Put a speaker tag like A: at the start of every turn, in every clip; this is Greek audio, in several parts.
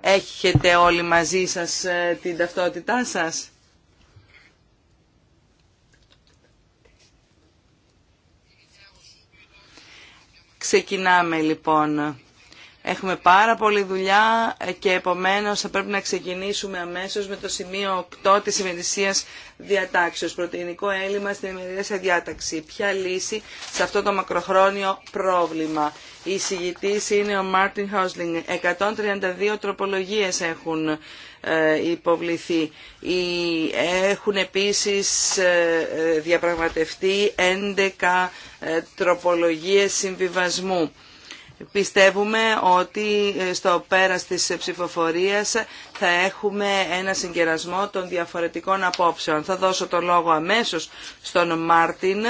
A: Έχετε όλοι μαζί σας ε, την ταυτότητά σας. Ξεκινάμε λοιπόν. Έχουμε πάρα πολλή δουλειά και επομένως θα πρέπει να ξεκινήσουμε αμέσως με το σημείο 8 της ημερησίας διατάξεως. Πρωτεϊνικό έλλειμμα στην ημερησία διάταξη. Ποια λύση σε αυτό το μακροχρόνιο πρόβλημα. Η συγητής είναι ο Μάρτιν Χόσλινγκ. 132 τροπολογίες έχουν ε, υποβληθεί. Έχουν επίσης ε, ε, διαπραγματευτεί 11 τροπολογίες συμβιβασμού. Πιστεύουμε ότι ε, στο πέρας της ψηφοφορίας θα έχουμε ένα συγκερασμό των διαφορετικών απόψεων. Θα δώσω το λόγο αμέσως στον Μάρτιν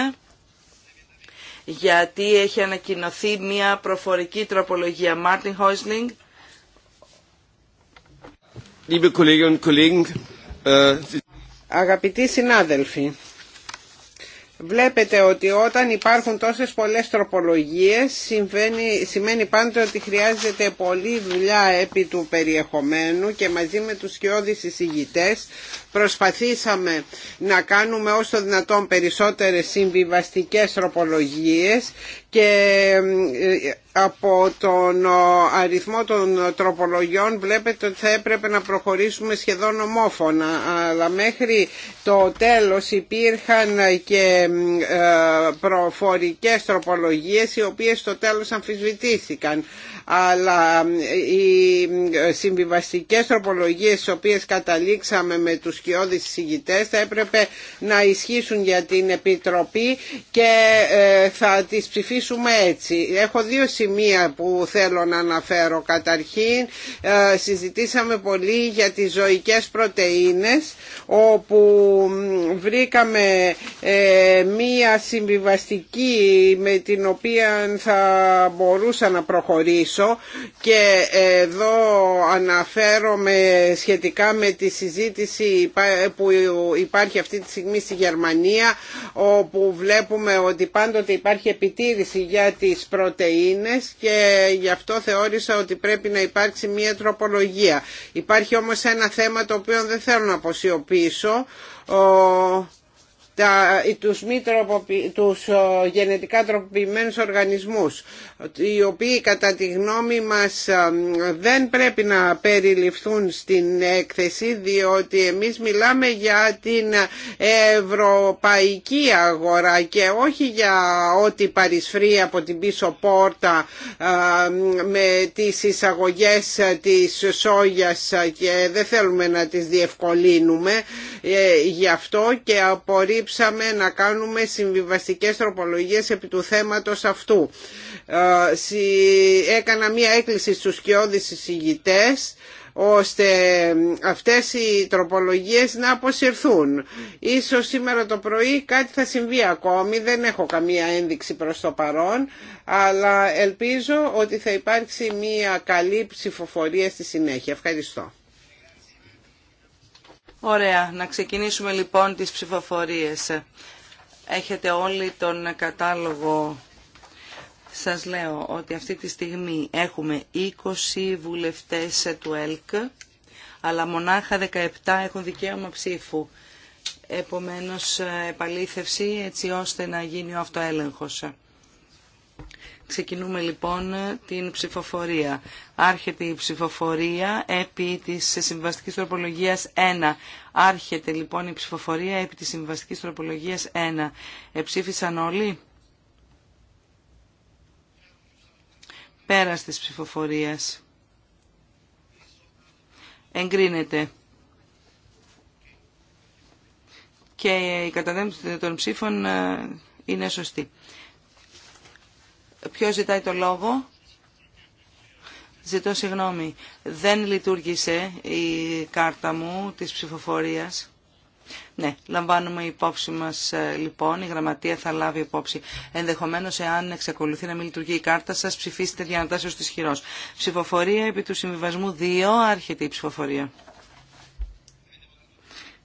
A: γιατί έχει ανακοινωθεί μια προφορική τροπολογία. Μάρτιν Χόισλινγκ.
B: Äh, Αγαπητοί συνάδελφοι, Βλέπετε ότι όταν υπάρχουν τόσες πολλές τροπολογίες σημαίνει πάντοτε ότι χρειάζεται πολλή δουλειά επί του περιεχομένου και μαζί με τους σκιώδεις εισηγητές Προσπαθήσαμε να κάνουμε όσο δυνατόν περισσότερες συμβιβαστικές τροπολογίες και ε, από τον ε, αριθμό των τροπολογιών βλέπετε ότι θα έπρεπε να προχωρήσουμε σχεδόν ομόφωνα αλλά μέχρι το τέλος υπήρχαν και ε, προφορικές τροπολογίες οι οποίες στο τέλος αμφισβητήθηκαν αλλά οι συμβιβαστικές τροπολογίες οι οποίες καταλήξαμε με τους οι συγητές θα έπρεπε να ισχύσουν για την Επιτροπή και ε, θα τις ψηφίσουμε έτσι. Έχω δύο σημεία που θέλω να αναφέρω. Καταρχήν ε, συζητήσαμε πολύ για τις ζωικές πρωτεΐνες όπου βρήκαμε ε, μία συμβιβαστική με την οποία θα μπορούσα να προχωρήσω και εδώ αναφέρομαι σχετικά με τη συζήτηση που υπάρχει αυτή τη στιγμή στη Γερμανία όπου βλέπουμε ότι πάντοτε υπάρχει επιτήρηση για τις πρωτεΐνες και γι' αυτό θεώρησα ότι πρέπει να υπάρξει μια τροπολογία. Υπάρχει όμως ένα θέμα το οποίο δεν θέλω να αποσιωπήσω τους, τους γενετικά τροποποιημένους οργανισμούς οι οποίοι κατά τη γνώμη μας ε, δεν πρέπει να περιληφθούν στην έκθεση διότι εμείς μιλάμε για την ευρωπαϊκή αγορά και όχι για ό,τι παρισφρεί από την πίσω πόρτα ε, με τις εισαγωγές της σόγιας και δεν θέλουμε να τις διευκολύνουμε ε, γι' αυτό και απορρίψαμε να κάνουμε συμβιβαστικές τροπολογίες επί του θέματος αυτού. Ε, έκανα μία έκκληση στους σκιώδεις εισηγητές ώστε αυτές οι τροπολογίες να αποσυρθούν. Ίσως σήμερα το πρωί κάτι θα συμβεί ακόμη, δεν έχω καμία ένδειξη προς το παρόν, αλλά ελπίζω ότι θα υπάρξει μια καλή ψηφοφορία στη συνέχεια. Ευχαριστώ.
A: Ωραία, να ξεκινήσουμε λοιπόν τις ψηφοφορίες. Έχετε όλοι τον κατάλογο σας λέω ότι αυτή τη στιγμή έχουμε 20 βουλευτές του ΕΛΚ, αλλά μονάχα 17 έχουν δικαίωμα ψήφου. Επομένως, επαλήθευση έτσι ώστε να γίνει ο αυτοέλεγχος. Ξεκινούμε λοιπόν την ψηφοφορία. Άρχεται η ψηφοφορία επί της συμβαστικής τροπολογίας 1. Άρχεται λοιπόν η ψηφοφορία επί της συμβαστικής τροπολογίας 1. Εψήφισαν όλοι. Πέρας της ψηφοφορίας. Εγκρίνεται. Και η καταδέμψη των ψήφων ε, είναι σωστή. Ποιο ζητάει το λόγο. Ζητώ συγγνώμη. Δεν λειτουργήσε η κάρτα μου της ψηφοφορίας. Ναι, λαμβάνουμε υπόψη μα ε, λοιπόν, η γραμματεία θα λάβει υπόψη. Ενδεχομένως, εάν εξακολουθεί να μην λειτουργεί η κάρτα σας, ψηφίστε διανατάσσεω της χειρός. Ψηφοφορία επί του συμβιβασμού 2, άρχεται η ψηφοφορία.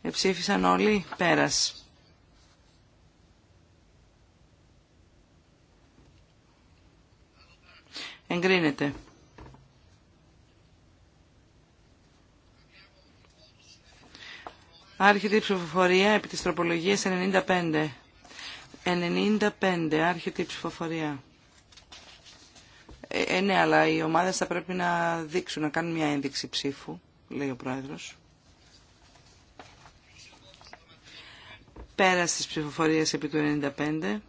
A: Εψήφισαν όλοι, πέρας. Εγκρίνεται. Άρχεται η ψηφοφορία επί της τροπολογίας 95. 95. Άρχεται η ψηφοφορία. Ε, ε, ναι, αλλά οι ομάδες θα πρέπει να δείξουν, να κάνουν μια ένδειξη ψήφου, λέει ο Πρόεδρος. Πέρα στις ψηφοφορίες επί του 95.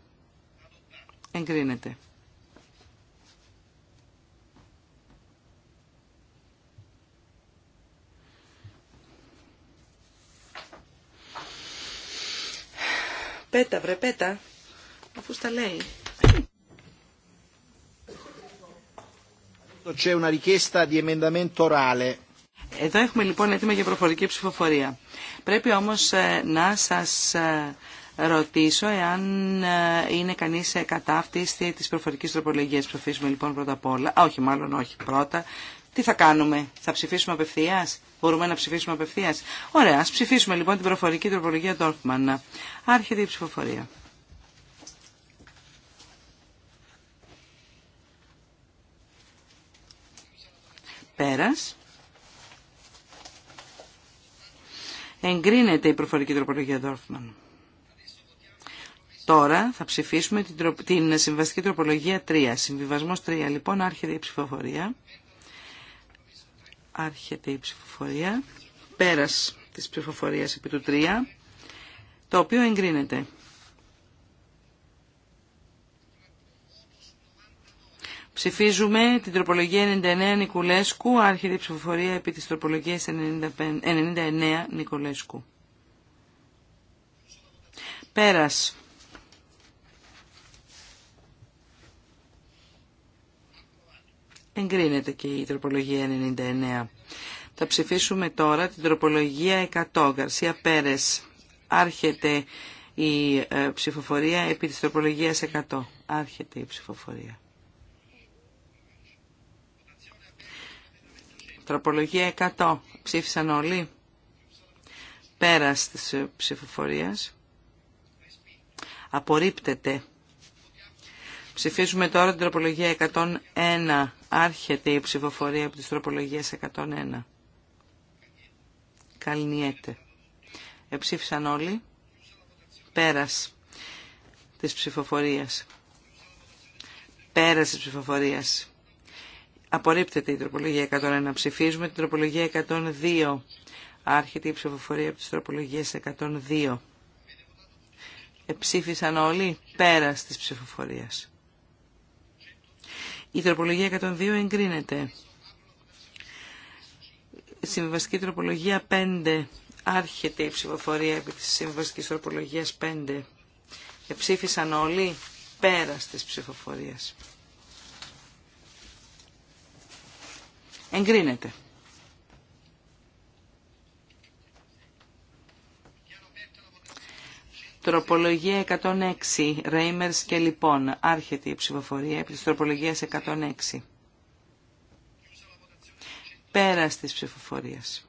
A: Εγκρίνεται. Πέτα, βρε, πέτα. Αφού στα λέει. Εδώ έχουμε λοιπόν έτοιμα για προφορική ψηφοφορία. Πρέπει όμως ε, να σας ε, ρωτήσω εάν ε, είναι κανείς κατά αυτής της προφορικής τροπολογίας. Ψηφίσουμε λοιπόν πρώτα απ' όλα. Α, όχι, μάλλον όχι. Πρώτα τι θα κάνουμε, θα ψηφίσουμε απευθεία, μπορούμε να ψηφίσουμε απευθεία. Ωραία, α ψηφίσουμε λοιπόν την προφορική τροπολογία Ντόρφμαν. Άρχεται η ψηφοφορία. Πέρας. Εγκρίνεται η προφορική τροπολογία Dorfman. Τώρα θα ψηφίσουμε την, την συμβαστική τροπολογία 3. Συμβιβασμός 3 λοιπόν, άρχεται η ψηφοφορία. Άρχεται η ψηφοφορία. Πέρας της ψηφοφορίας επί του 3, το οποίο εγκρίνεται. Ψηφίζουμε την τροπολογία 99 Νικολέσκου, άρχεται η ψηφοφορία επί της τροπολογίας 99 Νικολέσκου. Πέρας Εγκρίνεται και η τροπολογία 99. Θα ψηφίσουμε τώρα την τροπολογία 100. Γκαρσία Πέρες. Άρχεται η ε, ψηφοφορία επί της τροπολογίας 100. Άρχεται η ψηφοφορία. Τροπολογία 100. Ψήφισαν όλοι. Πέρας της ε, ψηφοφορίας. Απορρίπτεται. Ψηφίζουμε τώρα την τροπολογία 101. Άρχεται η ψηφοφορία από τις τροπολογίες 101. Καλνιέται. Εψήφισαν όλοι. Πέρας της ψηφοφορίας. Πέρας της ψηφοφορίας. Απορρίπτεται η τροπολογία 101. Ψηφίζουμε την τροπολογία 102. Άρχεται η ψηφοφορία από τις τροπολογίες 102. Εψήφισαν όλοι πέρας της ψηφοφορίας. Η τροπολογία 102 εγκρίνεται. Συμβιβαστική τροπολογία 5. Άρχεται η ψηφοφορία επί της συμβιβαστικής τροπολογίας 5. Εψήφισαν όλοι πέρα της ψηφοφορίας. Εγκρίνεται. Τροπολογία 106, Ρέιμερς και λοιπόν. Άρχεται η ψηφοφορία επί της τροπολογίας 106. Πέρας της ψηφοφορίας.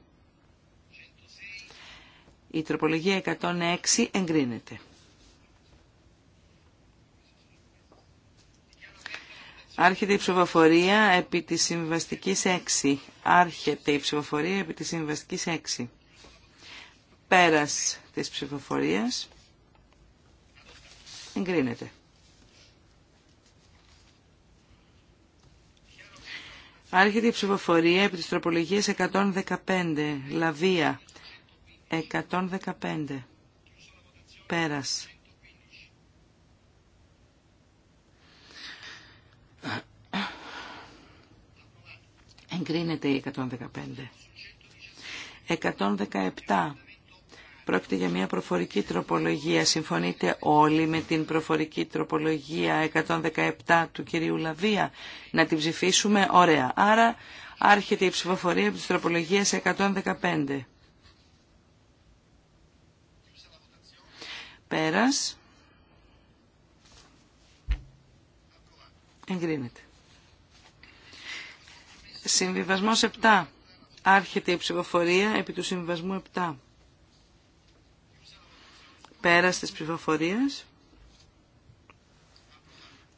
A: Η τροπολογία 106 εγκρίνεται. Άρχεται η ψηφοφορία επί της συμβαστικής 6. Άρχεται η ψηφοφορία επί της συμβαστικής 6. Πέρας της ψηφοφορίας. Εγκρίνεται. Άρχεται η ψηφοφορία επί της τροπολογίας 115. Λαβία. 115. Πέρας. Εγκρίνεται η 115. 117. Πρόκειται για μια προφορική τροπολογία. Συμφωνείτε όλοι με την προφορική τροπολογία 117 του κυρίου Λαβία. Να την ψηφίσουμε. Ωραία. Άρα άρχεται η ψηφοφορία από τις τροπολογίες 115. Πέρας. Εγκρίνεται. Συμβιβασμός 7. Άρχεται η ψηφοφορία επί του συμβιβασμού 7. Πέρας της ψηφοφορίας.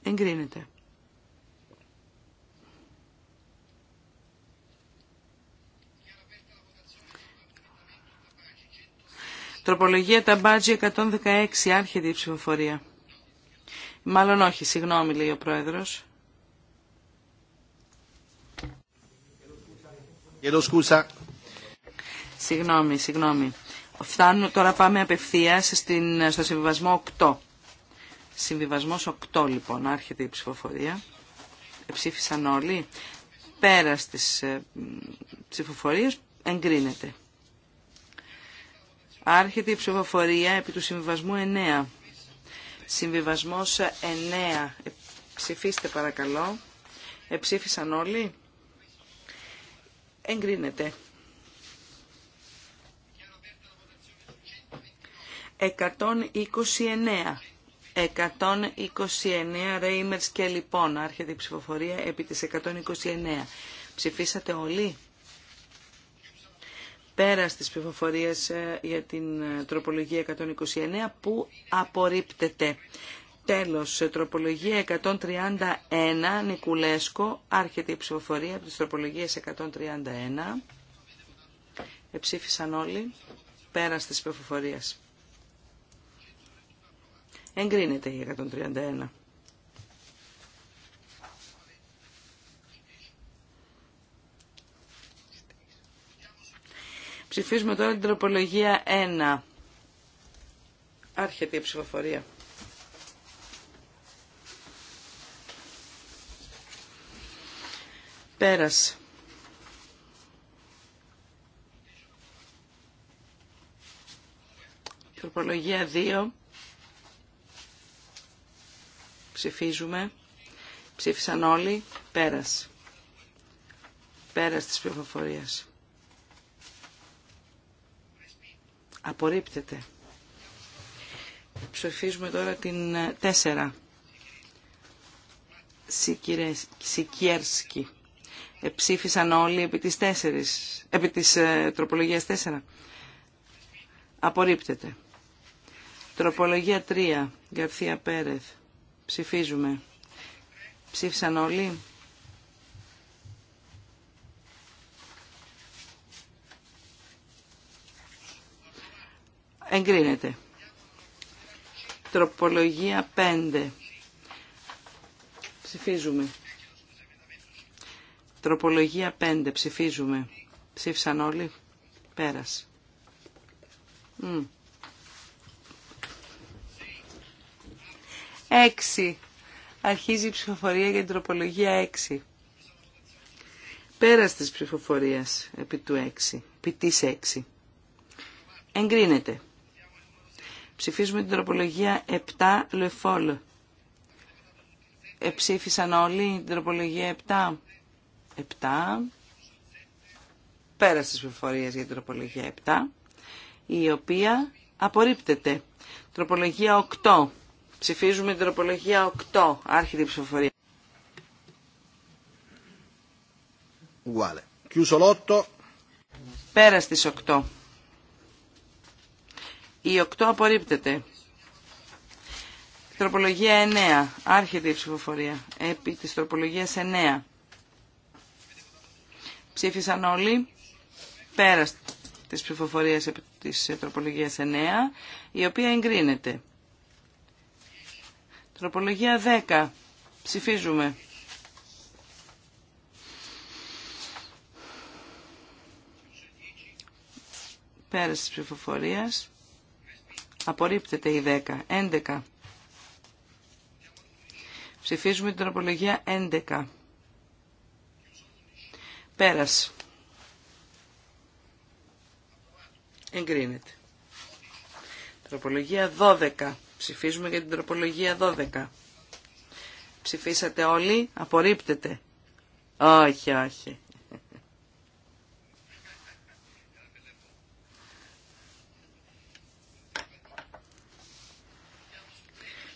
A: Εγκρίνεται. Τροπολογία Ταμπάτζη 116, άρχεται η ψηφοφορία. Μάλλον όχι, συγγνώμη λέει ο Πρόεδρος. Συγγνώμη, συγγνώμη. Φτάνω, τώρα πάμε απευθεία στην, στο συμβιβασμό 8. Συμβιβασμό 8 λοιπόν, άρχεται η ψηφοφορία. Εψήφισαν όλοι. Πέρα τη ε, εγκρίνεται. Άρχεται η ψηφοφορία επί του συμβιβασμού 9. Συμβιβασμό 9. Ε, ψηφίστε παρακαλώ. Εψήφισαν όλοι. Εγκρίνεται. 129. 129 Ρέιμερς και λοιπόν άρχεται η ψηφοφορία επί της 129. Ψηφίσατε όλοι. Πέρα στις ψηφοφορίες ε, για την ε, τροπολογία 129 που απορρίπτεται. Τέλος, ε, τροπολογία 131 Νικουλέσκο, άρχεται η ψηφοφορία από τις τροπολογίες 131. Εψήφισαν όλοι πέρα στις ψηφοφορίες. Εγκρίνεται η 131. Ψηφίζουμε τώρα την τροπολογία 1. Άρχεται η ψηφοφορία. Πέρασε. Τροπολογία 2. Ψηφίζουμε. Ψήφισαν όλοι. Πέρας. Πέρας της πληροφορία. Απορρίπτεται. Ψηφίζουμε τώρα την 4. Ε, Σικιέρσκι. Ε, ψήφισαν όλοι επί της, 4, επί της ε, τροπολογίας 4. Απορρίπτεται. Τροπολογία 3. Γκαρθία Πέρεθ. Ψηφίζουμε. Ψήφισαν όλοι. Εγκρίνεται. Τροπολογία 5. Ψηφίζουμε. Τροπολογία 5. Ψηφίζουμε. Ψήφισαν όλοι. Πέρας. Mm. 6. Αρχίζει η ψηφοφορία για την τροπολογία 6. Πέρας της ψηφοφορίας επί του 6. Επί 6. Εγκρίνεται. Ψηφίζουμε την τροπολογία 7 Λεφόλ. Εψήφισαν όλοι την τροπολογία 7. 7. Πέρας της ψηφοφορίας για την τροπολογία 7. Η οποία απορρίπτεται. Τροπολογία 8. Ψηφίζουμε την τροπολογία 8, άρχιδη ψηφοφορία. Uguale. Chiuso l'8. Πέρα στις 8. Η 8 απορρίπτεται. Τροπολογία 9. Άρχεται ψηφοφορία. Επί της τροπολογίας 9. Ψήφισαν όλοι. Πέρα της ψηφοφορίας επί της τροπολογίας 9, η οποία εγκρίνεται. Τροπολογία 10. Ψηφίζουμε. Πέραση της ψηφοφορίας. Απορρίπτεται η 10. 11. Ψηφίζουμε την τροπολογία 11. Πέραση. Εγκρίνεται. Τροπολογία 12. Ψηφίζουμε για την τροπολογία 12. Ψηφίσατε όλοι. Απορρίπτεται. Όχι, όχι.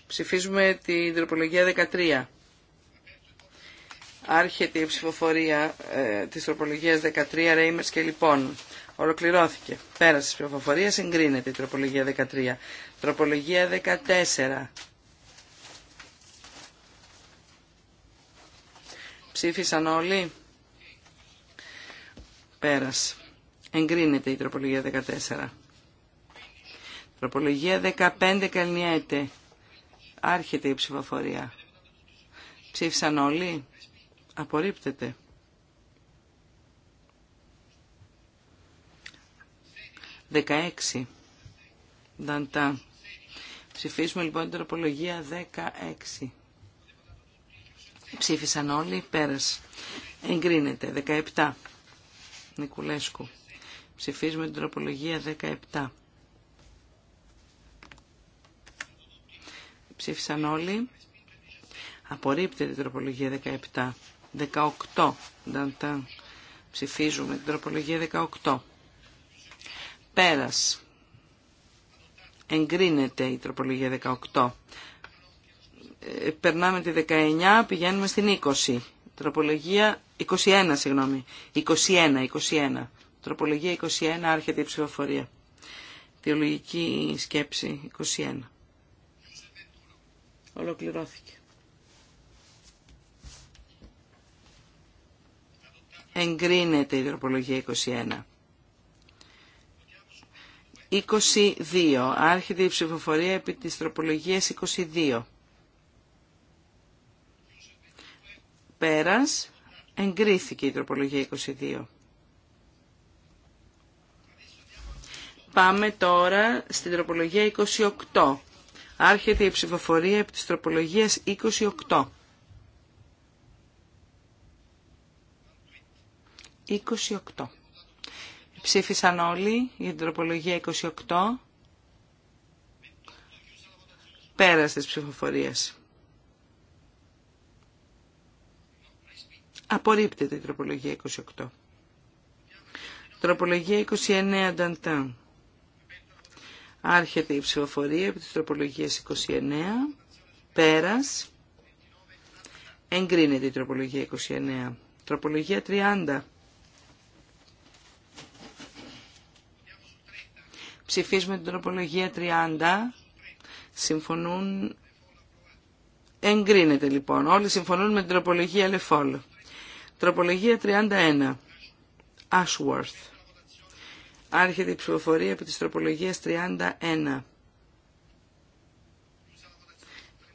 A: Ψηφίζουμε την τροπολογία 13. Άρχεται η ψηφοφορία ε, της τροπολογίας 13, Ρέιμερς και λοιπόν. Ολοκληρώθηκε. Πέρασε τη ψηφοφορία. Εγκρίνεται η τροπολογία 13. Τροπολογία 14. Ψήφισαν όλοι. Πέρασε. Εγκρίνεται η τροπολογία 14. Τροπολογία 15 καλνιέται. Άρχεται η ψηφοφορία. Ψήφισαν όλοι. Απορρίπτεται. 16. Δαντά. Ψηφίσουμε λοιπόν την τροπολογία 16. Ψήφισαν όλοι, πέρας. Εγκρίνεται, 17. Νικουλέσκου. Ψηφίζουμε την τροπολογία 17. Ψήφισαν όλοι. Απορρίπτεται την τροπολογία 17. 18. Δαντά. Ψηφίζουμε την τροπολογία 18. Πέρας. Εγκρίνεται η τροπολογία 18. Ε, περνάμε τη 19, πηγαίνουμε στην 20. Τροπολογία 21, συγγνώμη. 21, 21. Τροπολογία 21, άρχεται η ψηφοφορία. Θεολογική σκέψη 21. Ολοκληρώθηκε. Εγκρίνεται η τροπολογία 21. 22. Άρχεται η ψηφοφορία επί της τροπολογίας 22. Πέρας. Εγκρίθηκε η τροπολογία 22. Πάμε τώρα στην τροπολογία 28. Άρχεται η ψηφοφορία επί της τροπολογίας 28. 28. Ψήφισαν όλοι για την τροπολογία 28. Πέρας της ψηφοφορίας. Απορρίπτεται η τροπολογία 28. Τροπολογία 29 Νταντάν. Άρχεται η ψηφοφορία από της τροπολογίας 29. Πέρας. Εγκρίνεται η τροπολογία 29. Τροπολογία 30. Ψηφίζουμε την τροπολογία 30. Συμφωνούν. Εγκρίνεται λοιπόν. Όλοι συμφωνούν με την τροπολογία Λεφόλ. Τροπολογία 31. Ashworth. Άρχεται η ψηφοφορία από της τροπολογίας 31.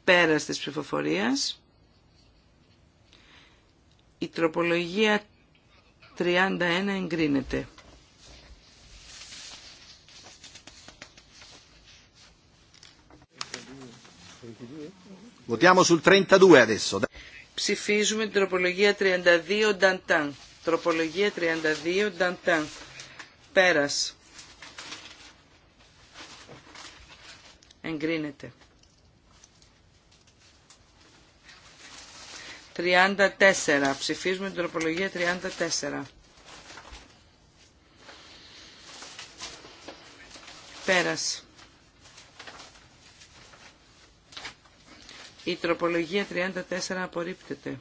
A: Πέρας της ψηφοφορίας. Η τροπολογία 31 εγκρίνεται.
B: Votiamo sul 32 adesso.
A: Ψηφίζουμε την τροπολογία 32 Νταντάν. Τροπολογία 32 Νταντάν. Πέρας. Εγκρίνεται. 34. Ψηφίζουμε την τροπολογία 34. Πέρας. Η τροπολογία 34 απορρίπτεται.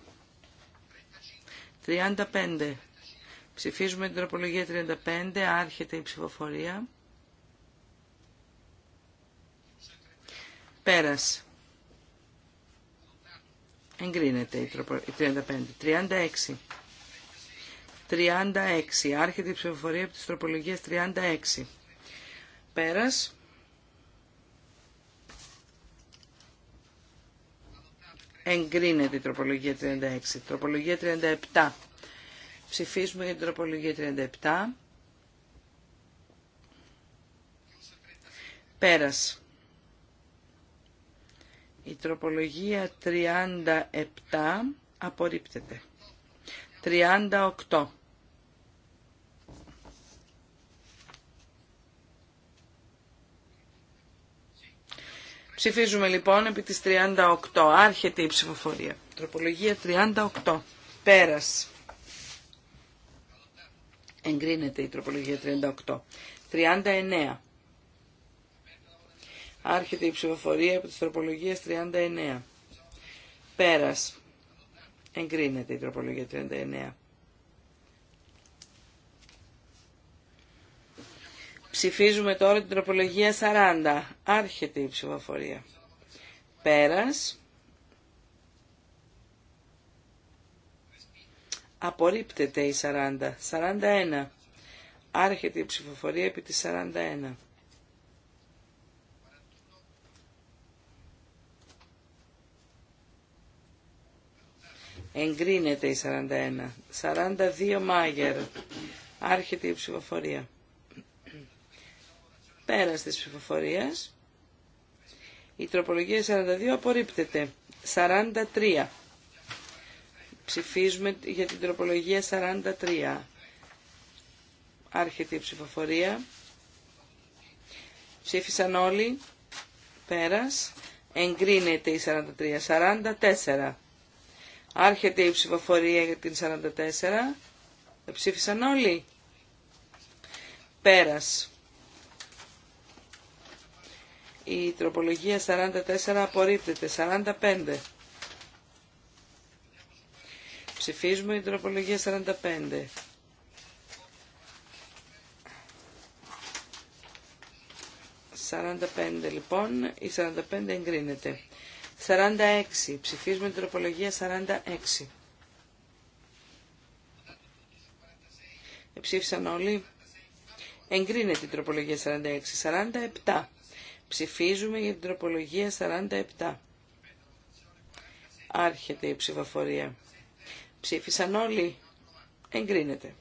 A: 35. Ψηφίζουμε την τροπολογία 35. Άρχεται η ψηφοφορία. Πέρας. Εγκρίνεται η 35. 36. 36. Άρχεται η ψηφοφορία από τις τροπολογίες 36. Πέρας. Εγκρίνεται η τροπολογία 36. Τροπολογία 37. Ψηφίσουμε για την τροπολογία 37. Πέρας. Η τροπολογία 37 απορρίπτεται. 38. Ψηφίζουμε λοιπόν επί της 38. Άρχεται η ψηφοφορία. Τροπολογία 38. Πέρας. Εγκρίνεται η τροπολογία 38. 39. Άρχεται η ψηφοφορία από της τροπολογίας 39. Πέρας. Εγκρίνεται η τροπολογία 39. Ψηφίζουμε τώρα την τροπολογία 40. Άρχεται η ψηφοφορία. Πέρας. Απορρίπτεται η 40. 41. Άρχεται η ψηφοφορία επί της 41. Εγκρίνεται η 41. 42 Μάγερ. Άρχεται η ψηφοφορία. Πέρας της ψηφοφορίας. Η τροπολογία 42 απορρίπτεται. 43. Ψηφίζουμε για την τροπολογία 43. Άρχεται η ψηφοφορία. Ψήφισαν όλοι. Πέρας. Εγκρίνεται η 43. 44. Άρχεται η ψηφοφορία για την 44. Ψήφισαν όλοι. Πέρας η τροπολογία 44 απορρίπτεται. 45. Ψηφίζουμε η τροπολογία 45. 45 λοιπόν, η 45 εγκρίνεται. 46, ψηφίζουμε την τροπολογία 46. Λοιπόν. εψήφισαν όλοι. Εγκρίνεται η τροπολογία 46. 47. Ψηφίζουμε για την τροπολογία 47. Άρχεται η ψηφοφορία. Ψήφισαν όλοι. Εγκρίνεται.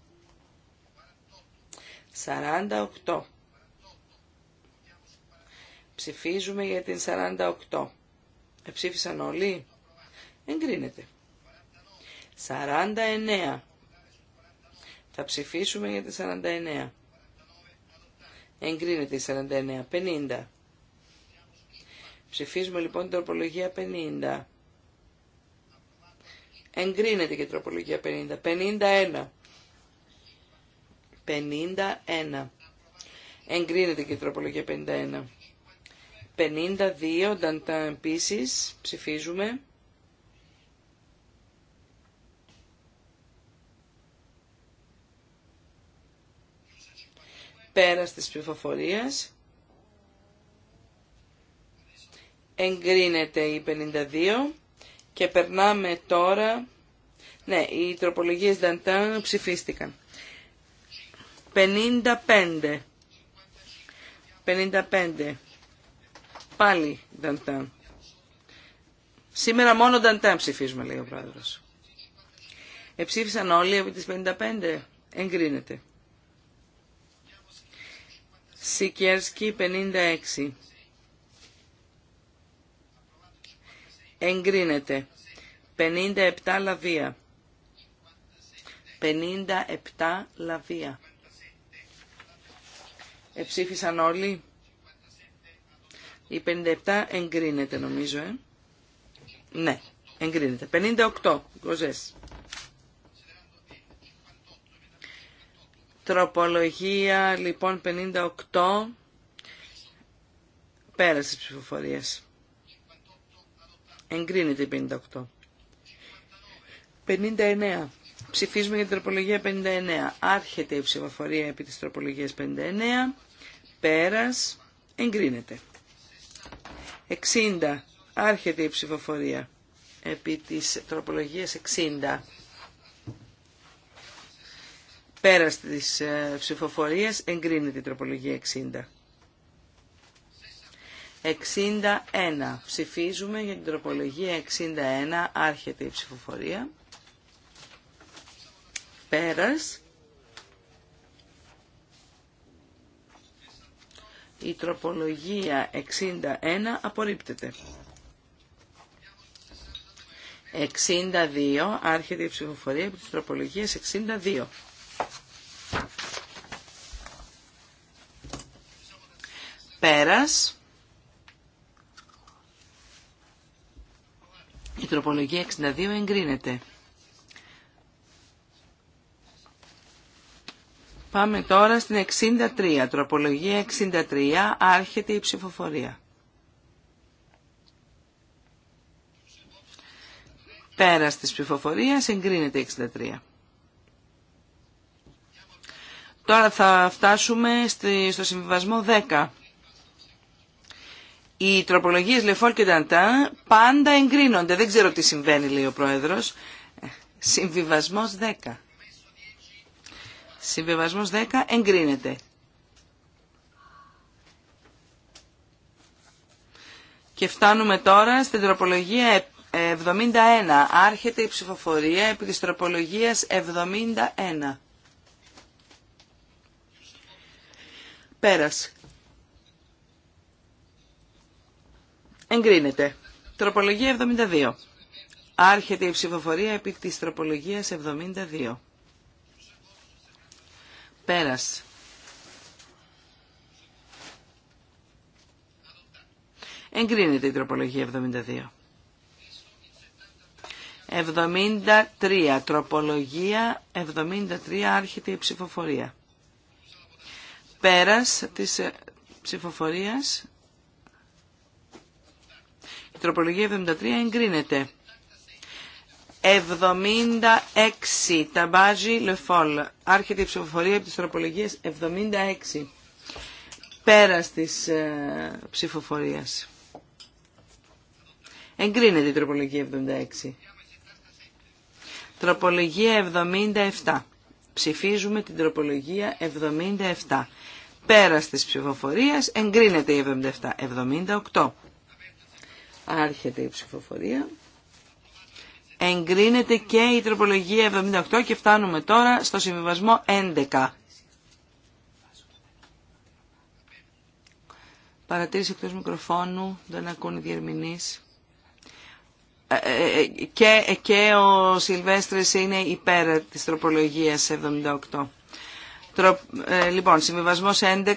A: 48. Ψηφίζουμε για την 48. Ψήφισαν όλοι. Εγκρίνεται. 49. Θα ψηφίσουμε για την 49. Εγκρίνεται η 49. 50. Ψηφίζουμε λοιπόν την τροπολογία 50. Εγκρίνεται και η τροπολογία 50. 51. 51. Εγκρίνεται και η τροπολογία 51. 52, τα επίσης, ψηφίζουμε. Πέρας της ψηφοφορίας. εγκρίνεται η 52 και περνάμε τώρα... Ναι, οι τροπολογίες Δαντάν ψηφίστηκαν. 55. 55. Πάλι Δαντάν. Σήμερα μόνο Δαντάν ψηφίζουμε, λέει ο πρόεδρος. Εψήφισαν όλοι από τις 55. Εγκρίνεται. Σικέρσκι 56. εγκρίνεται. 57 λαβία. 57 λαβία. Εψήφισαν όλοι. Η 57 εγκρίνεται νομίζω, ε. Ναι, εγκρίνεται. 58, Γκοζές. Τροπολογία, λοιπόν, 58, πέρασε ψηφοφορίας. Εγκρίνεται η 58. 59. Ψηφίζουμε για την τροπολογία 59. Άρχεται η ψηφοφορία επί της τροπολογίας 59. Πέρας. Εγκρίνεται. 60. Άρχεται η ψηφοφορία επί της τροπολογίας 60. Πέρας της ε, ψηφοφορίας εγκρίνεται η τροπολογία 60. 61. Ψηφίζουμε για την τροπολογία 61. Άρχεται η ψηφοφορία. Πέρας. Η τροπολογία 61 απορρίπτεται. 62. Άρχεται η ψηφοφορία από την τροπολογία 62. Πέρας. τροπολογία 62 εγκρίνεται. Πάμε τώρα στην 63, τροπολογία 63, άρχεται η ψηφοφορία. Πέρας της ψηφοφορία εγκρίνεται η 63. Τώρα θα φτάσουμε στο συμβιβασμό 10. Οι τροπολογίες Λεφόρ και Νταντάν πάντα εγκρίνονται. Δεν ξέρω τι συμβαίνει, λέει ο Πρόεδρος. Ε, συμβιβασμός 10. Συμβιβασμός 10 εγκρίνεται. Και φτάνουμε τώρα στην τροπολογία 71. Ε, Άρχεται η ψηφοφορία επί της τροπολογίας 71. Πέρασε. Εγκρίνεται. Τροπολογία 72. Άρχεται η ψηφοφορία επί της τροπολογίας 72. Πέρας. Εγκρίνεται η τροπολογία 72. 73. Τροπολογία 73. Άρχεται η ψηφοφορία. Πέρας της ψηφοφορίας Τροπολογία 73 εγκρίνεται. 76. Ταμπάζι Λεφόλ. Άρχεται η ψηφοφορία από τις τροπολογίες 76. Πέρας της ε, ψηφοφορίας. Εγκρίνεται η τροπολογία 76. Τροπολογία 77. Ψηφίζουμε την τροπολογία 77. Πέρας της ψηφοφορίας εγκρίνεται η 77. 78. Άρχεται η ψηφοφορία. Εγκρίνεται και η τροπολογία 78 και φτάνουμε τώρα στο συμβιβασμό 11. Παρατήρηση εκτός μικροφώνου, δεν ακούν οι διερμηνείς. Ε, ε, ε, και, και ο Σιλβέστρης είναι υπέρ της τροπολογίας 78. λοιπόν, συμβιβασμός 11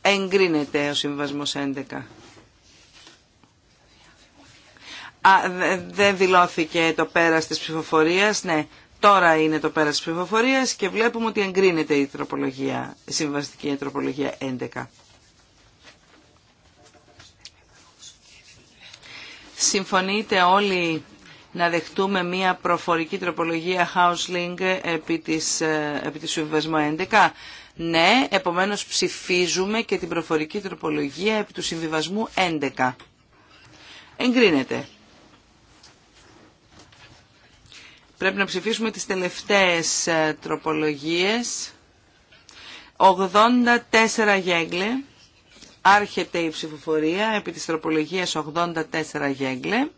A: εγκρίνεται ο συμβιβασμός 11. Α, δεν δηλώθηκε το πέρας της ψηφοφορίας. Ναι, τώρα είναι το πέρας της ψηφοφορίας και βλέπουμε ότι εγκρίνεται η τροπολογία, συμβαστική τροπολογία 11. Συμφωνείτε όλοι να δεχτούμε μία προφορική τροπολογία link επί της, ε, επί της 11. Ναι, επομένως ψηφίζουμε και την προφορική τροπολογία επί του συμβιβασμού 11. Εγκρίνεται. Πρέπει να ψηφίσουμε τις τελευταίες ε, τροπολογίες. 84 γέγκλε. Άρχεται η ψηφοφορία επί της τροπολογίας 84 γέγκλε.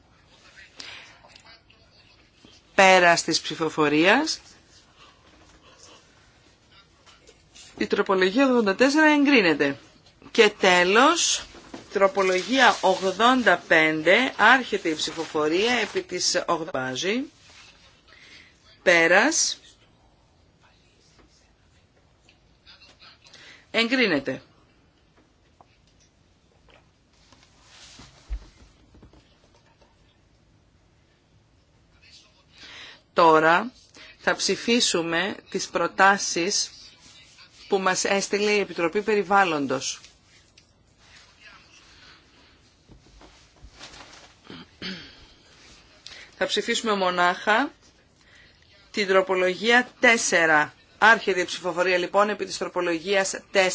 A: Πέρα της ψηφοφορίας. Η τροπολογία 84 εγκρίνεται. Και τέλος, τροπολογία 85, άρχεται η ψηφοφορία επί της 8 πέρας εγκρίνεται. Τώρα θα ψηφίσουμε τις προτάσεις που μας έστειλε η Επιτροπή Περιβάλλοντος. Θα ψηφίσουμε μονάχα την τροπολογία 4. Άρχεται η ψηφοφορία λοιπόν επί της τροπολογίας 4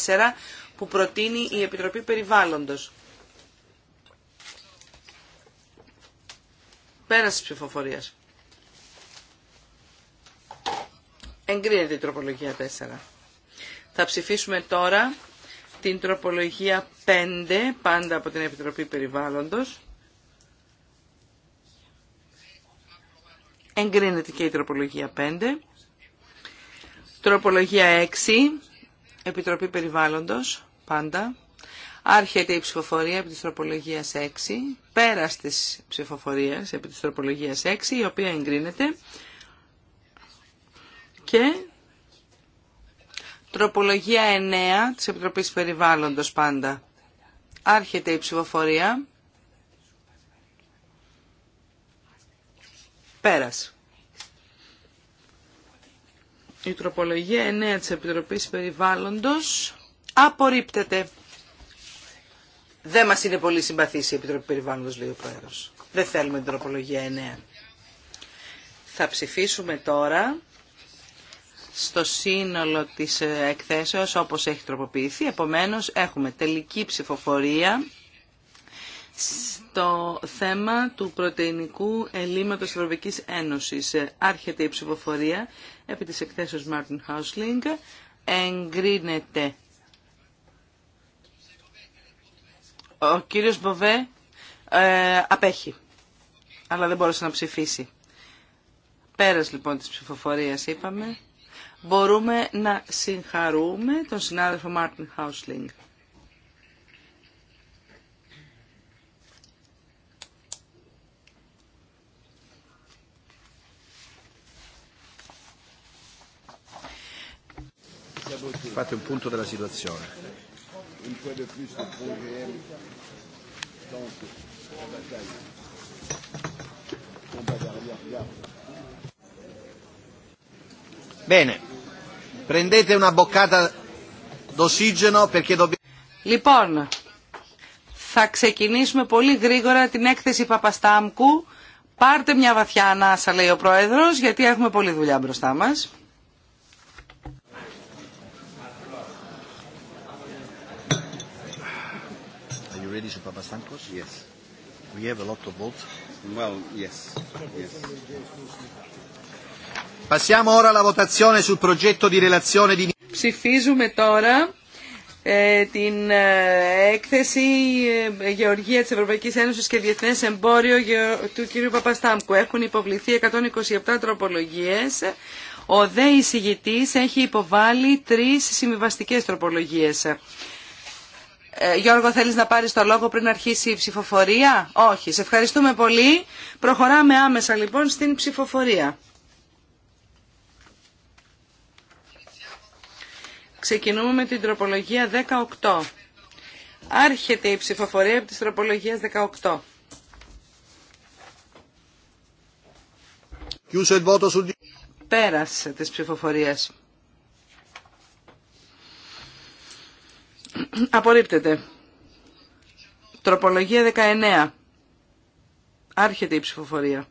A: που προτείνει η Επιτροπή Περιβάλλοντος. Πέραση της ψηφοφορίας. Εγκρίνεται η τροπολογία 4. Θα ψηφίσουμε τώρα την τροπολογία 5, πάντα από την Επιτροπή Περιβάλλοντος. Εγκρίνεται και η τροπολογία 5. Τροπολογία 6. Επιτροπή Περιβάλλοντος. Πάντα. Άρχεται η ψηφοφορία επί της τροπολογίας 6. Πέρας της ψηφοφορίας επί της τροπολογίας 6, η οποία εγκρίνεται. Και τροπολογία 9 της Επιτροπής Περιβάλλοντος πάντα. Άρχεται η ψηφοφορία Πέρας. Η τροπολογία 9 της Επιτροπής Περιβάλλοντος απορρίπτεται. Δεν μας είναι πολύ συμπαθής η Επιτροπή Περιβάλλοντος, λέει ο Πρόεδρος. Δεν θέλουμε την τροπολογία 9. Θα ψηφίσουμε τώρα στο σύνολο της εκθέσεως όπως έχει τροποποιηθεί. Επομένως έχουμε τελική ψηφοφορία στο θέμα του πρωτεϊνικού ελλείμματος της Ευρωπαϊκής Ένωσης. Άρχεται η ψηφοφορία επί της εκθέσεως Μάρτιν Χάουσλινγκ. Εγκρίνεται. Ο κύριος Μποβέ ε, απέχει, αλλά δεν μπόρεσε να ψηφίσει. Πέρας λοιπόν της ψηφοφορίας είπαμε, μπορούμε να συγχαρούμε τον συνάδελφο Μάρτιν Χάουσλινγκ.
B: fate un punto della situazione. Bene,
A: prendete una boccata d'ossigeno perché dobbiamo... Λοιπόν, θα ξεκινήσουμε πολύ γρήγορα την έκθεση Παπαστάμκου. Πάρτε μια βαθιά ανάσα, λέει ο Πρόεδρος, γιατί έχουμε πολλή δουλειά μπροστά μας.
B: already to Papastankos? Yes. We have a lot of votes. Well, yes. yes. Passiamo ora alla votazione sul progetto di
A: relazione di... Ψηφίζουμε τώρα ε, την ε, έκθεση ε, Γεωργία της Ευρωπαϊκής Ένωσης και Διεθνές Εμπόριο γεω, του κ. Παπαστάμκου. Έχουν υποβληθεί 127 τροπολογίες. Ο δε εισηγητής έχει υποβάλει τρεις συμβιβαστικές τροπολογίες. Ε, Γιώργο, θέλεις να πάρεις το λόγο πριν αρχίσει η ψηφοφορία? Όχι. Σε ευχαριστούμε πολύ. Προχωράμε άμεσα λοιπόν στην ψηφοφορία. Ξεκινούμε με την τροπολογία 18. Άρχεται η ψηφοφορία από τις τροπολογίες 18. Πέρασε της ψηφοφορίας. Απορρίπτεται. Τροπολογία 19. Άρχεται η ψηφοφορία.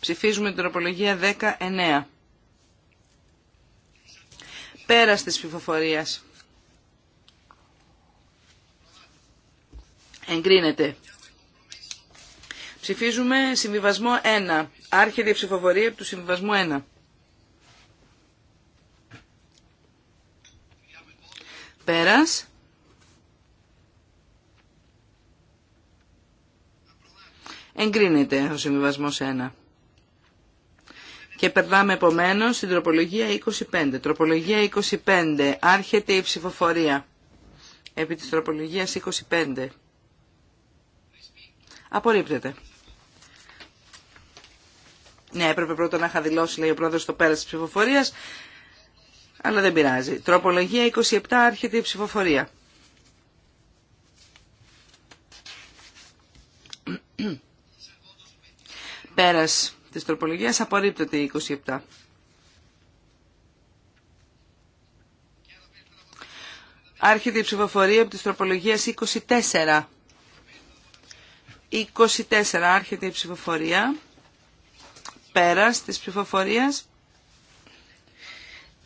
A: Ψηφίζουμε την τροπολογία 19. Πέρας της ψηφοφορίας. Εγκρίνεται. Ψηφίζουμε συμβιβασμό 1. Άρχεται η ψηφοφορία του συμβιβασμού 1. Πέρας. Εγκρίνεται ο συμβιβασμός 1. Και περνάμε επομένω στην τροπολογία 25. Τροπολογία 25. Άρχεται η ψηφοφορία. Επί της τροπολογίας 25. Απορρίπτεται. Ναι, έπρεπε πρώτα να είχα δηλώσει, λέει ο πρόεδρος, το πέρας της ψηφοφορίας αλλά δεν πειράζει. Τροπολογία 27 άρχεται η ψηφοφορία. Πέρας της τροπολογίας απορρίπτεται η 27. Άρχεται η ψηφοφορία από της τροπολογίας 24. 24 άρχεται η ψηφοφορία. Πέρας της ψηφοφορίας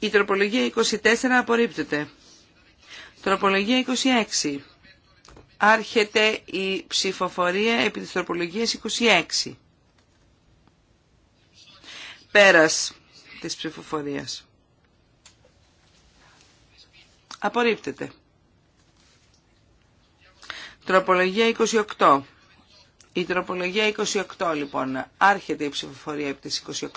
A: η τροπολογία 24 απορρίπτεται. Τροπολογία 26. Άρχεται η ψηφοφορία επί της τροπολογίας 26. Πέρας της ψηφοφορίας. Απορρίπτεται. Τροπολογία 28. Η τροπολογία 28 λοιπόν. Άρχεται η ψηφοφορία επί της 28.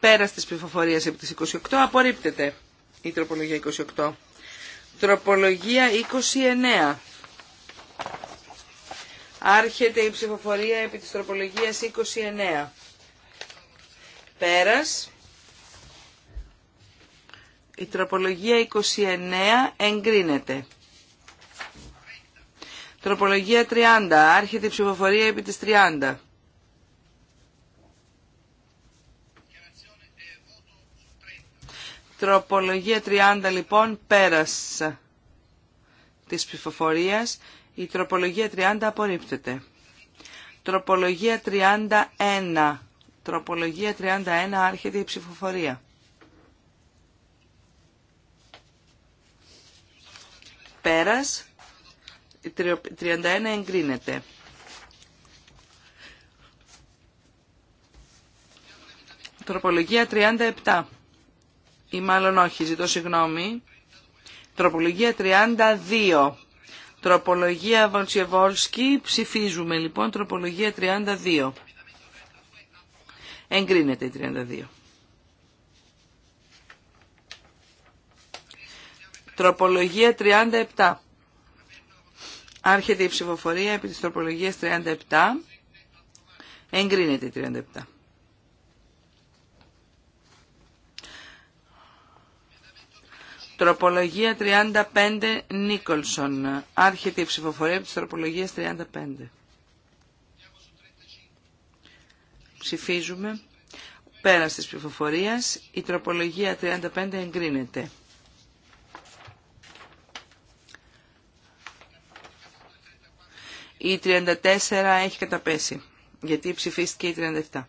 A: Πέρας της ψηφοφορίας επί της 28 απορρίπτεται η τροπολογία 28. Τροπολογία 29. Άρχεται η ψηφοφορία επί της τροπολογίας 29. Πέρας. Η τροπολογία 29 εγκρίνεται. Τροπολογία 30. Άρχεται η ψηφοφορία επί της 30. Τροπολογία 30 λοιπόν πέρας της ψηφοφορίας. Η τροπολογία 30 απορρίπτεται. Τροπολογία 31. Τροπολογία 31 άρχεται η ψηφοφορία. Πέρας. Η 31 εγκρίνεται. Τροπολογία 37 ή μάλλον όχι, ζητώ συγγνώμη, τροπολογία 32. Τροπολογία Βοντσιεβόλσκι, ψηφίζουμε λοιπόν τροπολογία 32. Εγκρίνεται η 32. Τροπολογία 37. Άρχεται η ψηφοφορία επί της τροπολογίας 37. Εγκρίνεται η 37. Τροπολογία 35 Νίκολσον. Άρχεται η ψηφοφορία από τις τροπολογίες 35. Ψηφίζουμε. Πέρα της ψηφοφορίας η τροπολογία 35 εγκρίνεται. Η 34 έχει καταπέσει, γιατί ψηφίστηκε η 37.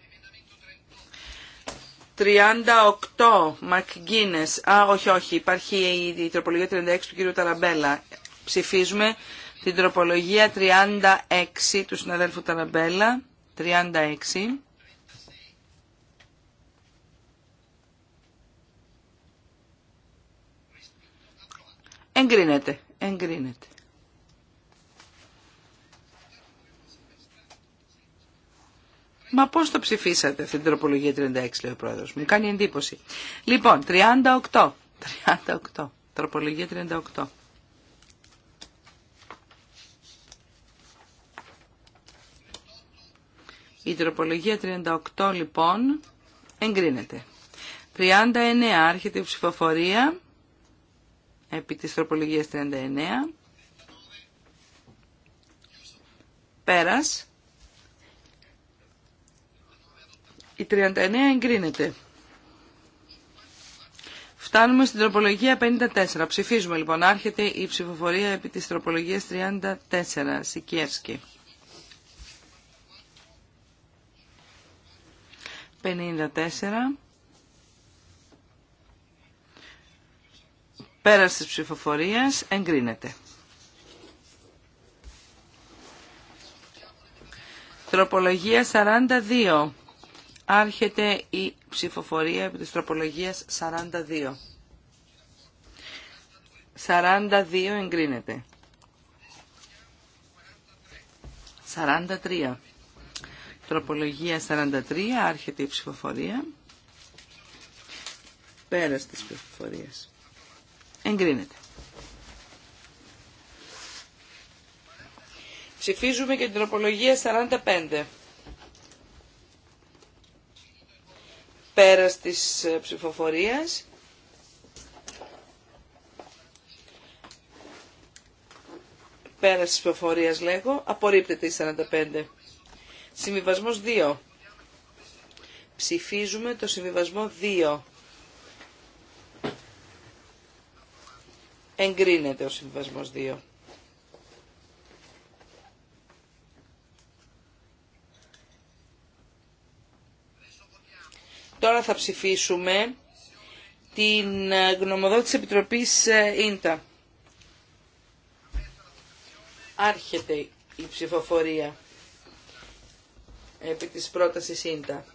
A: 38, Μακγκίνες. Α, όχι, όχι, υπάρχει η, τροπολογία 36 του κύριου Ταραμπέλα. Ψηφίζουμε την τροπολογία 36 του συναδέλφου Ταραμπέλα. 36. Εγκρίνεται, εγκρίνεται. Μα πώς το ψηφίσατε αυτή την τροπολογία 36, λέει ο πρόεδρος. Μου κάνει εντύπωση. Λοιπόν, 38. 38. Τροπολογία 38. Η τροπολογία 38 λοιπόν εγκρίνεται. 39 άρχεται η ψηφοφορία επί της τροπολογίας 39. Πέρας. Η 39 εγκρίνεται. Φτάνουμε στην τροπολογία 54. Ψηφίζουμε λοιπόν. Άρχεται η ψηφοφορία επί της τροπολογίας 34. Σικιεύσκη. 54. Πέρασε της ψηφοφορίας εγκρίνεται. Τροπολογία 42. Άρχεται η ψηφοφορία επί της τροπολογίας 42. 42 εγκρίνεται. 43. Τροπολογία 43, άρχεται η ψηφοφορία. Πέρας της ψηφοφορίας. Εγκρίνεται. Ψηφίζουμε και την τροπολογία 45. πέρας της ε, ψηφοφορίας. Πέρας της ψηφοφορίας λέγω, απορρίπτεται η 45. Συμβιβασμός 2. Ψηφίζουμε το συμβιβασμό 2. Εγκρίνεται ο συμβιβασμός 2. Τώρα θα ψηφίσουμε την ε, γνωμοδότηση της Επιτροπής ε, ΙΝΤΑ. Άρχεται η ψηφοφορία επί της πρότασης ΙΝΤΑ.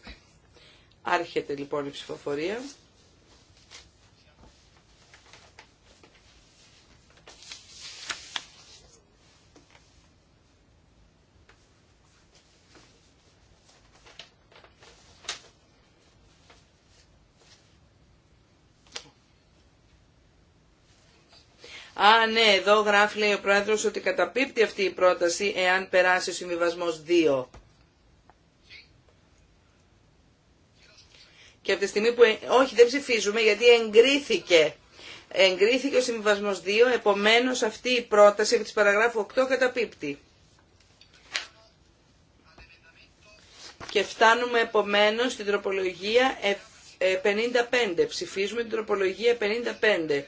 A: Άρχεται λοιπόν η ψηφοφορία. ναι, εδώ γράφει λέει ο Πρόεδρος ότι καταπίπτει αυτή η πρόταση εάν περάσει ο συμβιβασμό 2. Και από τη στιγμή που... Ε, όχι, δεν ψηφίζουμε γιατί εγκρίθηκε. Εγκρίθηκε ο συμβιβασμός 2, επομένως αυτή η πρόταση από της παραγράφου 8 καταπίπτει. Και φτάνουμε επομένως στην τροπολογία 55. Ε, ε, ψηφίζουμε την τροπολογία 55.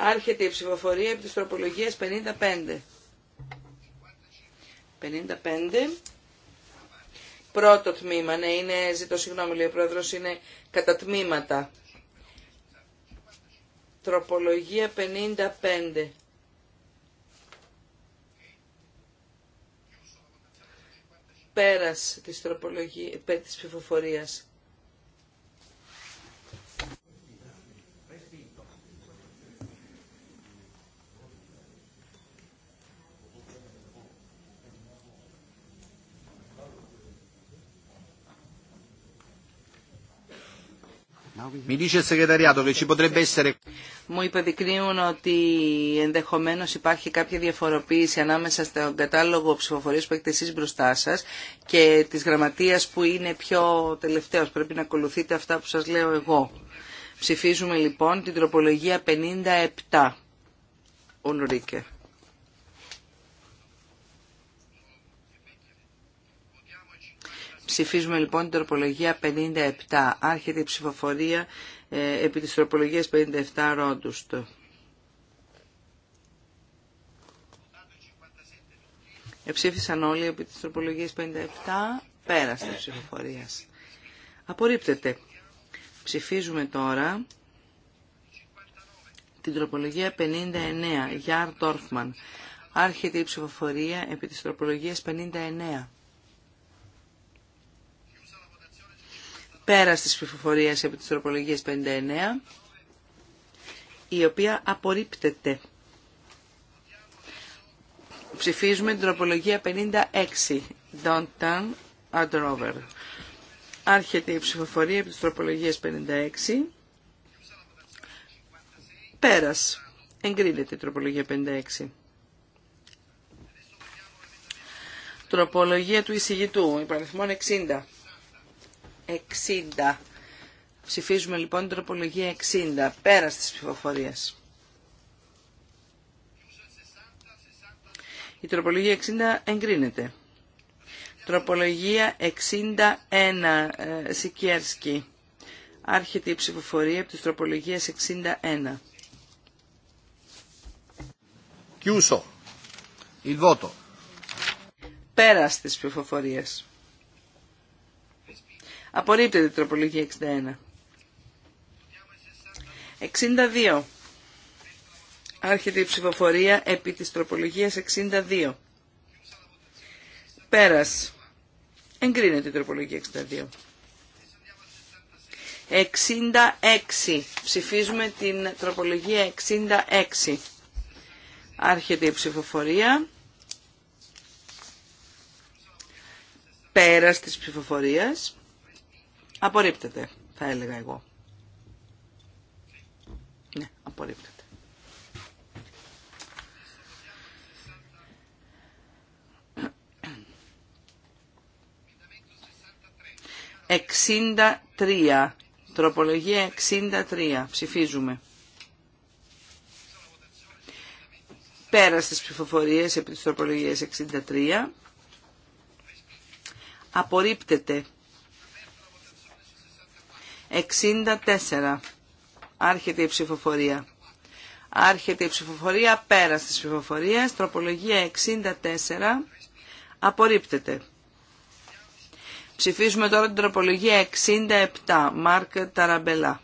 A: Άρχεται η ψηφοφορία επί της τροπολογίας 55. 55. Πρώτο τμήμα, ναι, είναι, ζητώ συγγνώμη, λέει ο Πρόεδρος, είναι κατά τμήματα. Τροπολογία 55. Πέρας της, τροπολογίας, της ψηφοφορίας. Μου υπεδεικνύουν ότι ενδεχομένω υπάρχει κάποια διαφοροποίηση ανάμεσα στον κατάλογο ψηφοφορίας που έχετε εσεί μπροστά σα και τη γραμματεία που είναι πιο τελευταίο. Πρέπει να ακολουθείτε αυτά που σα λέω εγώ. Ψηφίζουμε λοιπόν την τροπολογία 57. Ψηφίζουμε λοιπόν την τροπολογία 57. Άρχεται η ψηφοφορία ε, επί της τροπολογίας 57 Ρόντουστ. Εψήφισαν όλοι επί της τροπολογίας 57. Πέρασε η ψηφοφορίας. Απορρίπτεται. Ψηφίζουμε τώρα την τροπολογία 59 Γιάρ Τόρφμαν. Άρχεται η ψηφοφορία επί της τροπολογίας 59. πέρα της ψηφοφορίας από της τροπολογίας 59, η οποία απορρίπτεται. Ψηφίζουμε την τροπολογία 56, Άρχεται η ψηφοφορία από της τροπολογίας 56. Πέρας. Εγκρίνεται η τροπολογία 56. Τροπολογία του εισηγητού, υπαριθμών 60. 60. Ψηφίζουμε λοιπόν την τροπολογία 60, πέρα στις ψηφοφορίες. Η τροπολογία 60 εγκρίνεται. Τροπολογία 61, ε, Σικέρσκι. Άρχεται η ψηφοφορία από τις τροπολογίες 61. Chiuso. Il voto. Πέρα στις ψηφοφορίες. Απορρίπτεται η τροπολογία 61. 62. Άρχεται η ψηφοφορία επί της τροπολογίας 62. Πέρας. Εγκρίνεται η τροπολογία 62. 66. Ψηφίζουμε την τροπολογία 66. Άρχεται η ψηφοφορία. Πέρας της ψηφοφορίας. Απορρίπτεται, θα έλεγα εγώ. Ναι, απορρίπτεται. 63. τρία. Τροπολογία 63. Ψηφίζουμε. Πέρα στις ψηφοφορίες επί της τροπολογίας 63. Απορρίπτεται. 64. Άρχεται η ψηφοφορία. Άρχεται η ψηφοφορία πέρα της ψηφοφορίες, Τροπολογία 64. Απορρίπτεται. Ψηφίζουμε τώρα την τροπολογία 67. Μάρκ Ταραμπελά.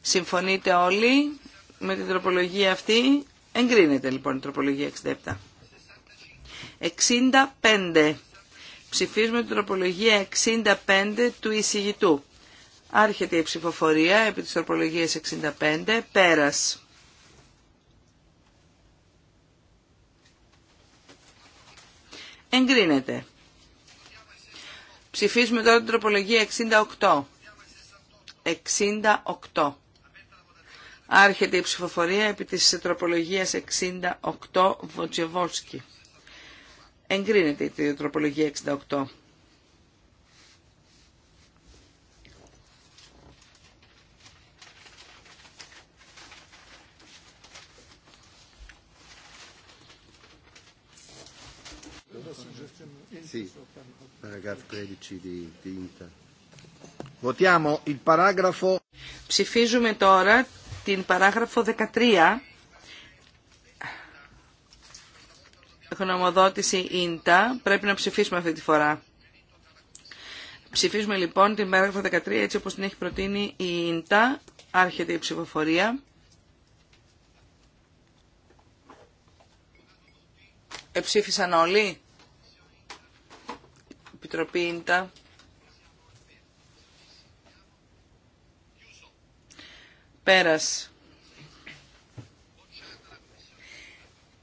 A: Συμφωνείτε όλοι με την τροπολογία αυτή. Εγκρίνεται λοιπόν η τροπολογία 67. 65. Ψηφίζουμε την τροπολογία 65 του εισηγητού. Άρχεται η ψηφοφορία επί της τροπολογίας 65. Πέρας. Εγκρίνεται. Ψηφίζουμε τώρα την τροπολογία 68. 68. Άρχεται η ψηφοφορία επί της τροπολογίας 68 Βοτζεβόσκι. Εγκρίνεται η τροπολογία 68. Ψηφίζουμε τώρα την παράγραφο 13 γνωμοδότηση ίντα. Πρέπει να ψηφίσουμε αυτή τη φορά. Ψηφίζουμε λοιπόν την παράγραφο 13 έτσι όπως την έχει προτείνει η ίντα. Άρχεται η ψηφοφορία. Εψήφισαν όλοι. Επιτροπή ΙΝΤΑ πέρας.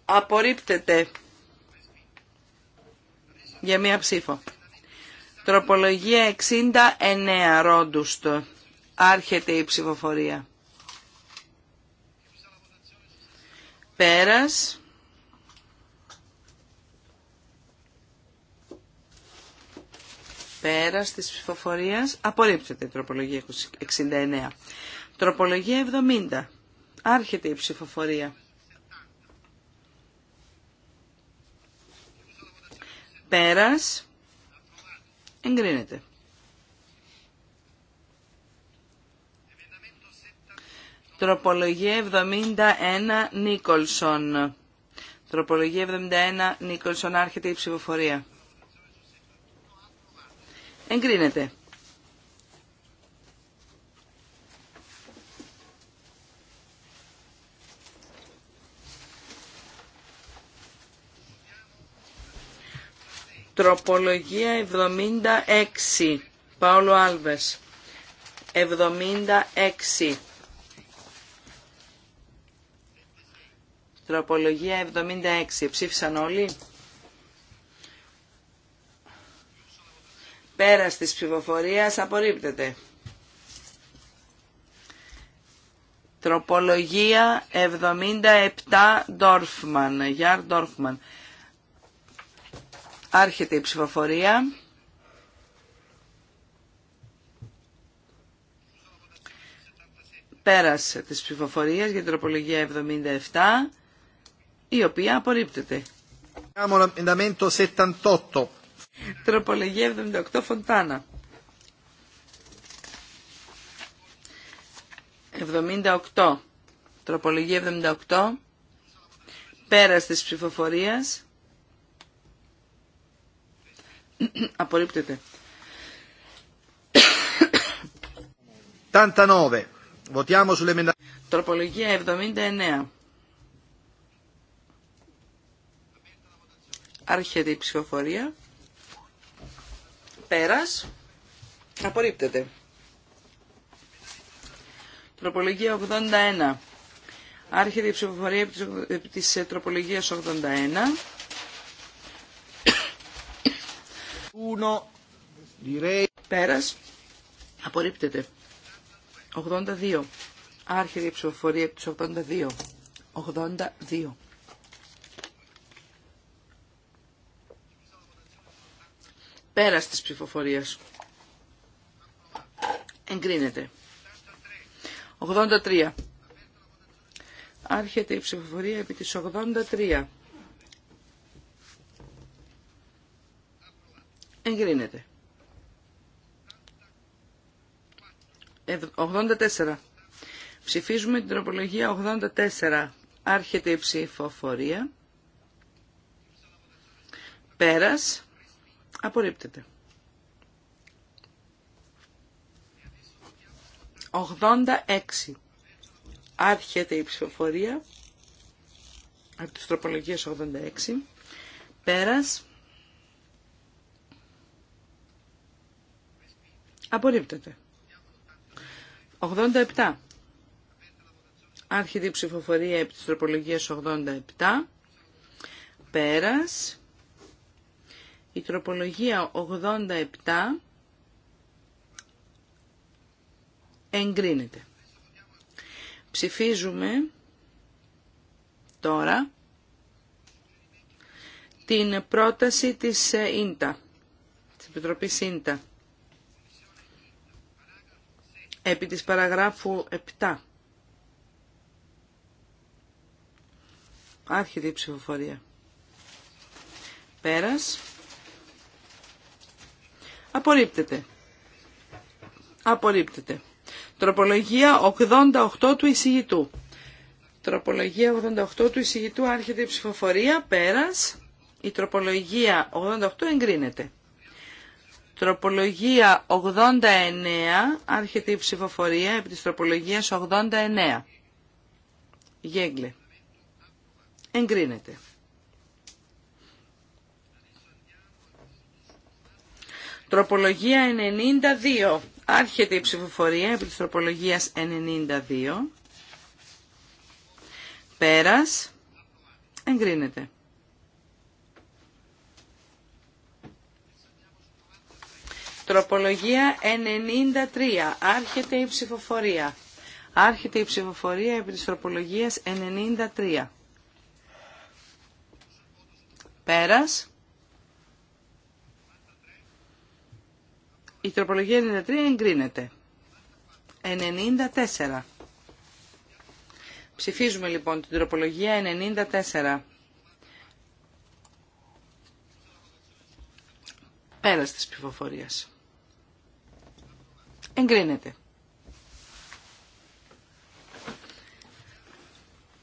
A: Απορρίπτεται για μία ψήφο. Τροπολογία 69 ρόντουστ. Άρχεται η ψηφοφορία. Πέρας. Πέρα τη ψηφοφορία απορρίπτεται η τροπολογία 69. Τροπολογία 70. Άρχεται η ψηφοφορία. Πέρα εγκρίνεται. Εγκρίνεται. Τροπολογία 71 Νίκολσον. Τροπολογία 71 Νίκολσον. Άρχεται η ψηφοφορία. Εγκρίνεται. Τροπολογία 76. Παόλο Άλβες. 76. Τροπολογία 76. Ψήφισαν όλοι. Πέρας της ψηφοφορίας απορρίπτεται. Τροπολογία 77 Dorfman, Γιάρ Dorfman. Άρχεται η ψηφοφορία. Πέρασε της ψηφοφορίας για την τροπολογία 77, η οποία απορρίπτεται. 78. Τροπολογία 78 Φοντάνα. 78. Τροπολογία 78. Πέρας της ψηφοφορίας. Απορρίπτεται. Τροπολογία 79. Άρχεται η ψηφοφορία πέρας. Απορρίπτεται. Τροπολογία 81. Άρχεται η ψηφοφορία επί της ε, τροπολογίας 81. 1. Πέρας. Απορρίπτεται. 82. Άρχεται η ψηφοφορία της 82. 82. Πέρας της ψηφοφορίας. Εγκρίνεται. 83. Άρχεται η ψηφοφορία επί της 83. Εγκρίνεται. 84. Ψηφίζουμε την τροπολογία 84. Άρχεται η ψηφοφορία. Πέρας. Απορρίπτεται. 86. Άρχεται η ψηφοφορία από τις τροπολογίες 86. Πέρας. Απορρίπτεται. 87. Άρχεται η ψηφοφορία από της τροπολογίας 87. Πέρας. Η τροπολογία 87 εγκρίνεται. Ψηφίζουμε τώρα την πρόταση της ΙΝΤΑ, της Επιτροπής ΙΝΤΑ, επί της παραγράφου 7. Άρχεται η ψηφοφορία. Πέρας. Απορρίπτεται. Απορρίπτεται. Τροπολογία 88 του εισηγητού. Τροπολογία 88 του εισηγητού άρχεται η ψηφοφορία. Πέρας. Η τροπολογία 88 εγκρίνεται. Τροπολογία 89 άρχεται η ψηφοφορία επί της τροπολογίας 89. Γέγκλε. Εγκρίνεται. Τροπολογία 92. Άρχεται η ψηφοφορία επί της τροπολογίας 92. Πέρας. Εγκρίνεται. Τροπολογία 93. Άρχεται η ψηφοφορία. Άρχεται η ψηφοφορία επί της τροπολογίας 93. Πέρας. Η τροπολογία 93 εγκρίνεται. 94. Ψηφίζουμε λοιπόν την τροπολογία 94. Πέρας της ψηφοφορίας. Εγκρίνεται.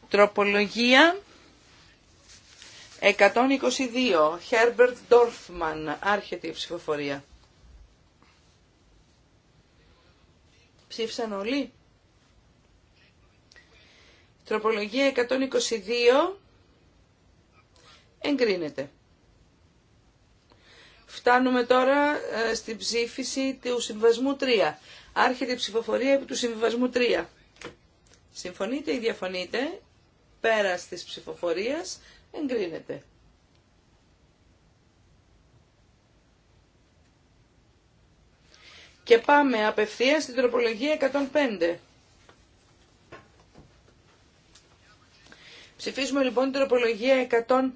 A: Τροπολογία 122. Herbert Dorfman. Άρχεται η ψηφοφορία. Ψήφισαν όλοι. Τροπολογία 122 εγκρίνεται. Φτάνουμε τώρα ε, στην ψήφιση του συμβασμού 3. Άρχεται η ψηφοφορία επί του συμβασμού 3. Συμφωνείτε ή διαφωνείτε, πέρα της ψηφοφορίας εγκρίνεται. Και πάμε απευθείας στην τροπολογία 105. Ψηφίζουμε λοιπόν την τροπολογία 105.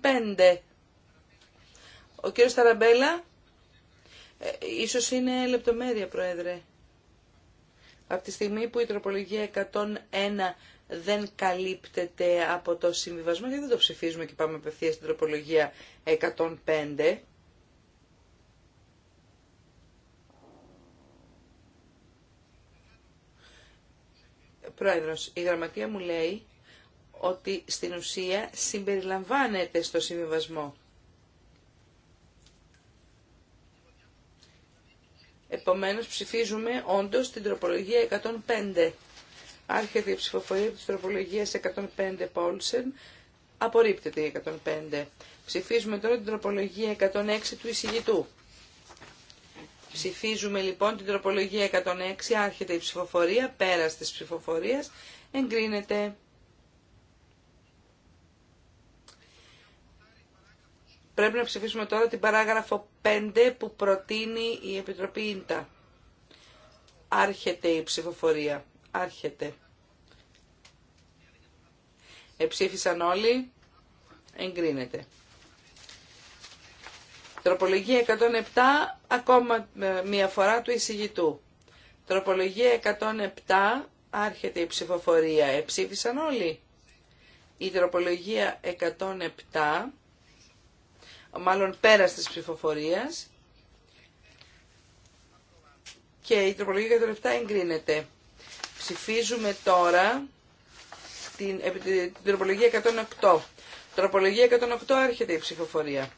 A: Ο κύριος Ταραμπέλα, ε, ίσως είναι λεπτομέρεια πρόεδρε. Από τη στιγμή που η τροπολογία 101 δεν καλύπτεται από το συμβιβασμό, γιατί δεν το ψηφίζουμε και πάμε απευθείας στην τροπολογία 105, Πρόεδρος, η γραμματεία μου λέει ότι στην ουσία συμπεριλαμβάνεται στο συμβιβασμό. Επομένως ψηφίζουμε όντως την τροπολογία 105. Άρχεται η ψηφοφορία της τροπολογίας 105 Πόλσεν. Απορρίπτεται η 105. Ψηφίζουμε τώρα την τροπολογία 106 του εισηγητού. Ψηφίζουμε λοιπόν την τροπολογία 106, άρχεται η ψηφοφορία, πέρας της ψηφοφορίας, εγκρίνεται. Πρέπει να ψηφίσουμε τώρα την παράγραφο 5 που προτείνει η Επιτροπή Ίντα. Άρχεται η ψηφοφορία. Άρχεται. Εψήφισαν όλοι. Εγκρίνεται. Τροπολογία 107 ακόμα ε, μία φορά του εισηγητού. Τροπολογία 107 άρχεται η ψηφοφορία. Εψήφισαν όλοι. Η τροπολογία 107 μάλλον πέρασε της ψηφοφορίας και η τροπολογία 107 εγκρίνεται. Ψηφίζουμε τώρα την, την τροπολογία 108. Τροπολογία 108 έρχεται η ψηφοφορία.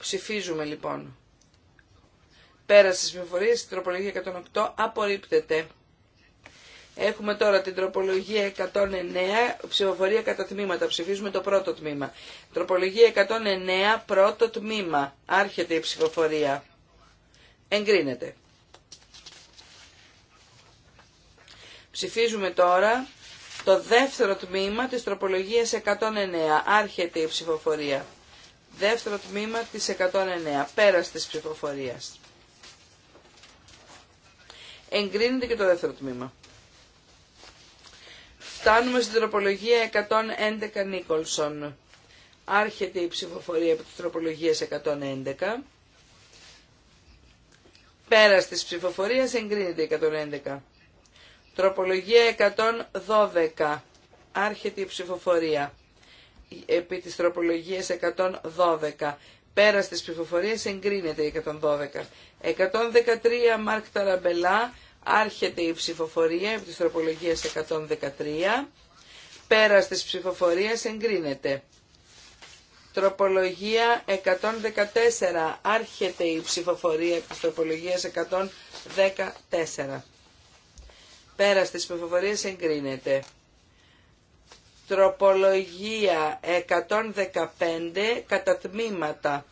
A: Ψηφίζουμε λοιπόν. Πέρα στις Η τροπολογία 108 απορρίπτεται. Έχουμε τώρα την τροπολογία 109, ψηφοφορία κατά τμήματα. Ψηφίζουμε το πρώτο τμήμα. Τροπολογία 109, πρώτο τμήμα. Άρχεται η ψηφοφορία. Εγκρίνεται. Ψηφίζουμε τώρα το δεύτερο τμήμα της τροπολογίας 109. Άρχεται η ψηφοφορία. Δεύτερο τμήμα της 109. Πέρας της ψηφοφορίας. Εγκρίνεται και το δεύτερο τμήμα. Φτάνουμε στην τροπολογία 111 Νίκολσον. Άρχεται η ψηφοφορία από τις τροπολογίες 111. Πέρας της ψηφοφορίας εγκρίνεται η 111. Τροπολογία 112. Άρχεται η ψηφοφορία επί της τροπολογίας 112. Πέρα στις ψηφοφορίες εγκρίνεται η 112. 113 Μάρκ Ταραμπελά, άρχεται η ψηφοφορία επί της τροπολογίας 113. Πέρα στις ψηφοφορίες εγκρίνεται. Τροπολογία 114. Άρχεται η ψηφοφορία της τροπολογίας 114. Πέρα στις ψηφοφορίες εγκρίνεται. Τροπολογία 115 κατά τμήματα.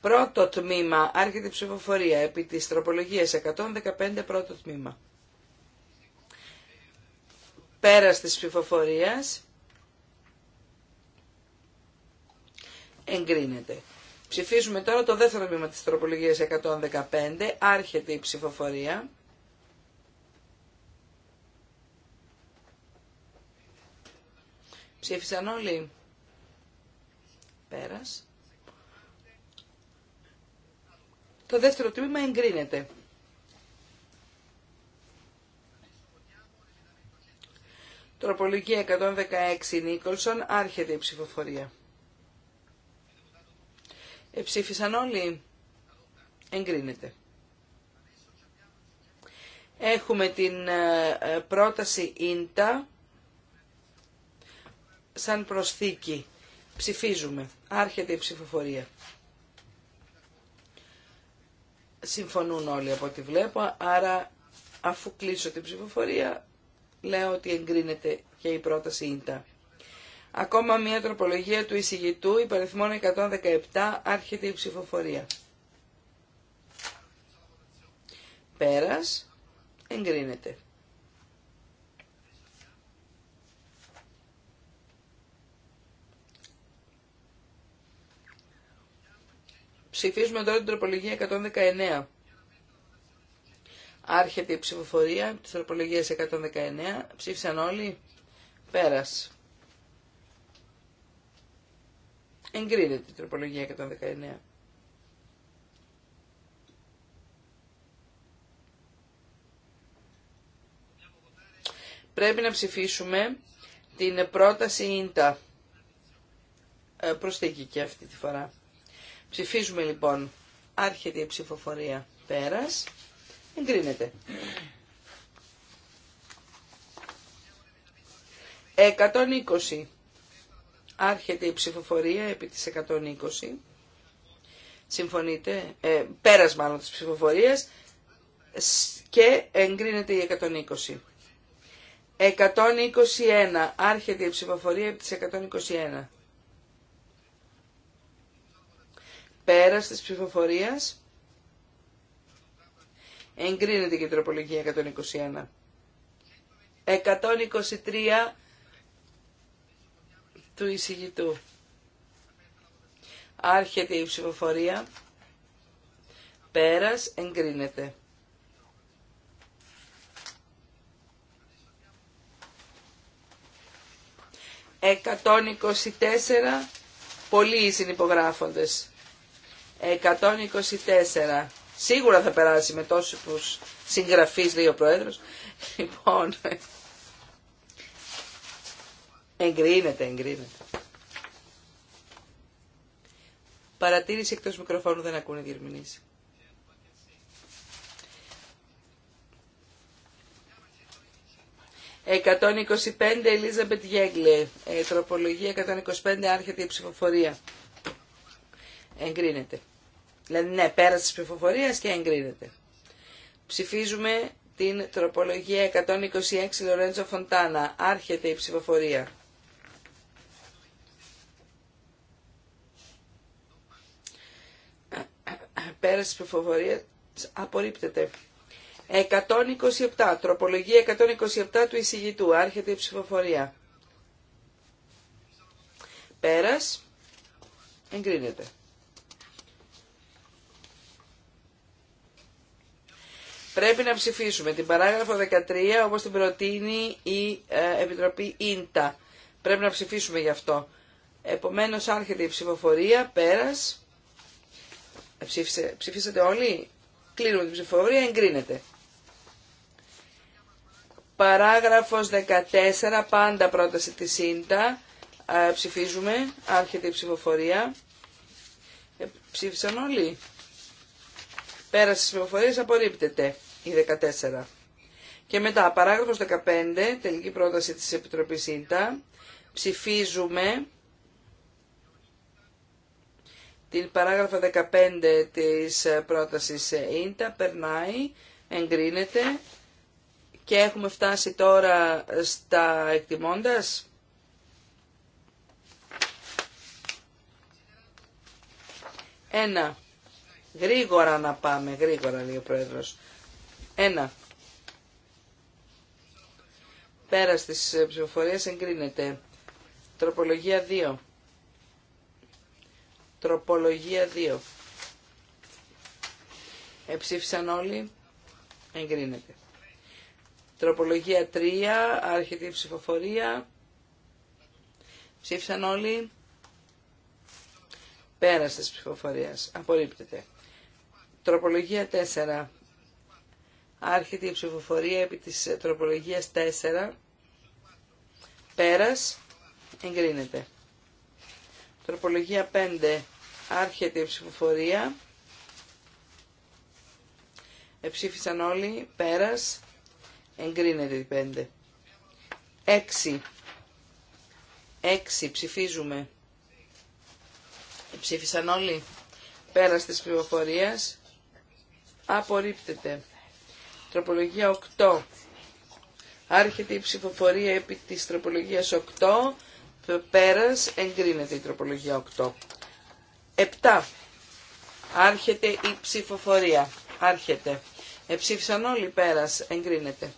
A: Πρώτο τμήμα, άρχεται η ψηφοφορία επί της τροπολογίας 115 πρώτο τμήμα. Πέρας της ψηφοφορία. εγκρίνεται. Ψηφίζουμε τώρα το δεύτερο τμήμα της τροπολογίας 115, άρχεται η ψηφοφορία. Ψήφισαν όλοι. Πέρας. Το δεύτερο τμήμα εγκρίνεται. Τροπολογία 116 Νίκολσον, άρχεται η ψηφοφορία. Εψήφισαν όλοι. Εγκρίνεται. Έχουμε την ε, ε, πρόταση ίντα σαν προσθήκη. Ψηφίζουμε. Άρχεται η ψηφοφορία. Συμφωνούν όλοι από ό,τι βλέπω, άρα αφού κλείσω την ψηφοφορία λέω ότι εγκρίνεται και η πρόταση ίντα. Ακόμα μια τροπολογία του εισηγητού υπαριθμών 117 άρχεται η ψηφοφορία. Πέρας εγκρίνεται. Ψηφίζουμε τώρα την τροπολογία 119. Άρχεται η ψηφοφορία της τροπολογίας 119. Ψήφισαν όλοι. Πέρας. Εγκρίνεται η τροπολογία 119. Πρέπει να ψηφίσουμε την πρόταση ίντα. Ε, προσθήκη και αυτή τη φορά. Ψηφίζουμε λοιπόν. Άρχεται η ψηφοφορία. Πέρας. Εγκρίνεται. 120. Άρχεται η ψηφοφορία επί της 120. Συμφωνείτε. Ε, πέρας μάλλον της ψηφοφορίας. Και εγκρίνεται η 120. 121. Άρχεται η ψηφοφορία επί της 121. Πέρας της ψηφοφορίας εγκρίνεται η τροπολογία 121. 123 του εισηγητού. Άρχεται η ψηφοφορία. Πέρας εγκρίνεται. 124, πολλοί συνυπογράφοντες. 124. Σίγουρα θα περάσει με τόσους συγγραφείς, λέει ο Πρόεδρος. Λοιπόν, εγκρίνεται, εγκρίνεται. Παρατήρηση εκτός μικροφόνου δεν ακούνε διερμηνείς. «125 Ελίζαμπετ Γέγκλε, ε, τροπολογία 125 άρχεται η ψηφοφορία». Εγκρίνεται. Δηλαδή, ναι, πέρασε τη και εγκρίνεται. Ψηφίζουμε την τροπολογία 126 Λορέντζο Φοντάνα. Άρχεται η ψηφοφορία. Πέρασε τη ψηφοφορίας απορρίπτεται. 127. Τροπολογία 127 του εισηγητού. Άρχεται η ψηφοφορία. Πέρας. Εγκρίνεται. Πρέπει να ψηφίσουμε την παράγραφο 13 όπως την προτείνει η ε, Επιτροπή Ίντα. Πρέπει να ψηφίσουμε γι' αυτό. Επομένως άρχεται η ψηφοφορία, πέρας. Ε, ψήφισε, ψηφίσατε όλοι, κλείνουμε την ψηφοφορία, εγκρίνεται. Παράγραφος 14, πάντα πρόταση της ίντα. Ε, ψηφίζουμε, άρχεται η ψηφοφορία. ψήφισαν όλοι. Πέραση της ψηφοφορίας απορρίπτεται η 14. Και μετά, παράγραφος 15, τελική πρόταση της Επιτροπής ΙΝΤΑ, ψηφίζουμε την παράγραφο 15 της πρότασης ΙΝΤΑ, περνάει, εγκρίνεται και έχουμε φτάσει τώρα στα εκτιμώντα. Ένα. Γρήγορα να πάμε, γρήγορα λέει ο Πρόεδρος. Ένα. Πέρα στις ε, ψηφοφορίες εγκρίνεται. Τροπολογία 2. Τροπολογία 2. Εψήφισαν όλοι. Εγκρίνεται. Τροπολογία 3. Άρχεται η ψηφοφορία. Ψήφισαν όλοι. Πέρα τη ψηφοφορία. Απορρίπτεται. Τροπολογία 4. Άρχεται η ψηφοφορία επί της τροπολογίας 4. Πέρας. Εγκρίνεται. Τροπολογία 5. Άρχεται η ψηφοφορία. Εψήφισαν όλοι. Πέρας. Εγκρίνεται η 5. 6. 6. Ψηφίζουμε. Ψήφισαν όλοι. Πέρας της ψηφοφορίας απορρίπτεται. Τροπολογία 8. Άρχεται η ψηφοφορία επί της τροπολογίας 8. Πέρας εγκρίνεται η τροπολογία 8. 7. Άρχεται η ψηφοφορία. Άρχεται. Εψήφισαν όλοι πέρας. Εγκρίνεται.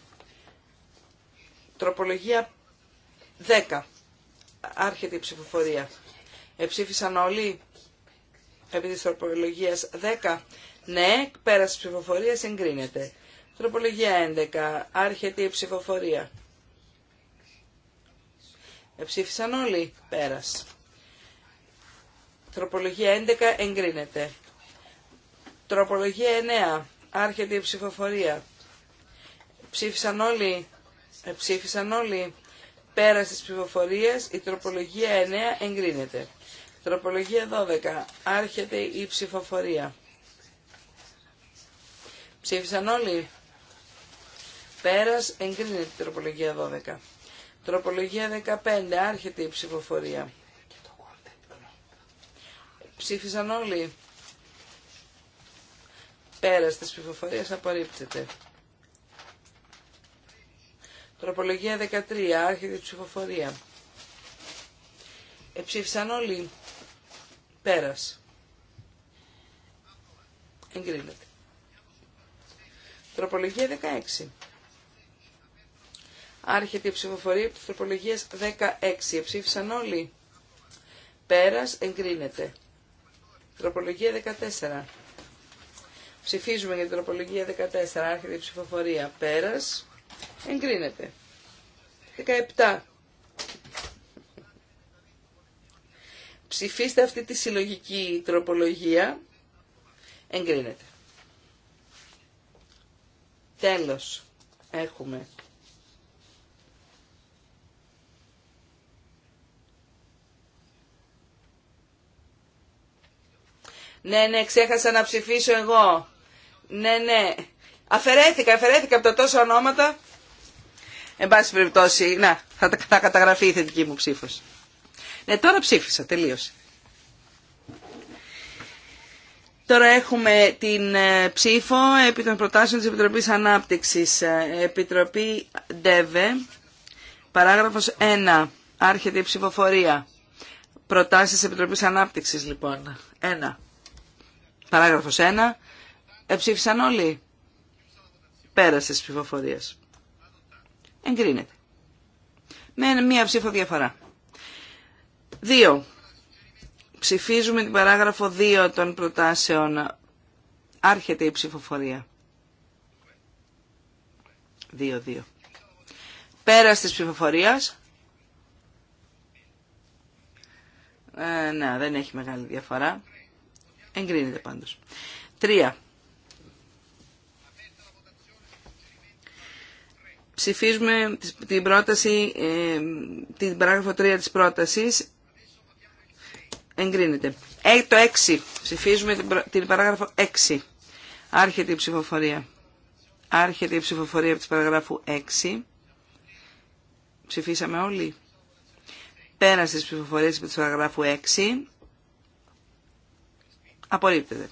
A: Τροπολογία 10. Άρχεται η ψηφοφορία. Εψήφισαν όλοι επί της τροπολογίας 10. Ναι, πέρας τη ψηφοφορία εγκρίνεται. Τροπολογία 11. Άρχεται η ψηφοφορία. Εψήφισαν όλοι. Πέρας. Τροπολογία 11 εγκρίνεται. Τροπολογία 9. Άρχεται η ψηφοφορία. Ψήφισαν όλοι. Ψήφισαν όλοι. Πέρας της ψηφοφορίας η τροπολογία 9 εγκρίνεται. Τροπολογία 12. Άρχεται η ψηφοφορία. Ψήφισαν όλοι. Πέρας εγκρίνεται η τροπολογία 12. Τροπολογία 15. Άρχεται η ψηφοφορία. Ψήφισαν όλοι. Πέρας της ψηφοφορίας απορρίπτεται. Τροπολογία 13. Άρχεται η ψηφοφορία. Εψήφισαν όλοι. Πέρας. Εγκρίνεται. Τροπολογία 16. Άρχεται η ψηφοφορία τη της τροπολογίας 16. Ψήφισαν όλοι. Πέρας εγκρίνεται. Τροπολογία 14. Ψηφίζουμε για την τροπολογία 14. Άρχεται η ψηφοφορία. Πέρας εγκρίνεται. 17. Ψηφίστε αυτή τη συλλογική τροπολογία. Εγκρίνεται. Τέλος. Έχουμε. Ναι, ναι, ξέχασα να ψηφίσω εγώ. Ναι, ναι. Αφαιρέθηκα, αφαιρέθηκα από τα τόσα ονόματα. Εν πάση περιπτώσει, να, θα, θα καταγραφεί η θετική μου ψήφος. Ναι, τώρα ψήφισα, τελείωσε. Τώρα έχουμε την ε, ψήφο επί των προτάσεων της Επιτροπής Ανάπτυξης. Ε, Επιτροπή ΔΕΒΕ, παράγραφος 1, άρχεται η ψηφοφορία. Προτάσεις Επιτροπής Ανάπτυξης λοιπόν. 1. Παράγραφος 1. Εψήφισαν όλοι. Πέρασε τη ψηφοφορία. Εγκρίνεται. Με μία ψήφο διαφορά. 2. Ψηφίζουμε την παράγραφο 2 των προτάσεων. Άρχεται η ψηφοφορία. 2-2. Πέρας της ψηφοφορίας. Ε, ναι, δεν έχει μεγάλη διαφορά. Εγκρίνεται πάντως. 3. Ψηφίζουμε την πρόταση, ε, την παράγραφο 3 της πρότασης Εγκρίνεται. Ε, το 6. Ψηφίζουμε την παράγραφο 6. Άρχεται η ψηφοφορία. Άρχεται η ψηφοφορία από της παραγράφου 6. Ψηφίσαμε όλοι. Πέρασε ψηφοφορίες από της παραγράφου 6. Απορρίπτεται.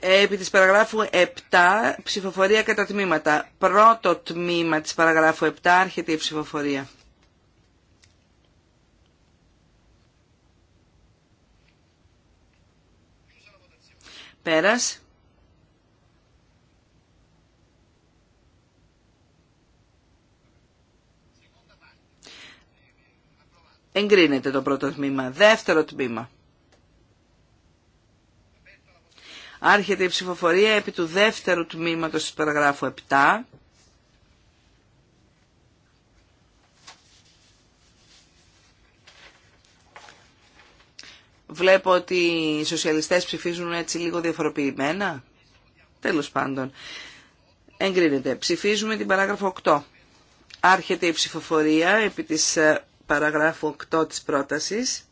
A: Επί της παραγράφου 7, ψηφοφορία κατά τμήματα. Πρώτο τμήμα της παραγράφου 7, άρχεται η ψηφοφορία. Πέρας. Εγκρίνεται το πρώτο τμήμα. Δεύτερο τμήμα. Άρχεται η ψηφοφορία επί του δεύτερου τμήματος του παραγράφου 7. Βλέπω ότι οι σοσιαλιστές ψηφίζουν έτσι λίγο διαφοροποιημένα. Τέλος πάντων. Εγκρίνεται. Ψηφίζουμε την παράγραφο 8. Άρχεται η ψηφοφορία επί της ε, παραγράφου 8 της πρότασης.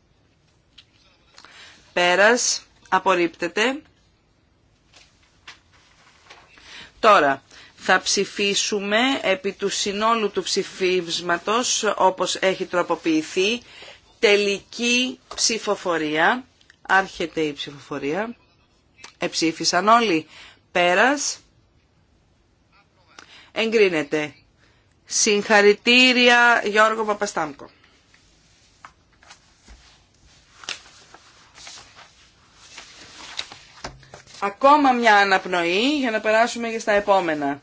A: Πέρας. Απορρίπτεται. Τώρα, θα ψηφίσουμε επί του συνόλου του ψηφίσματος, όπως έχει τροποποιηθεί, τελική ψηφοφορία. Άρχεται η ψηφοφορία. Εψήφισαν όλοι. Πέρας. Εγκρίνεται. Συγχαρητήρια Γιώργο Παπαστάμκο. Ακόμα μια αναπνοή για να περάσουμε και στα επόμενα.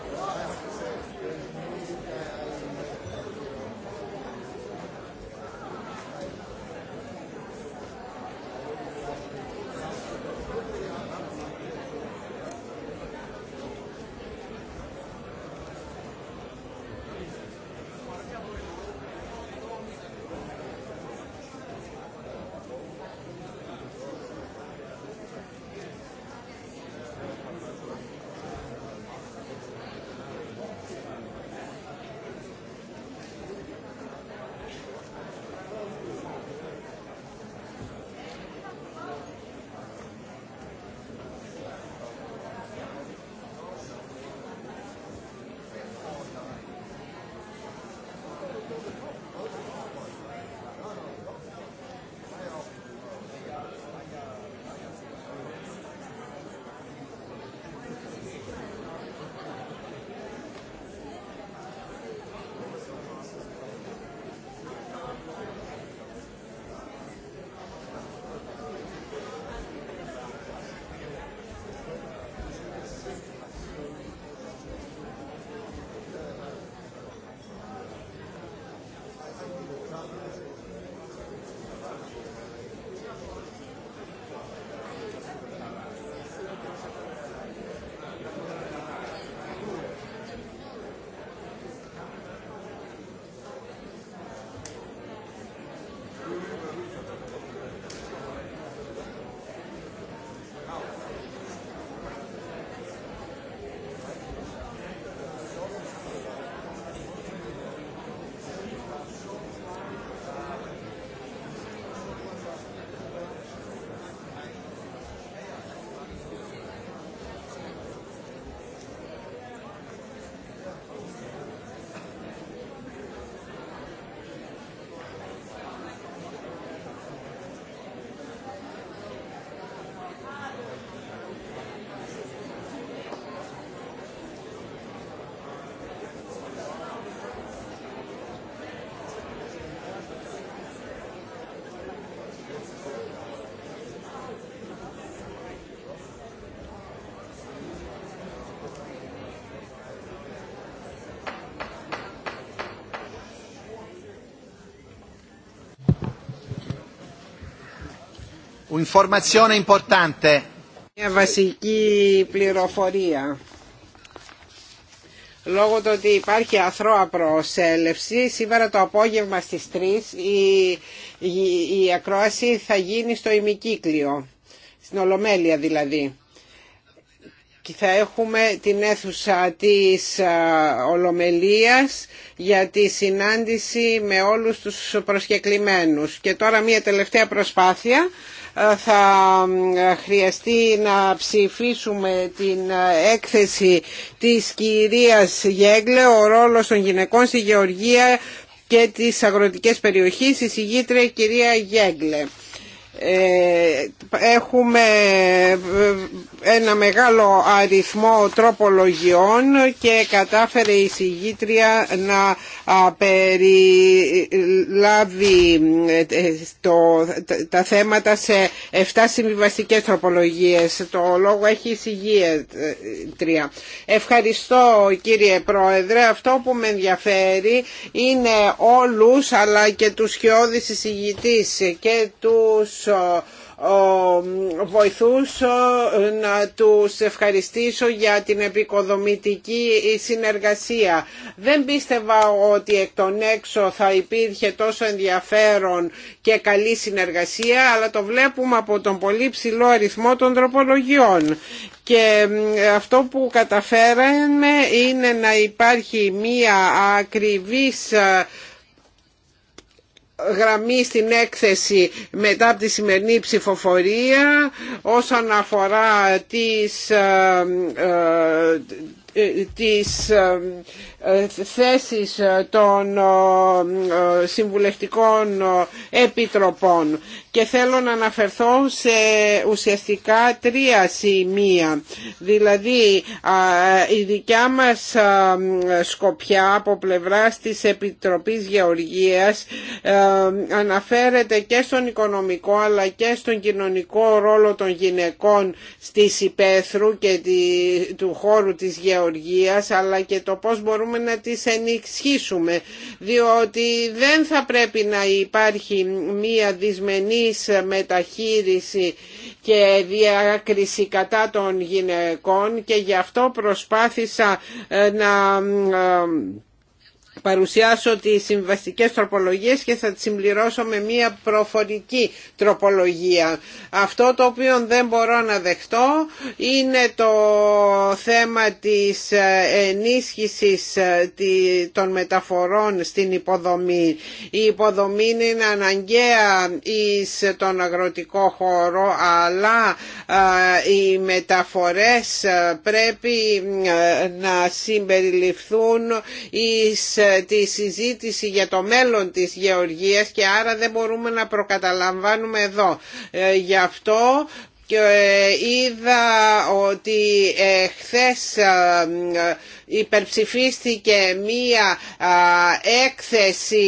B: Μια βασική πληροφορία. Λόγω του ότι υπάρχει αθρώα προσέλευση, σήμερα το απόγευμα στις 3 η, η ακρόαση θα γίνει στο ημικύκλιο, στην Ολομέλεια δηλαδή. Και θα έχουμε την αίθουσα της Ολομελίας για τη συνάντηση με όλους τους προσκεκλημένους. Και τώρα μια τελευταία προσπάθεια θα χρειαστεί να ψηφίσουμε την ε, έκθεση της κυρίας Γέγλε «Ο ρόλος των γυναικών στη Γεωργία και τις αγροτικές περιοχές» η συγγήτρια κυρία Γέγλε. Ε, έχουμε ε, ένα μεγάλο αριθμό τροπολογιών και κατάφερε η συγγήτρια να περιλάβει ε, τα θέματα σε 7 συμβιβαστικές τροπολογίες. Το λόγο έχει η συγγήτρια. Ευχαριστώ κύριε Πρόεδρε. Αυτό που με ενδιαφέρει είναι όλους αλλά και τους χειώδης συγγητής και τους ε, βοηθούς ε, να τους ευχαριστήσω για την επικοδομητική συνεργασία. Δεν πίστευα ότι εκ των έξω θα υπήρχε τόσο ενδιαφέρον και καλή συνεργασία αλλά το βλέπουμε από τον πολύ ψηλό αριθμό των τροπολογιών και αυτό που καταφέραμε είναι να υπάρχει μία ακριβής ε, γραμμή στην έκθεση μετά από τη σημερινή ψηφοφορία όσον αφορά τις ε, ε, τις ε, θέσεις των συμβουλευτικών επιτροπών και θέλω να αναφερθώ σε ουσιαστικά τρία σημεία. Δηλαδή η δικιά μας σκοπιά από πλευράς της Επιτροπής Γεωργίας ε, αναφέρεται και στον οικονομικό αλλά και στον κοινωνικό ρόλο των γυναικών στις υπαίθρου και του χώρου της γεωργίας αλλά και το πώς μπορούμε να τις ενισχύσουμε διότι δεν θα πρέπει να υπάρχει μία δυσμενή μεταχείριση και διάκριση κατά των γυναικών και γι' αυτό προσπάθησα να ε, παρουσιάσω τις συμβαστικές τροπολογίες και θα τις συμπληρώσω με μια προφορική τροπολογία. Αυτό το οποίο δεν μπορώ να δεχτώ είναι το θέμα της ενίσχυσης των μεταφορών στην υποδομή. Η υποδομή είναι αναγκαία εις τον αγροτικό χώρο αλλά οι μεταφορές πρέπει να συμπεριληφθούν εις τη συζήτηση για το μέλλον της γεωργίας και άρα δεν μπορούμε να προκαταλαμβάνουμε εδώ. Ε, γι' αυτό και ε, είδα ότι ε, χθες υπερψηφίστηκε μία έκθεση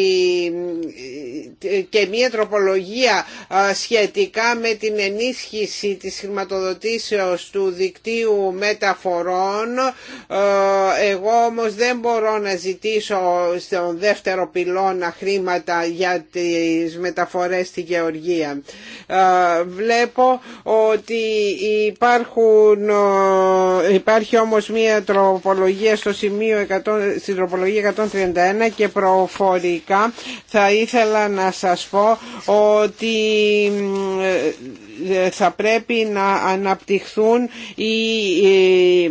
B: και μία τροπολογία σχετικά με την ενίσχυση της χρηματοδοτήσεως του δικτύου μεταφορών. Εγώ όμως δεν μπορώ να ζητήσω στον δεύτερο πυλώνα χρήματα για τις μεταφορές στη Γεωργία. Βλέπω ότι υπάρχουν, υπάρχει όμως μία τροπολογία στο σημείο 100, στην τροπολογία 131 και προφορικά θα ήθελα να σας πω ότι θα πρέπει να αναπτυχθούν ε, οι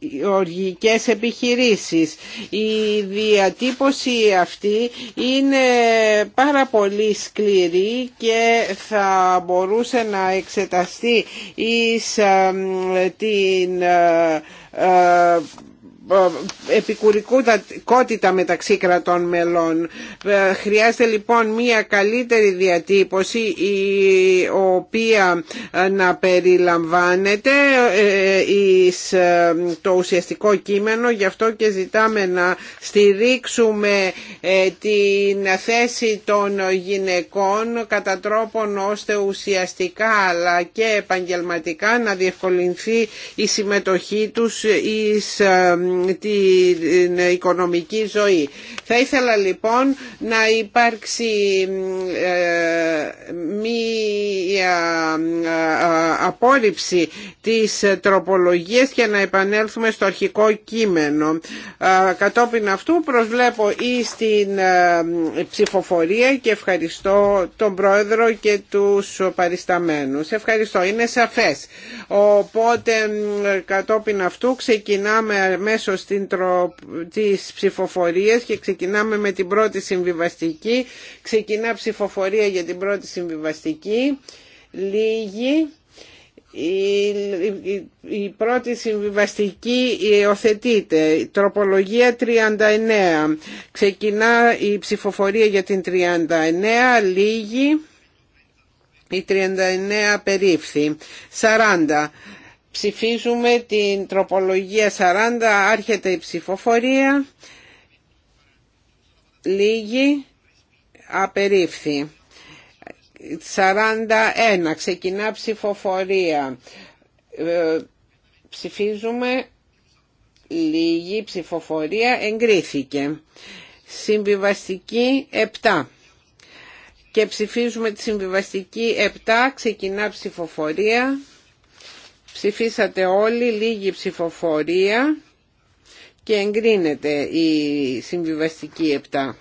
B: γεωργικές επιχειρήσεις. Η διατύπωση αυτή είναι πάρα πολύ σκληρή και θα μπορούσε να εξεταστεί εις ε, την ε, Εύχομαι... Ε, επικουρικότητα μεταξύ κρατών μελών. Ε, χρειάζεται λοιπόν μια καλύτερη διατύπωση η οποία ε, να περιλαμβάνεται εις το ουσιαστικό κείμενο γι' αυτό και ζητάμε να στηρίξουμε την θέση των γυναικών κατά τρόπον ώστε ουσιαστικά αλλά και επαγγελματικά να διευκολυνθεί η συμμετοχή τους εις την οικονομική ζωή. Θα ήθελα λοιπόν να υπάρξει ε, μία ε, απόρριψη της τροπολογίας και να επανέλθουμε στο αρχικό κείμενο. Ε, κατόπιν αυτού προσβλέπω ή στην ψηφοφορία και ευχαριστώ τον Πρόεδρο και τους παρισταμένους. Ευχαριστώ, είναι σαφές. Οπότε κατόπιν αυτού ξεκινάμε μέσα αμέσως στην τρο... τις ψηφοφορίες και ξεκινάμε με την πρώτη συμβιβαστική. Ξεκινά ψηφοφορία για την πρώτη συμβιβαστική. Λίγη. Η, η, η πρώτη συμβιβαστική υιοθετείται. Τροπολογία 39. Ξεκινά η ψηφοφορία για την 39. Λίγη. Η 39 περίφθη. 40. Ψηφίζουμε την τροπολογία 40, άρχεται η ψηφοφορία, λίγη, απερίφθη. 41, ξεκινά ψηφοφορία. Ε, ψηφίζουμε, λίγη ψηφοφορία, εγκρίθηκε. Συμβιβαστική 7 και ψηφίζουμε τη συμβιβαστική 7, ξεκινά ψηφοφορία. Ψηφίσατε όλοι, λίγη ψηφοφορία και εγκρίνεται η συμβιβαστική 7.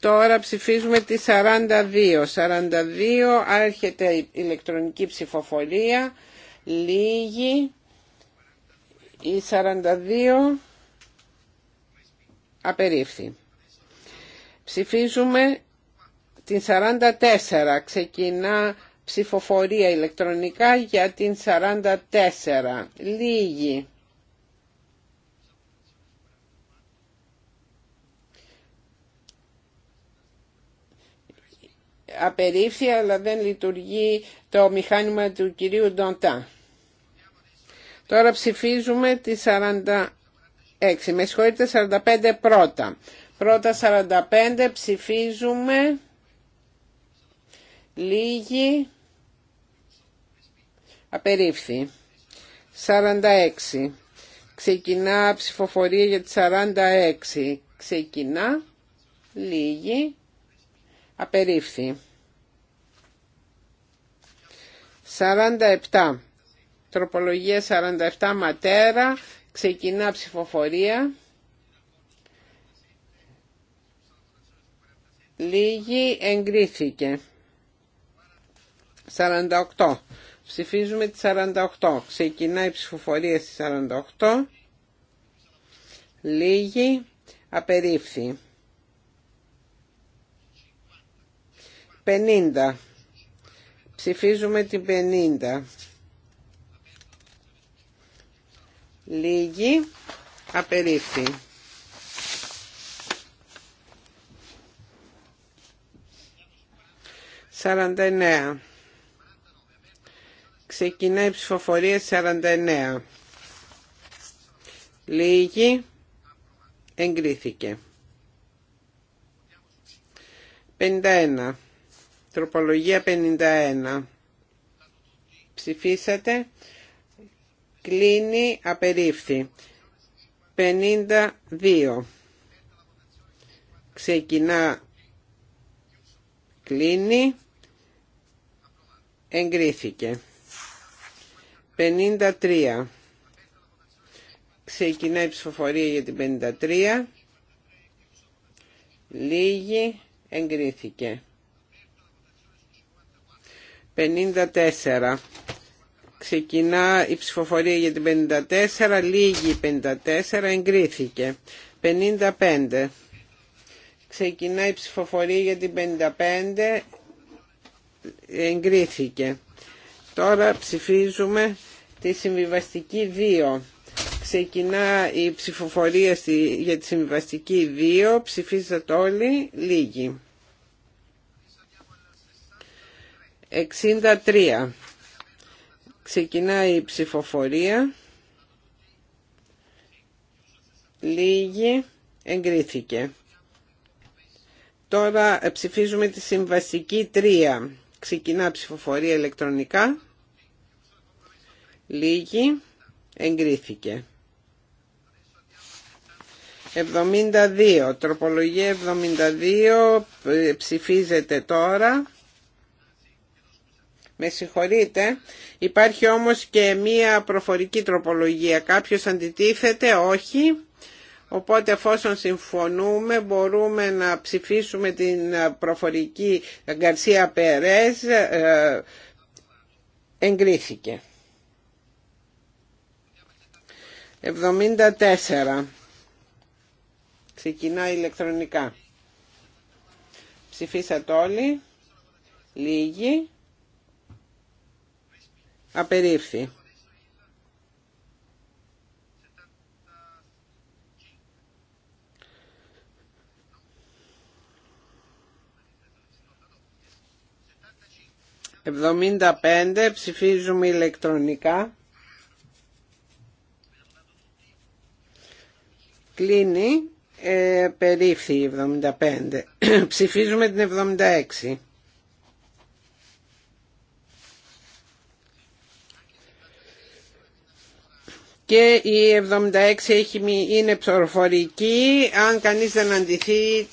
B: Τώρα ψηφίζουμε τη 42. 42 άρχεται η ηλεκτρονική ψηφοφορία, λίγη, η 42 απερίφθη. Ψηφίζουμε την 44. Ξεκινά ψηφοφορία ηλεκτρονικά για την 44. Λίγη. Απερίφθη αλλά δεν λειτουργεί το μηχάνημα του κυρίου Ντοντά. Τώρα ψηφίζουμε τη 46. Με συγχωρείτε 45 πρώτα. Πρώτα 45 ψηφίζουμε. λίγη. Απερίφθη. 46. Ξεκινά ψηφοφορία για τη 46. Ξεκινά. Λίγη. Απερίφθη. 47. Τροπολογία 47 ματέρα. Ξεκινά ψηφοφορία. Λίγη εγκρίθηκε. 48. Ψηφίζουμε τη 48. Ξεκινάει η ψηφοφορία στη 48. Λίγη. Απερίφθη. 50. Ψηφίζουμε την 50. Λίγη. Απερίφθη. 49. Ξεκινάει η ψηφοφορία 49. Λίγη. Εγκρίθηκε. 51. Τροπολογία 51. Ψηφίσατε. Κλείνει. Απερίφθη. 52. Ξεκινά. Κλείνει. Εγκρίθηκε. 53. Ξεκινάει η ψηφοφορία για την 53. Λίγη. Εγκρίθηκε. 54. Ξεκινά η ψηφοφορία για την 54. Λίγη 54. Εγκρίθηκε. 55. Ξεκινάει η ψηφοφορία για την 55. Εγκρίθηκε. Τώρα ψηφίζουμε τη συμβιβαστική 2. Ξεκινά η ψηφοφορία για τη συμβιβαστική 2. Ψηφίζατε όλοι. Λίγοι. 63. Ξεκινάει η ψηφοφορία. Λίγη. Εγκρίθηκε. Τώρα ε, ψηφίζουμε τη συμβαστική 3. Ξεκινά ψηφοφορία ηλεκτρονικά. Λίγη. Εγκρίθηκε. 72. Τροπολογία 72 ψηφίζεται τώρα. Με συγχωρείτε. Υπάρχει όμως και μία προφορική τροπολογία. Κάποιος αντιτίθεται, όχι. Οπότε εφόσον συμφωνούμε μπορούμε να ψηφίσουμε την προφορική Γκαρσία Περές. Ε, εγκρίθηκε. 74. Ξεκινά ηλεκτρονικά. Ψηφίσατε όλοι. Λίγοι. Απερίφθη. 75 ψηφίζουμε ηλεκτρονικά. Κλείνει. Ε, περίφθη 75. Ψηφίζουμε την 76. Και η 76 έχει, είναι ψωροφορική, Αν κανείς δεν αντιθεί,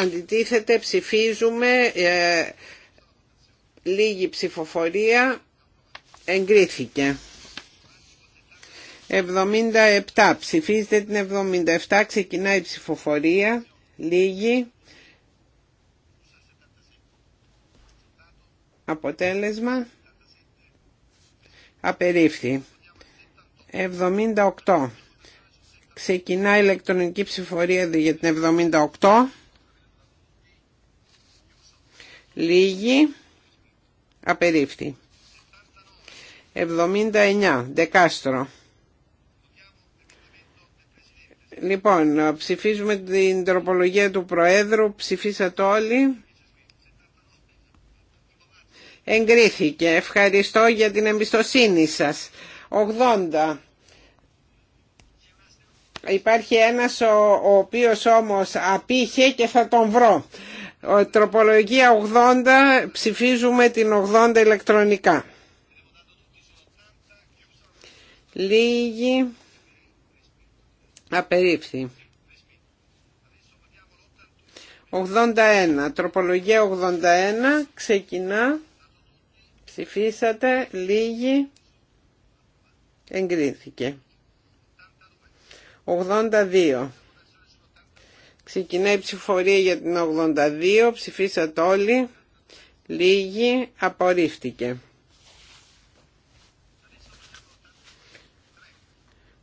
B: αντιτίθεται ψηφίζουμε ε, λίγη ψηφοφορία εγκρίθηκε. 77. Ψηφίζετε την 77. Ξεκινάει η ψηφοφορία. Λίγη. Αποτέλεσμα. Απερίφθη. 78. Ξεκινά η ηλεκτρονική ψηφορία για την 78. Λίγη. Απερίφθη. 79. Δεκάστρο. Λοιπόν, ψηφίζουμε την τροπολογία του Προέδρου. Ψηφίσατε όλοι. Εγκρίθηκε. Ευχαριστώ για την εμπιστοσύνη σας. 80. Υπάρχει ένας ο, ο οποίος όμως απήχε και θα τον βρω. Τροπολογία 80. Ψηφίζουμε την 80 ηλεκτρονικά. Λίγοι. Απερίφθη. 81. Τροπολογία 81. Ξεκινά. Ψηφίσατε. Λίγη. Εγκρίθηκε. 82. Ξεκινάει η ψηφορία για την 82. Ψηφίσατε όλοι. Λίγη. Απορρίφθηκε.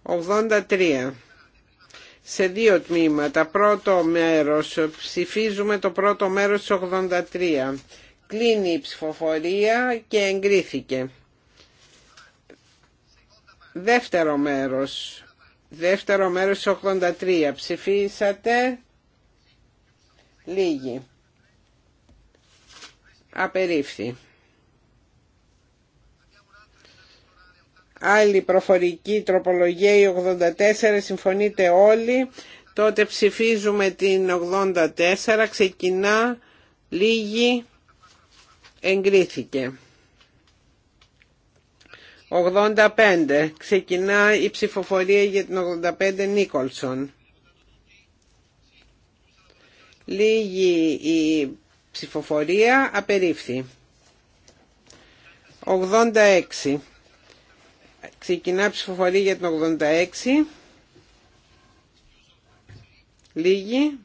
B: 83 σε δύο τμήματα. Πρώτο μέρος, ψηφίζουμε το πρώτο μέρος της 83. Κλείνει η ψηφοφορία και εγκρίθηκε. Δεύτερο μέρος, δεύτερο μέρος της 83. Ψηφίσατε λίγοι. Απερίφθη. άλλη προφορική τροπολογία η 84 συμφωνείτε όλοι τότε ψηφίζουμε την 84 ξεκινά λίγη εγκρίθηκε 85 ξεκινά η ψηφοφορία για την 85 Νίκολσον λίγη η ψηφοφορία απερίφθη 86 Ξεκινά ψηφοφορία για την 86. Λίγη.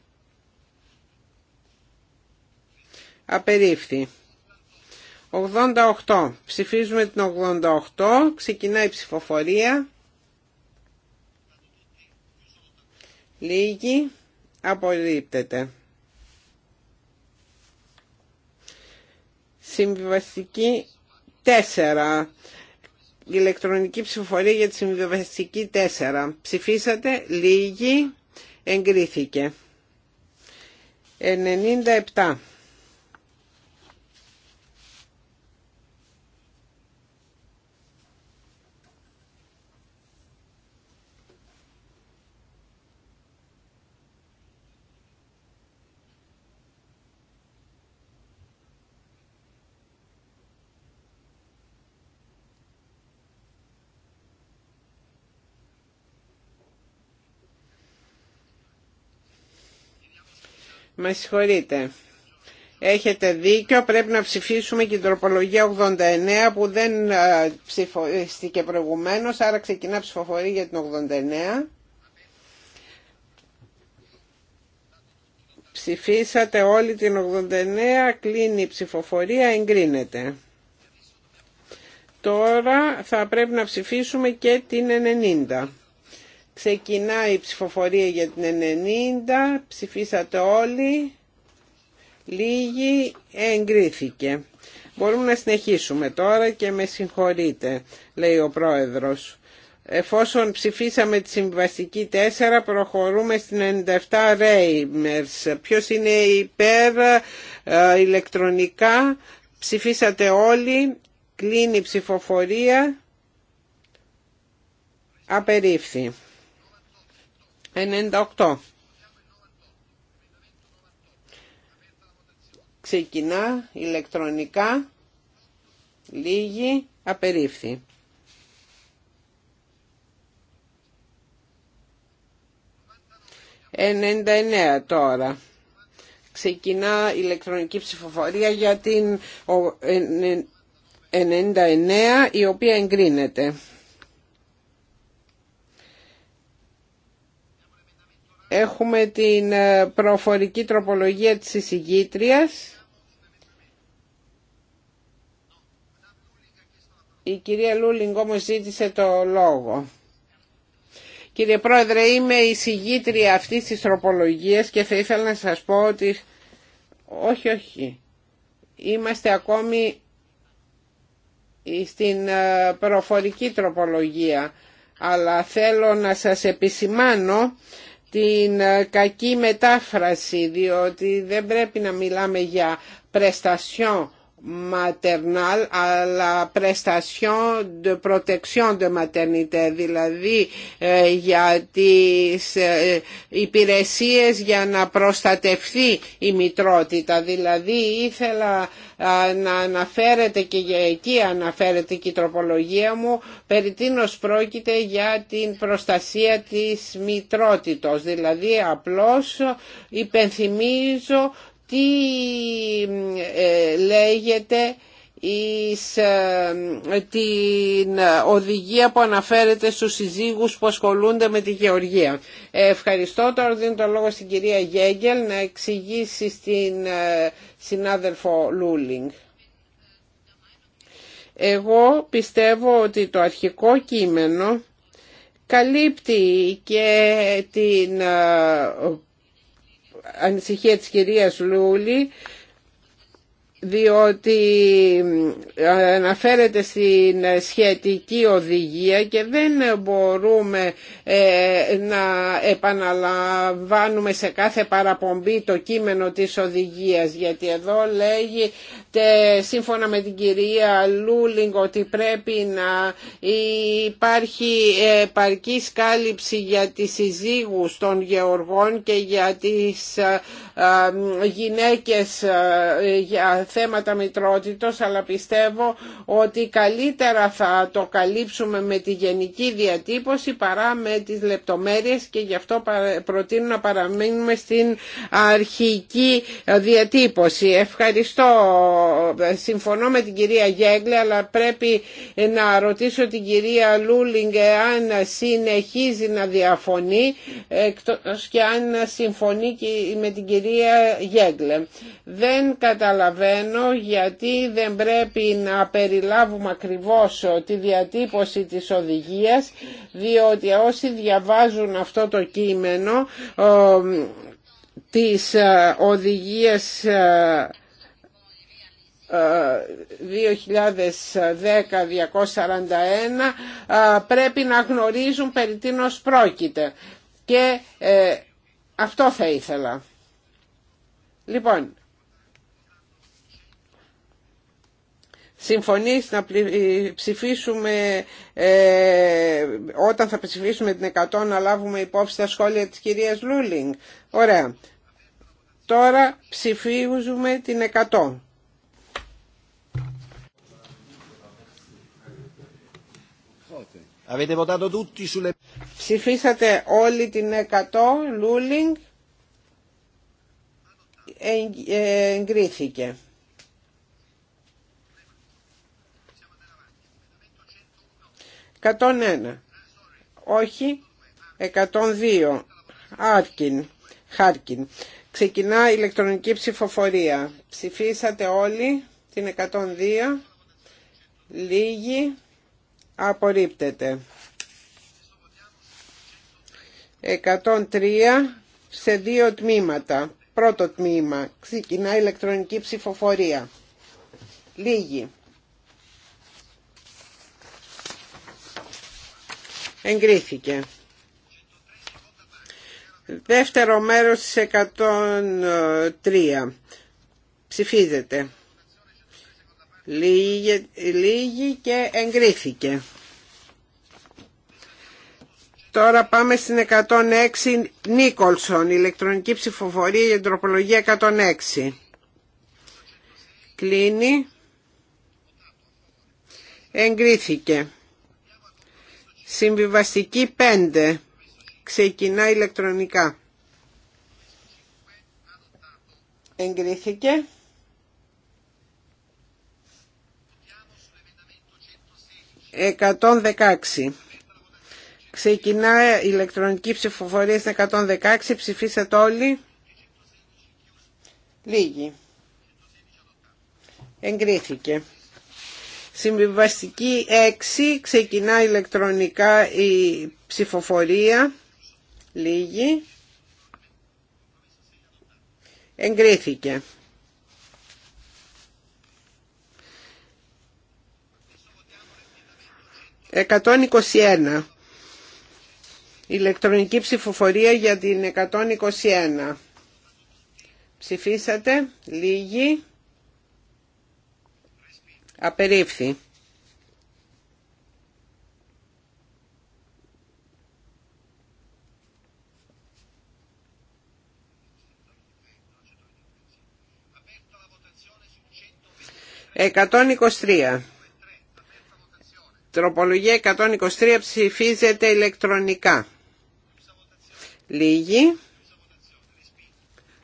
B: Απερίφθη. 88. Ψηφίζουμε την 88. Ξεκινάει η ψηφοφορία. Λίγη. Απορρίπτεται. Συμβιβαστική 4 ηλεκτρονική ψηφοφορία για τη συμβιβαστική 4. Ψηφίσατε, λίγοι, εγκρίθηκε. 97. Με συγχωρείτε. Έχετε δίκιο, πρέπει να ψηφίσουμε και την τροπολογία 89 που δεν ψηφίστηκε προηγουμένως, άρα ξεκινά ψηφοφορία για την 89. Ψηφίσατε όλη την 89, κλείνει η ψηφοφορία, εγκρίνεται. Τώρα θα πρέπει να ψηφίσουμε και την 90. Ξεκινάει η ψηφοφορία για την 90. Ψηφίσατε όλοι. Λίγοι εγκρίθηκε. Μπορούμε να συνεχίσουμε τώρα και με συγχωρείτε, λέει ο πρόεδρος. Εφόσον ψηφίσαμε τη συμβαστική 4, προχωρούμε στην 97 Reimers. Ποιος είναι υπέρ ε, ηλεκτρονικά, ψηφίσατε όλοι, κλείνει η ψηφοφορία, απερίφθη. 98. Ξεκινά ηλεκτρονικά, λίγη, απερίφθη. «99 τώρα» ξεκινά ηλεκτρονική ψηφοφορία για την 99 η οποία εγκρίνεται. Έχουμε την ε, προφορική τροπολογία της εισηγήτριας. Η κυρία Λούλινγκ όμως ζήτησε το λόγο. Κύριε Πρόεδρε, είμαι η συγγήτρια αυτής της τροπολογίας και θα ήθελα να σας πω ότι... Όχι, όχι. Είμαστε ακόμη στην ε, προφορική τροπολογία, αλλά θέλω να σας επισημάνω την ε, κακή μετάφραση διότι δεν πρέπει να μιλάμε για πρεστασιόν maternal αλλά prestation de protection de maternité δηλαδή ε, για τις ε, υπηρεσίες για να προστατευθεί η μητρότητα δηλαδή ήθελα να αναφέρεται και για εκεί αναφέρεται και η τροπολογία μου περί τίνος πρόκειται για την προστασία της μητρότητος δηλαδή απλώς υπενθυμίζω τι ε, λέγεται εις ε, την οδηγία που αναφέρεται στους συζύγους που ασχολούνται με τη γεωργία. Ε, ευχαριστώ. Τώρα δίνω το λόγο στην κυρία Γέγκελ να εξηγήσει στην συνάδελφο Λούλινγκ. Εγώ πιστεύω ότι το αρχικό κείμενο καλύπτει και την ανησυχία της κυρίας Λούλη διότι ε, αναφέρεται στην σχετική οδηγία και δεν μπορούμε ε, να επαναλαμβάνουμε σε κάθε παραπομπή το κείμενο της οδηγίας γιατί εδώ λέγεται σύμφωνα με την κυρία Λούλινγκ ότι πρέπει να υπάρχει επαρκή κάλυψη για τις συζύγους των γεωργών και για τις ε, γυναίκες για θέματα μητρότητος αλλά πιστεύω ότι καλύτερα θα το καλύψουμε με τη γενική διατύπωση παρά με τις λεπτομέρειες και γι' αυτό προτείνω να παραμείνουμε στην αρχική διατύπωση. Ευχαριστώ. Συμφωνώ με την κυρία Γέγλε αλλά πρέπει να ρωτήσω την κυρία Λούλινγκ αν συνεχίζει να διαφωνεί εκτός και αν συμφωνεί με την κυρία Γέγλε. Δεν καταλαβαίνω γιατί δεν πρέπει να περιλάβουμε ακριβώς τη διατύπωση της οδηγίας διότι όσοι διαβάζουν αυτό το κείμενο της οδηγίας 2010-241 πρέπει να γνωρίζουν περί τίνος πρόκειται και ε, αυτό θα ήθελα. Λοιπόν, συμφωνείς να ψηφίσουμε ε, όταν θα ψηφίσουμε την 100 να λάβουμε υπόψη τα σχόλια της κυρίας Λούλινγκ. Ωραία. Τώρα ψηφίζουμε την 100. Ψηφίσατε όλοι την 100, Λούλινγκ, ε, ε, εγκρίθηκε. 101. Όχι. 102. Άρκιν. Χάρκιν. Ξεκινά ηλεκτρονική ψηφοφορία. Ψηφίσατε όλοι την 102. Λίγοι. Απορρίπτεται. 103 σε δύο τμήματα. Πρώτο τμήμα. Ξεκινά ηλεκτρονική ψηφοφορία. Λίγοι. εγκρίθηκε. Δεύτερο μέρος της 103. Ψηφίζεται. Λίγη και εγκρίθηκε. Τώρα πάμε στην 106 Νίκολσον, ηλεκτρονική ψηφοφορία για τροπολογία 106. Κλείνει. Εγκρίθηκε. Συμβιβαστική 5. Ξεκινά ηλεκτρονικά. Εγκρίθηκε. Εκατόν Ξεκινά ηλεκτρονική ψηφοφορία στην 116. Ψηφίσατε όλοι. Λίγοι. Εγκρίθηκε. Συμβιβαστική 6 ξεκινά ηλεκτρονικά η ψηφοφορία. Λίγη. Εγκρίθηκε. Εκατόν Ηλεκτρονική ψηφοφορία για την 121. Ψηφίσατε. Λίγη. Απερίφθη. Εκατόν εικοστρία. Τροπολογία 123 ψηφίζεται ηλεκτρονικά. Λίγη.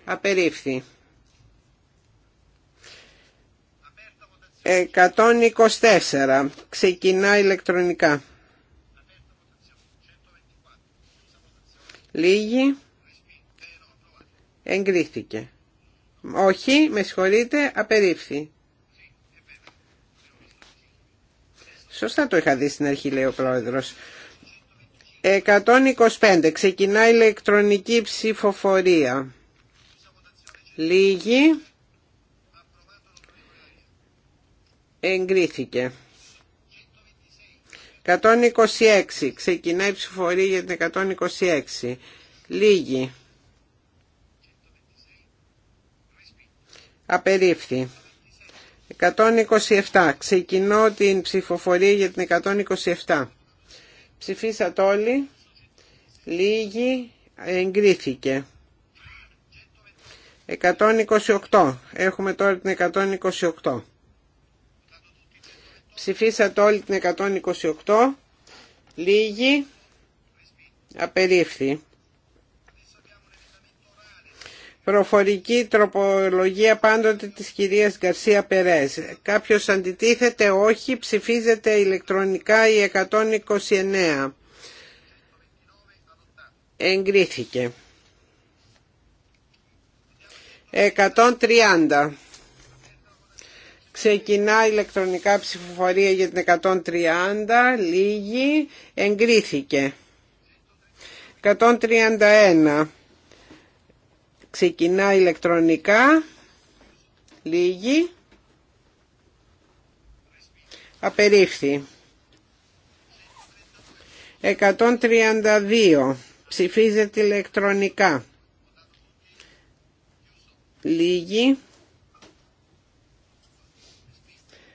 B: Απερίφθη. 124. Ξεκινά ηλεκτρονικά. Λίγη. Εγκρίθηκε. Όχι, με συγχωρείτε, απερίφθη. Σωστά το είχα δει στην αρχή, λέει ο πρόεδρος. 125. Ξεκινά ηλεκτρονική ψηφοφορία. Λίγη. εγκρίθηκε. 126. Ξεκινάει η για την 126. Λίγη. Απερίφθη. 127. Ξεκινώ την ψηφοφορία για την 127. Ψηφίσατε όλοι. Λίγη. Εγκρίθηκε. 128. Έχουμε τώρα την 128. Ψηφίσατε όλοι την 128. Λίγοι. Απερίφθη. Προφορική τροπολογία πάντοτε της κυρίας Γκαρσία Περές. Κάποιος αντιτίθεται, όχι, ψηφίζεται ηλεκτρονικά η 129. Εγκρίθηκε. 130. Ξεκινά ηλεκτρονικά ψηφοφορία για την 130, λίγη, εγκρίθηκε. 131. Ξεκινά ηλεκτρονικά, λίγη, απερίφθη. 132. Ψηφίζεται ηλεκτρονικά. Λίγη.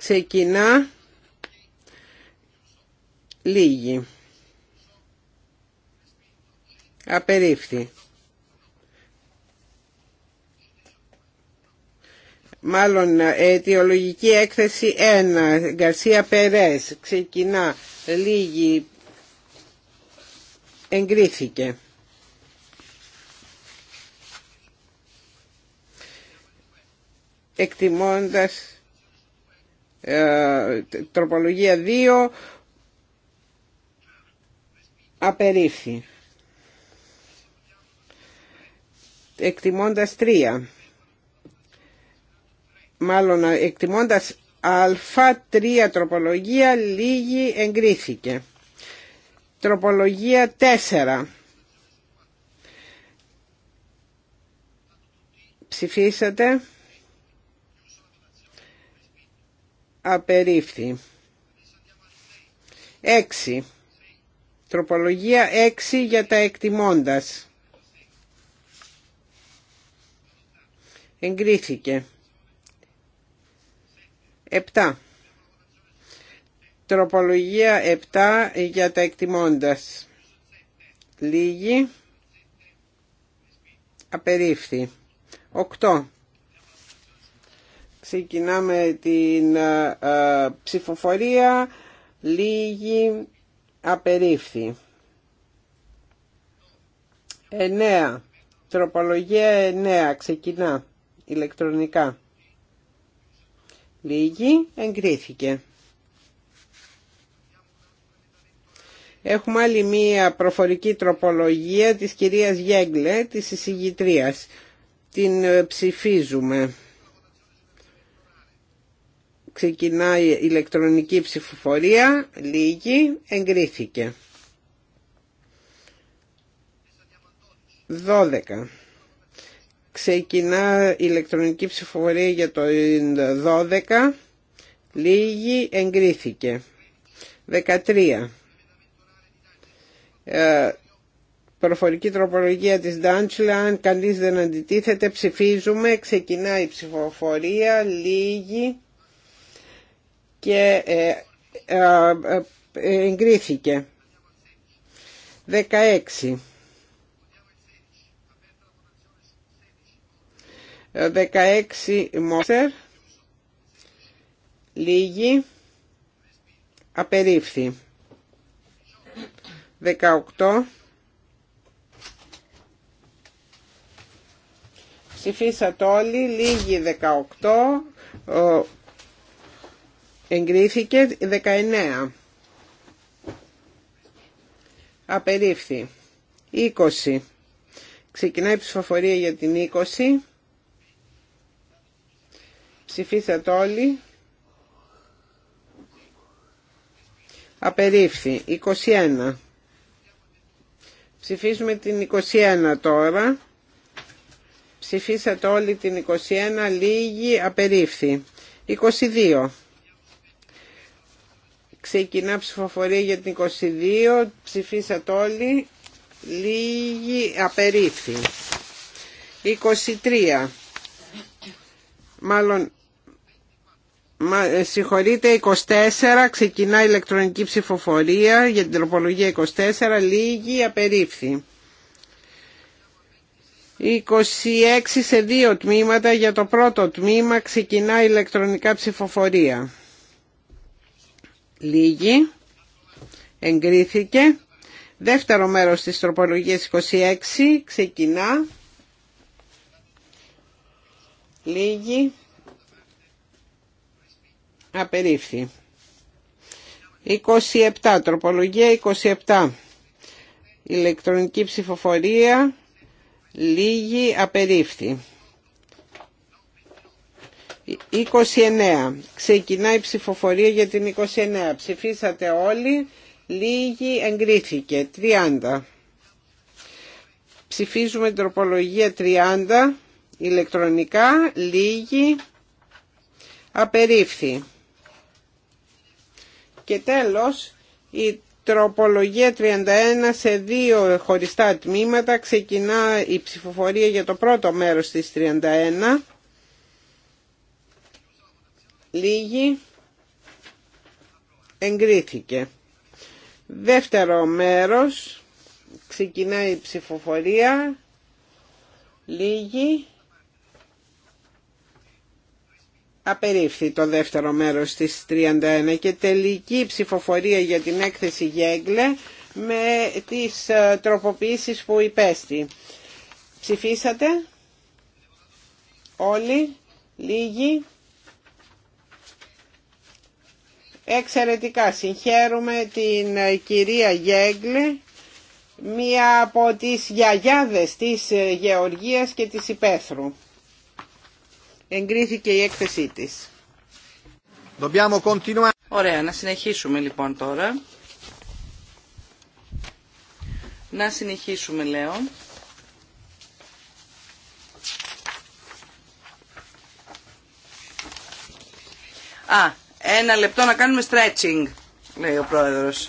B: ξεκινά λίγη απερίφθη μάλλον αιτιολογική έκθεση 1 Γκαρσία Περές ξεκινά λίγη εγκρίθηκε εκτιμώντας ε, τροπολογία 2 απερίφθη εκτιμώντας 3 μάλλον ε, εκτιμώντας α3 τροπολογία λίγη εγκρίθηκε τροπολογία 4 ψηφίσατε απερίφθη. 6. Τροπολογία 6 για τα εκτιμώντας. Εγκρίθηκε. 7. Τροπολογία 7 για τα εκτιμώντας. Λίγη. Απερίφθη. 8. Ξεκινάμε την ε, ε, ψηφοφορία. Λίγη απερίφθη. 9. Τροπολογία 9. Ξεκινά ηλεκτρονικά. Λίγη εγκρίθηκε. Έχουμε άλλη μία προφορική τροπολογία της κυρίας Γέγκλε, της εισηγητρίας. Την ε, ψηφίζουμε. Ξεκινάει η ηλεκτρονική ψηφοφορία, λίγη, εγκρίθηκε. 12. Ξεκινά η ηλεκτρονική ψηφοφορία για το 12. Λίγη εγκρίθηκε. 13. Ε, προφορική τροπολογία της Ντάντσλα. Αν κανείς δεν αντιτίθεται ψηφίζουμε. Ξεκινά η ψηφοφορία. Λίγη και ε, ε, ε, εγκρίθηκε. 16. 16 Μόσερ λίγη απερίφθη 18 ψηφίσατε όλοι λίγη 18 Εγκρίθηκε 19. Απερίφθη. 20. Ξεκινάει η ψηφοφορία για την 20. Ψηφίσατε όλοι. Απερίφθη. 21. Ψηφίζουμε την 21 τώρα. Ψηφίσατε όλοι την 21. Λίγη. Απερίφθη. 22. Ξεκινά ψηφοφορία για την 22. Ψηφίσατε όλοι. Λίγη απερίφθη. 23. Μάλλον Μα, ε, συγχωρείτε 24 ξεκινά ηλεκτρονική ψηφοφορία για την τροπολογία 24 λίγη απερίφθη 26 σε δύο τμήματα για το πρώτο τμήμα ξεκινά ηλεκτρονικά ψηφοφορία Λίγη. Εγκρίθηκε. Δεύτερο μέρος της τροπολογίας 26 ξεκινά. Λίγη. Απερίφθη. 27. Τροπολογία 27. Ηλεκτρονική ψηφοφορία. Λίγη. Απερίφθη. 29. Ξεκινάει η ψηφοφορία για την 29. Ψηφίσατε όλοι. λίγη. εγκρίθηκε. 30. Ψηφίζουμε την τροπολογία 30. Ηλεκτρονικά. λίγη. Απερίφθη. Και τέλος η τροπολογία 31 σε δύο χωριστά τμήματα. Ξεκινά η ψηφοφορία για το πρώτο μέρος της 31 Λίγη. Εγκρίθηκε. Δεύτερο μέρος. Ξεκινάει η ψηφοφορία. Λίγη. Απερίφθη το δεύτερο μέρος της 31 και τελική ψηφοφορία για την έκθεση Γέγκλε με τις ε, τροποποιήσεις που υπέστη. Ψηφίσατε όλοι, λίγοι. Εξαιρετικά συγχαίρουμε την ε, κυρία Γέγλε, μία από τις γιαγιάδες της ε, Γεωργίας και της Υπέθρου. Εγκρίθηκε η έκθεσή της.
A: Ωραία, να συνεχίσουμε λοιπόν τώρα. Να συνεχίσουμε λέω. Α, ένα λεπτό να κάνουμε stretching, λέει ο πρόεδρος.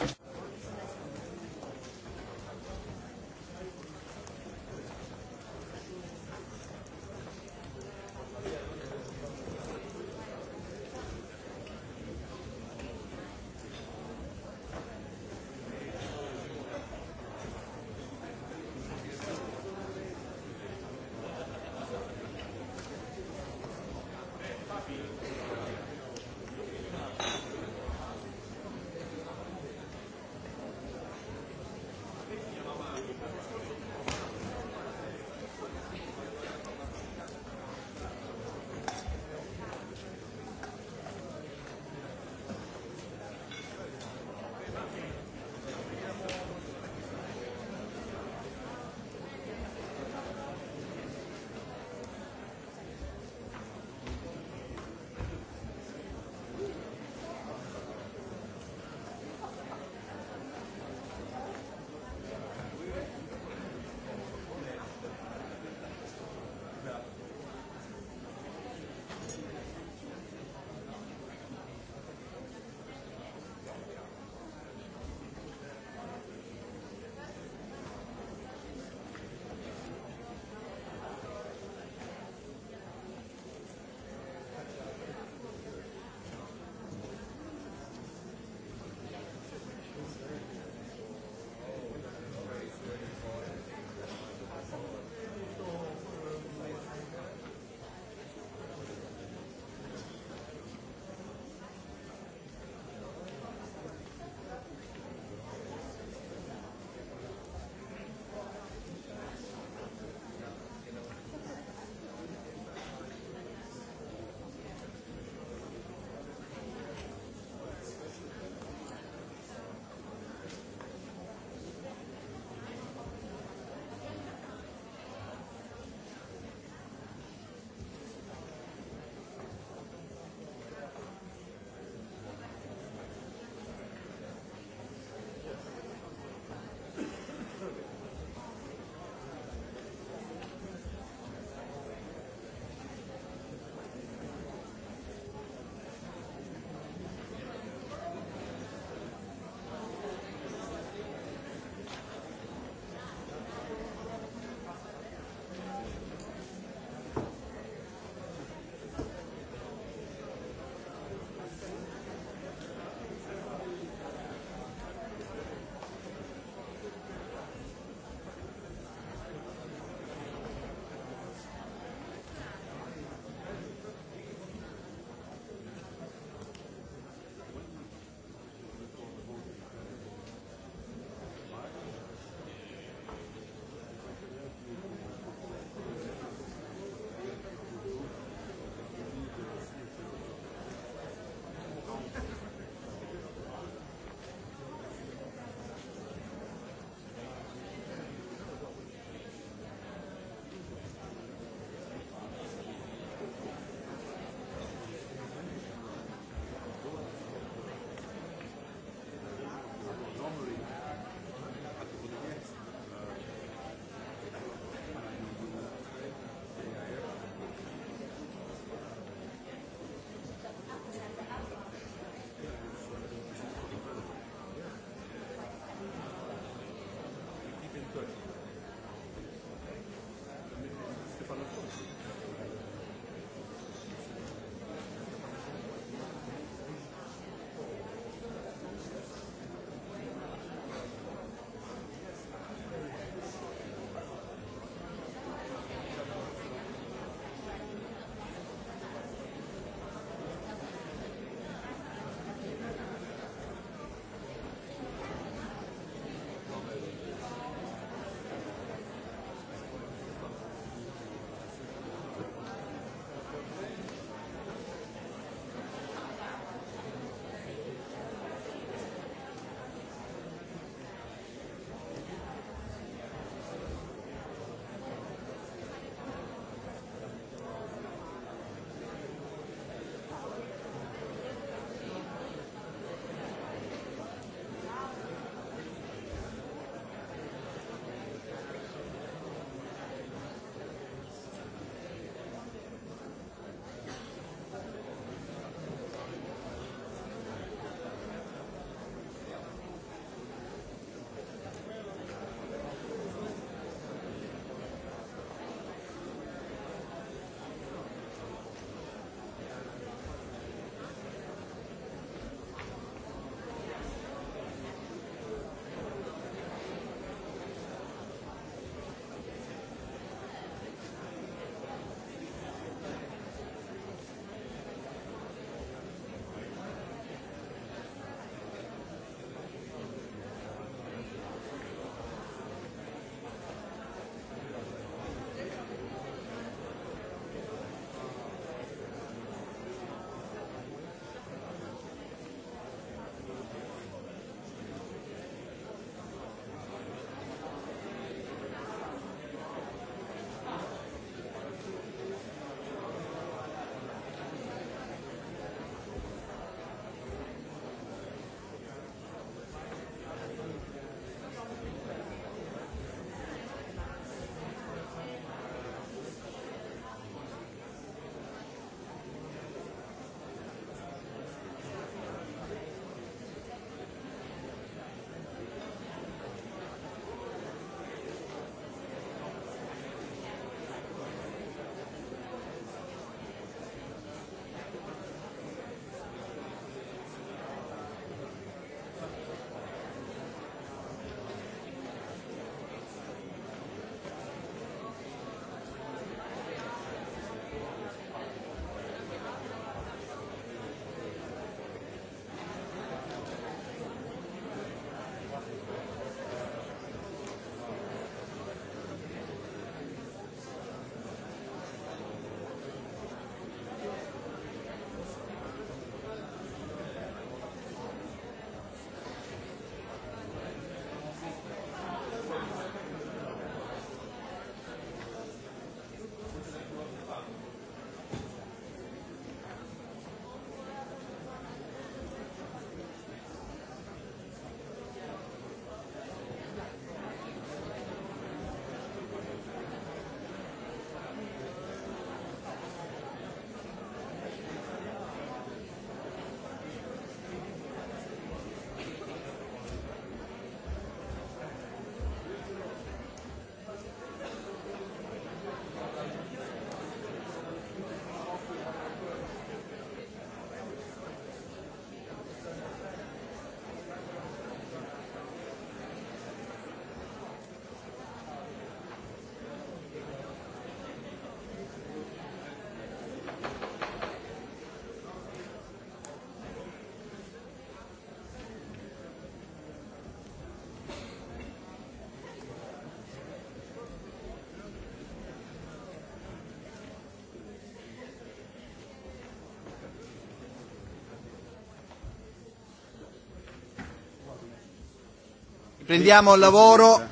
B: Prendiamo il lavoro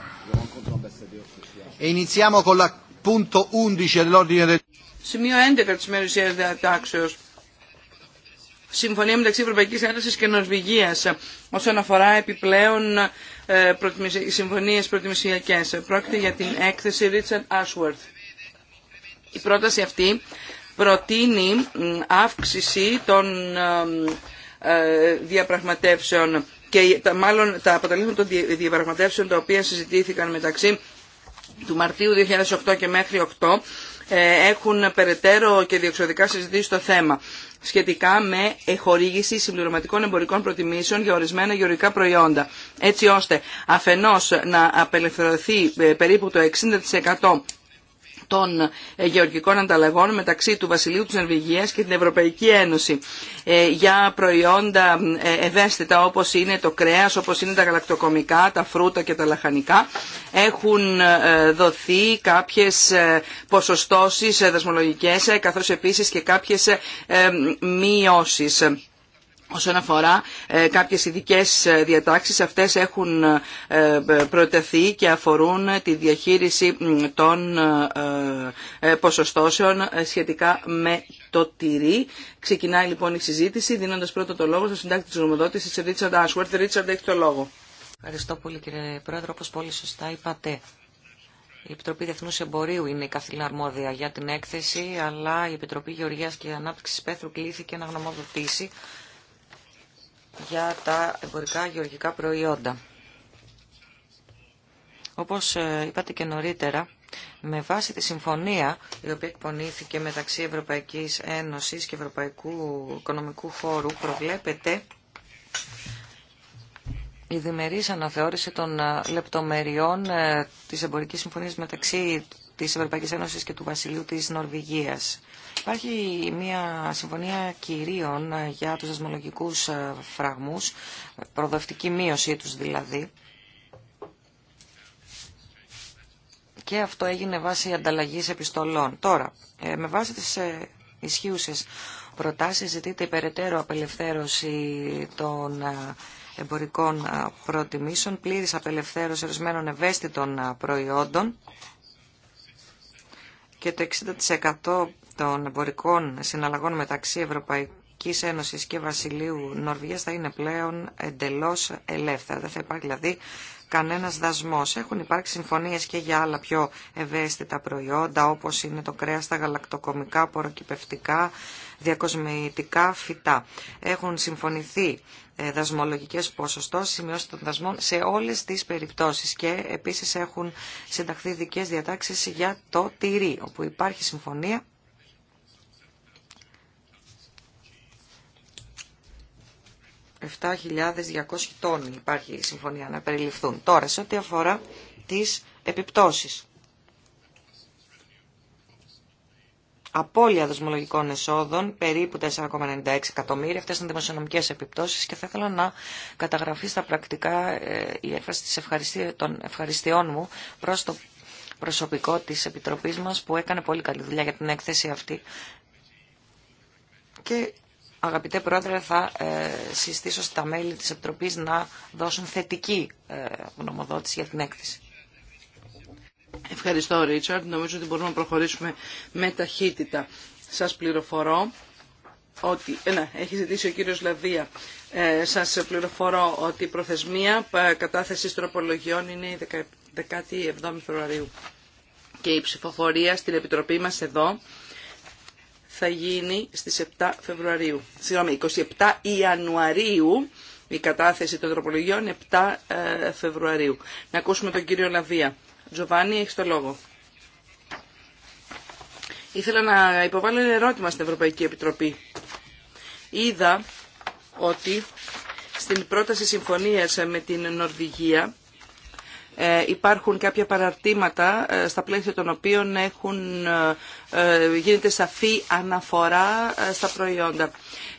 B: e iniziamo con il punto 11 dell'ordine
A: del Σημείο 11 Συμφωνία μεταξύ Ευρωπαϊκή Ένωση και Νορβηγία, όσον αφορά επιπλέον ε, συμφωνίε προτιμησιακέ. Πρόκειται για την έκθεση Richard Ashworth. Η πρόταση αυτή προτείνει αύξηση των ε, ε, διαπραγματεύσεων και τα, μάλλον τα αποτελέσματα των διαπραγματεύσεων τα οποία συζητήθηκαν μεταξύ του Μαρτίου 2008 και μέχρι 8 ε, έχουν περαιτέρω και διεξοδικά συζητήσει στο θέμα σχετικά με εχορήγηση συμπληρωματικών εμπορικών προτιμήσεων για ορισμένα γεωργικά προϊόντα, έτσι ώστε αφενός να απελευθερωθεί ε, περίπου το 60% των ε, γεωργικών ανταλλαγών μεταξύ του Βασιλείου της Νορβηγίας και την Ευρωπαϊκή Ένωση ε, για προϊόντα ε, ευαίσθητα όπως είναι το κρέας, όπως είναι τα γαλακτοκομικά, τα φρούτα και τα λαχανικά έχουν δοθεί κάποιες ποσοστώσεις δασμολογικές καθώς επίσης και κάποιες μειώσεις. Όσον αφορά ε, κάποιες ειδικέ ε, διατάξεις, αυτές έχουν ε, προτεθεί και αφορούν τη διαχείριση των ποσοστώσεων σχετικά με το τυρί. Ξεκινάει λοιπόν η συζήτηση, δίνοντας πρώτο το λόγο στο συντάκτη της νομοδότησης, Ρίτσαρντ Άσουερθ. Ρίτσαρντ, έχει το λόγο. Ευχαριστώ πολύ κύριε Πρόεδρο, όπως
C: πολύ σωστά είπατε. Η Επιτροπή Διεθνού Εμπορίου είναι η καθήλυνα αρμόδια για την έκθεση, αλλά η Επιτροπή Γεωργίας και Ανάπτυξης Πέθρου κλήθηκε να γνωμοδοτήσει για τα εμπορικά γεωργικά προϊόντα. Όπως ε, είπατε και νωρίτερα, με βάση τη συμφωνία η οποία εκπονήθηκε μεταξύ Ευρωπαϊκής Ένωσης και Ευρωπαϊκού Οικονομικού Φόρου, προβλέπεται η διμερής αναθεώρηση των ε, λεπτομεριών ε, της εμπορικής συμφωνίας μεταξύ της Ευρωπαϊκής Ένωσης και του Βασιλείου της Νορβηγίας. Υπάρχει μια συμφωνία κυρίων για τους δεσμολογικούς ε, φραγμούς, προδευτική μείωσή τους δηλαδή. Και αυτό έγινε βάσει ανταλλαγής επιστολών. Τώρα, ε, με βάση τις ε, ισχύουσες προτάσεις ζητείται υπεραιτέρω απελευθέρωση των εμπορικών προτιμήσεων, πλήρης απελευθέρωση ορισμένων ευαίσθητων προϊόντων και το 60% των εμπορικών συναλλαγών μεταξύ Ευρωπαϊκής Ένωσης και Βασιλείου Νορβηγίας θα είναι πλέον εντελώς ελεύθερα. Δεν θα υπάρχει δηλαδή κανένας δασμός. Έχουν υπάρξει συμφωνίες και για άλλα πιο ευαίσθητα προϊόντα όπως είναι το κρέας, τα γαλακτοκομικά, ποροκυπευτικά, διακοσμητικά φυτά. Έχουν συμφωνηθεί ε, δασμολογικές ποσοστό σημειώσει των δασμών σε όλες τις περιπτώσεις και επίσης έχουν συνταχθεί δικές διατάξεις για το τυρί, όπου υπάρχει συμφωνία 7.200 τόνοι υπάρχει η συμφωνία να περιληφθούν. Τώρα, σε ό,τι αφορά τις επιπτώσεις. Απόλυα δοσμολογικών εσόδων, περίπου 4,96 εκατομμύρια. Αυτές είναι δημοσιονομικές επιπτώσεις και θα ήθελα να καταγραφεί στα πρακτικά ε, η έκφραση των ευχαριστειών μου προς το προσωπικό της Επιτροπής μας που έκανε πολύ καλή δουλειά για την έκθεση αυτή. Και Αγαπητέ Πρόεδρε, θα ε, συστήσω στα μέλη της Επιτροπής να δώσουν θετική ε, γνωμοδότηση για την
A: έκθεση. Ευχαριστώ, Ρίτσαρντ. Νομίζω ότι μπορούμε να προχωρήσουμε με ταχύτητα. Σας πληροφορώ ότι... Ε, ναι, έχει ζητήσει ο κύριος Λαδία, ε, σας πληροφορώ ότι η προθεσμία κατάθεσης τροπολογιών είναι η 17η Φεβρουαρίου και η ψηφοφορία στην Επιτροπή μας εδώ θα γίνει στις 7 Φεβρουαρίου. Συγγνώμη, 27 Ιανουαρίου η κατάθεση των τροπολογιών 7 ε, Φεβρουαρίου. Να ακούσουμε τον κύριο Λαβία. Τζοβάνι, έχει το λόγο. Ήθελα να υποβάλω ένα ερώτημα στην Ευρωπαϊκή Επιτροπή. Είδα ότι στην πρόταση συμφωνίας με την Νορβηγία ε, υπάρχουν κάποια παραρτήματα ε, στα πλαίσια των οποίων έχουν, ε, γίνεται σαφή αναφορά στα προϊόντα.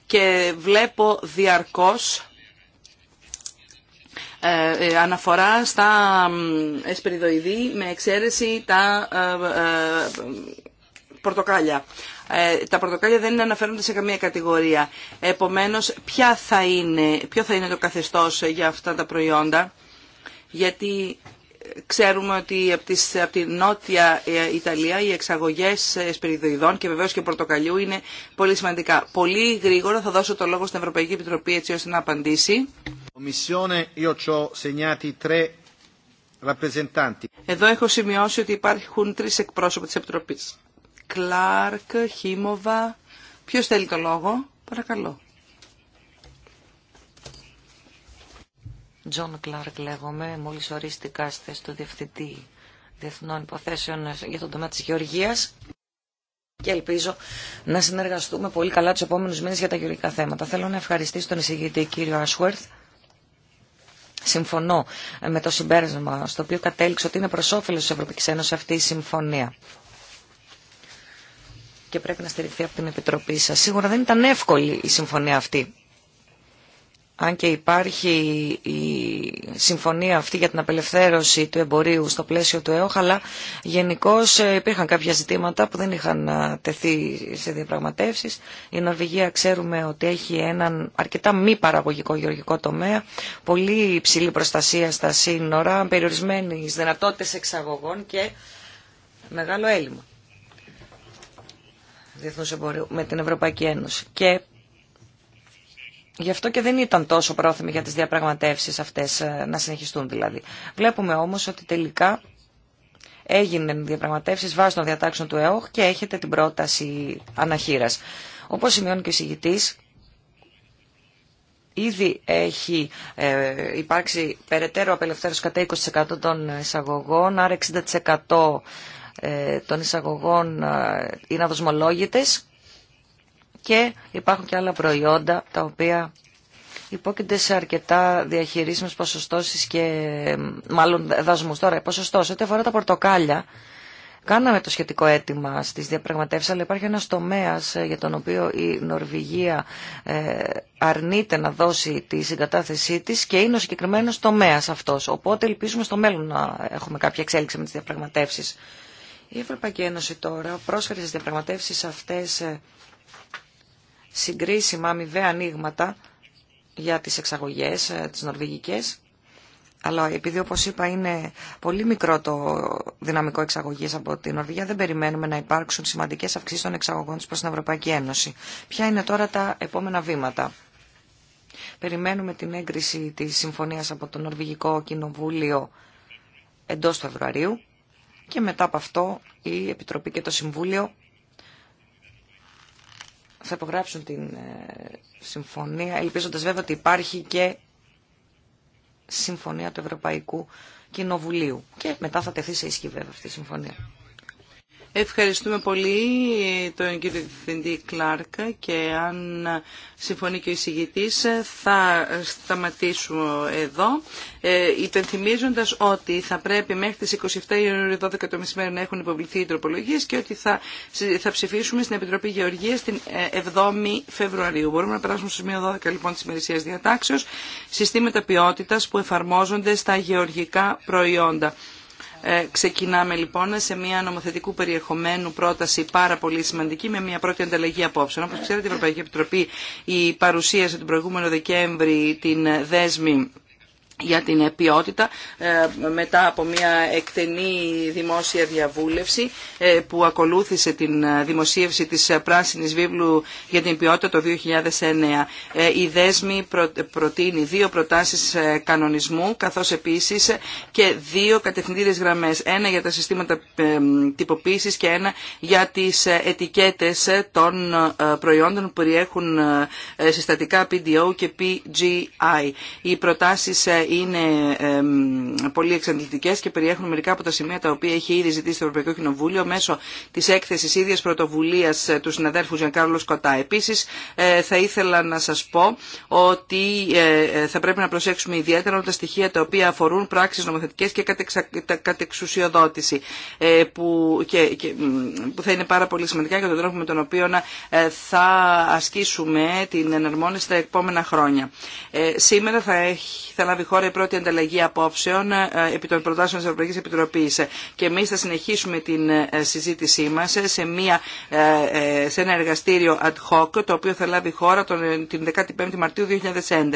A: Και βλέπω διαρκώς αναφορά στα εσπεριδοειδή με εξαίρεση τα πορτοκάλια. Τα πορτοκάλια δεν αναφέρονται σε καμία κατηγορία. Επομένως, θα είναι, ποιο θα είναι το καθεστώς για αυτά τα προϊόντα γιατί ξέρουμε ότι από, τις, τη νότια ε, Ιταλία οι εξαγωγές εσπεριδοειδών και βεβαίως και πορτοκαλιού είναι πολύ σημαντικά. Πολύ γρήγορα θα δώσω το λόγο στην Ευρωπαϊκή Επιτροπή έτσι ώστε να απαντήσει. Εδώ έχω σημειώσει ότι υπάρχουν τρεις εκπρόσωποι της Επιτροπής. Κλάρκ, Χίμοβα. Ποιος θέλει το λόγο, παρακαλώ.
C: Τζον Κλάρκ λέγομαι, μόλις ορίστηκα στη θέση του Διευθυντή Διεθνών Υποθέσεων για τον τομέα της Γεωργίας και ελπίζω να συνεργαστούμε πολύ καλά τους επόμενους μήνες για τα γεωργικά θέματα. Θέλω να ευχαριστήσω τον εισηγητή κύριο Άσουερθ. Συμφωνώ με το συμπέρασμα στο οποίο κατέληξε ότι είναι προς όφελος της Ευρωπαϊκής Ένωσης αυτή η συμφωνία και πρέπει να στηριχθεί από την Επιτροπή σας. Σίγουρα δεν ήταν εύκολη η συμφωνία αυτή αν και υπάρχει η συμφωνία αυτή για την απελευθέρωση του εμπορίου στο πλαίσιο του ΕΟΧ, αλλά γενικώ ε, υπήρχαν κάποια ζητήματα που δεν είχαν ε, τεθεί σε διαπραγματεύσεις. Η Νορβηγία ξέρουμε ότι έχει έναν αρκετά μη παραγωγικό γεωργικό τομέα, πολύ υψηλή προστασία στα σύνορα, περιορισμένες δυνατότητες εξαγωγών και μεγάλο έλλειμμα διεθνούς εμπορίου με την Ευρωπαϊκή Ένωση. Και Γι' αυτό και δεν ήταν τόσο πρόθυμοι για τις διαπραγματεύσεις αυτές ε, να συνεχιστούν δηλαδή. Βλέπουμε όμως ότι τελικά έγινε διαπραγματεύσεις βάσει των διατάξεων του ΕΟΧ και έχετε την πρόταση αναχείρας. Όπως σημειώνει και ο εισηγητής, ήδη έχει ε, υπάρξει περαιτέρω απελευθέρωση κατά 20% των εισαγωγών, άρα 60% ε, των εισαγωγών ε, είναι αδοσμολόγητες και υπάρχουν και άλλα προϊόντα τα οποία υπόκεινται σε αρκετά διαχειρίσιμες ποσοστώσεις και μάλλον δασμούς. Τώρα, ποσοστός. ό,τι αφορά τα πορτοκάλια, Κάναμε το σχετικό αίτημα στις διαπραγματεύσεις, αλλά υπάρχει ένας τομέας ε, για τον οποίο η Νορβηγία ε, αρνείται να δώσει τη συγκατάθεσή της και είναι ο συγκεκριμένος τομέας αυτός. Οπότε ελπίζουμε στο μέλλον να έχουμε κάποια εξέλιξη με τις διαπραγματεύσεις. Η Ευρωπαϊκή Ένωση τώρα πρόσφερε στις διαπραγματεύσεις αυτές ε, συγκρίσιμα αμοιβαία ανοίγματα για τις εξαγωγές, ε, τις νορβηγικές, αλλά επειδή όπως είπα είναι πολύ μικρό το δυναμικό εξαγωγής από την Νορβηγία, δεν περιμένουμε να υπάρξουν σημαντικές αυξήσεις των εξαγωγών της προς την Ευρωπαϊκή Ένωση. Ποια είναι τώρα τα επόμενα βήματα. Περιμένουμε την έγκριση της συμφωνίας από το Νορβηγικό Κοινοβούλιο εντός Φεβρουαρίου και μετά από αυτό η Επιτροπή και το Συμβούλιο θα υπογράψουν την ε, συμφωνία, ελπίζοντας βέβαια ότι υπάρχει και συμφωνία του Ευρωπαϊκού Κοινοβουλίου. Και μετά θα τεθεί σε ισχύ βέβαια αυτή η συμφωνία.
A: Ευχαριστούμε πολύ τον κύριο Διευθυντή Κλάρκ και αν συμφωνεί και ο εισηγητής θα σταματήσουμε εδώ ε, υπενθυμίζοντα ότι θα πρέπει μέχρι τις 27 Ιανουαρίου 12 το μεσημέρι να έχουν υποβληθεί οι τροπολογίες και ότι θα, θα ψηφίσουμε στην Επιτροπή Γεωργίας την 7η ε, Φεβρουαρίου. Μπορούμε να περάσουμε στο σημείο 12 λοιπόν της ημερησίας διατάξεως συστήματα ποιότητας που εφαρμόζονται στα γεωργικά προϊόντα. Ε, ξεκινάμε λοιπόν σε μια νομοθετικού περιεχομένου πρόταση πάρα πολύ σημαντική με μια πρώτη ανταλλαγή απόψεων. Όπως ξέρετε η Ευρωπαϊκή Επιτροπή η παρουσίασε τον προηγούμενο Δεκέμβρη την δέσμη για την ποιότητα ε, μετά από μια εκτενή δημόσια διαβούλευση ε, που ακολούθησε την δημοσίευση της Πράσινης Βίβλου για την ποιότητα το 2009. Ε, η Δέσμη προτείνει δύο προτάσεις κανονισμού καθώς επίσης και δύο κατευθυντήρες γραμμές. Ένα για τα συστήματα τυποποίησης και ένα για τις ετικέτες των προϊόντων που περιέχουν συστατικά PDO και PGI. Οι προτάσεις είναι πολύ εξαντλητικές και περιέχουν μερικά από τα σημεία τα οποία έχει ήδη ζητήσει το Ευρωπαϊκό Κοινοβούλιο μέσω της έκθεσης ίδιας πρωτοβουλίας ε, του συναδέρφου Γιανκάρλου Σκοτά. Επίσης ε, θα ήθελα να σας πω ότι ε, θα πρέπει να προσέξουμε ιδιαίτερα τα στοιχεία τα οποία αφορούν πράξεις νομοθετικές και κατεξουσιοδότηση που, και, που θα είναι πάρα πολύ σημαντικά για τον τρόπο με τον οποίο θα ασκήσουμε την εναρμόνιση τα επόμενα χρόνια. σήμερα θα, έχει, θα λάβει χώρα χώρα η πρώτη ανταλλαγή απόψεων ε, επί των προτάσεων της Ευρωπαϊκής Επιτροπής. Και εμείς θα συνεχίσουμε την ε, συζήτησή μας σε, μια, ε, σε ένα εργαστήριο ad hoc, το οποίο θα λάβει χώρα τον, την 15η Μαρτίου 2011.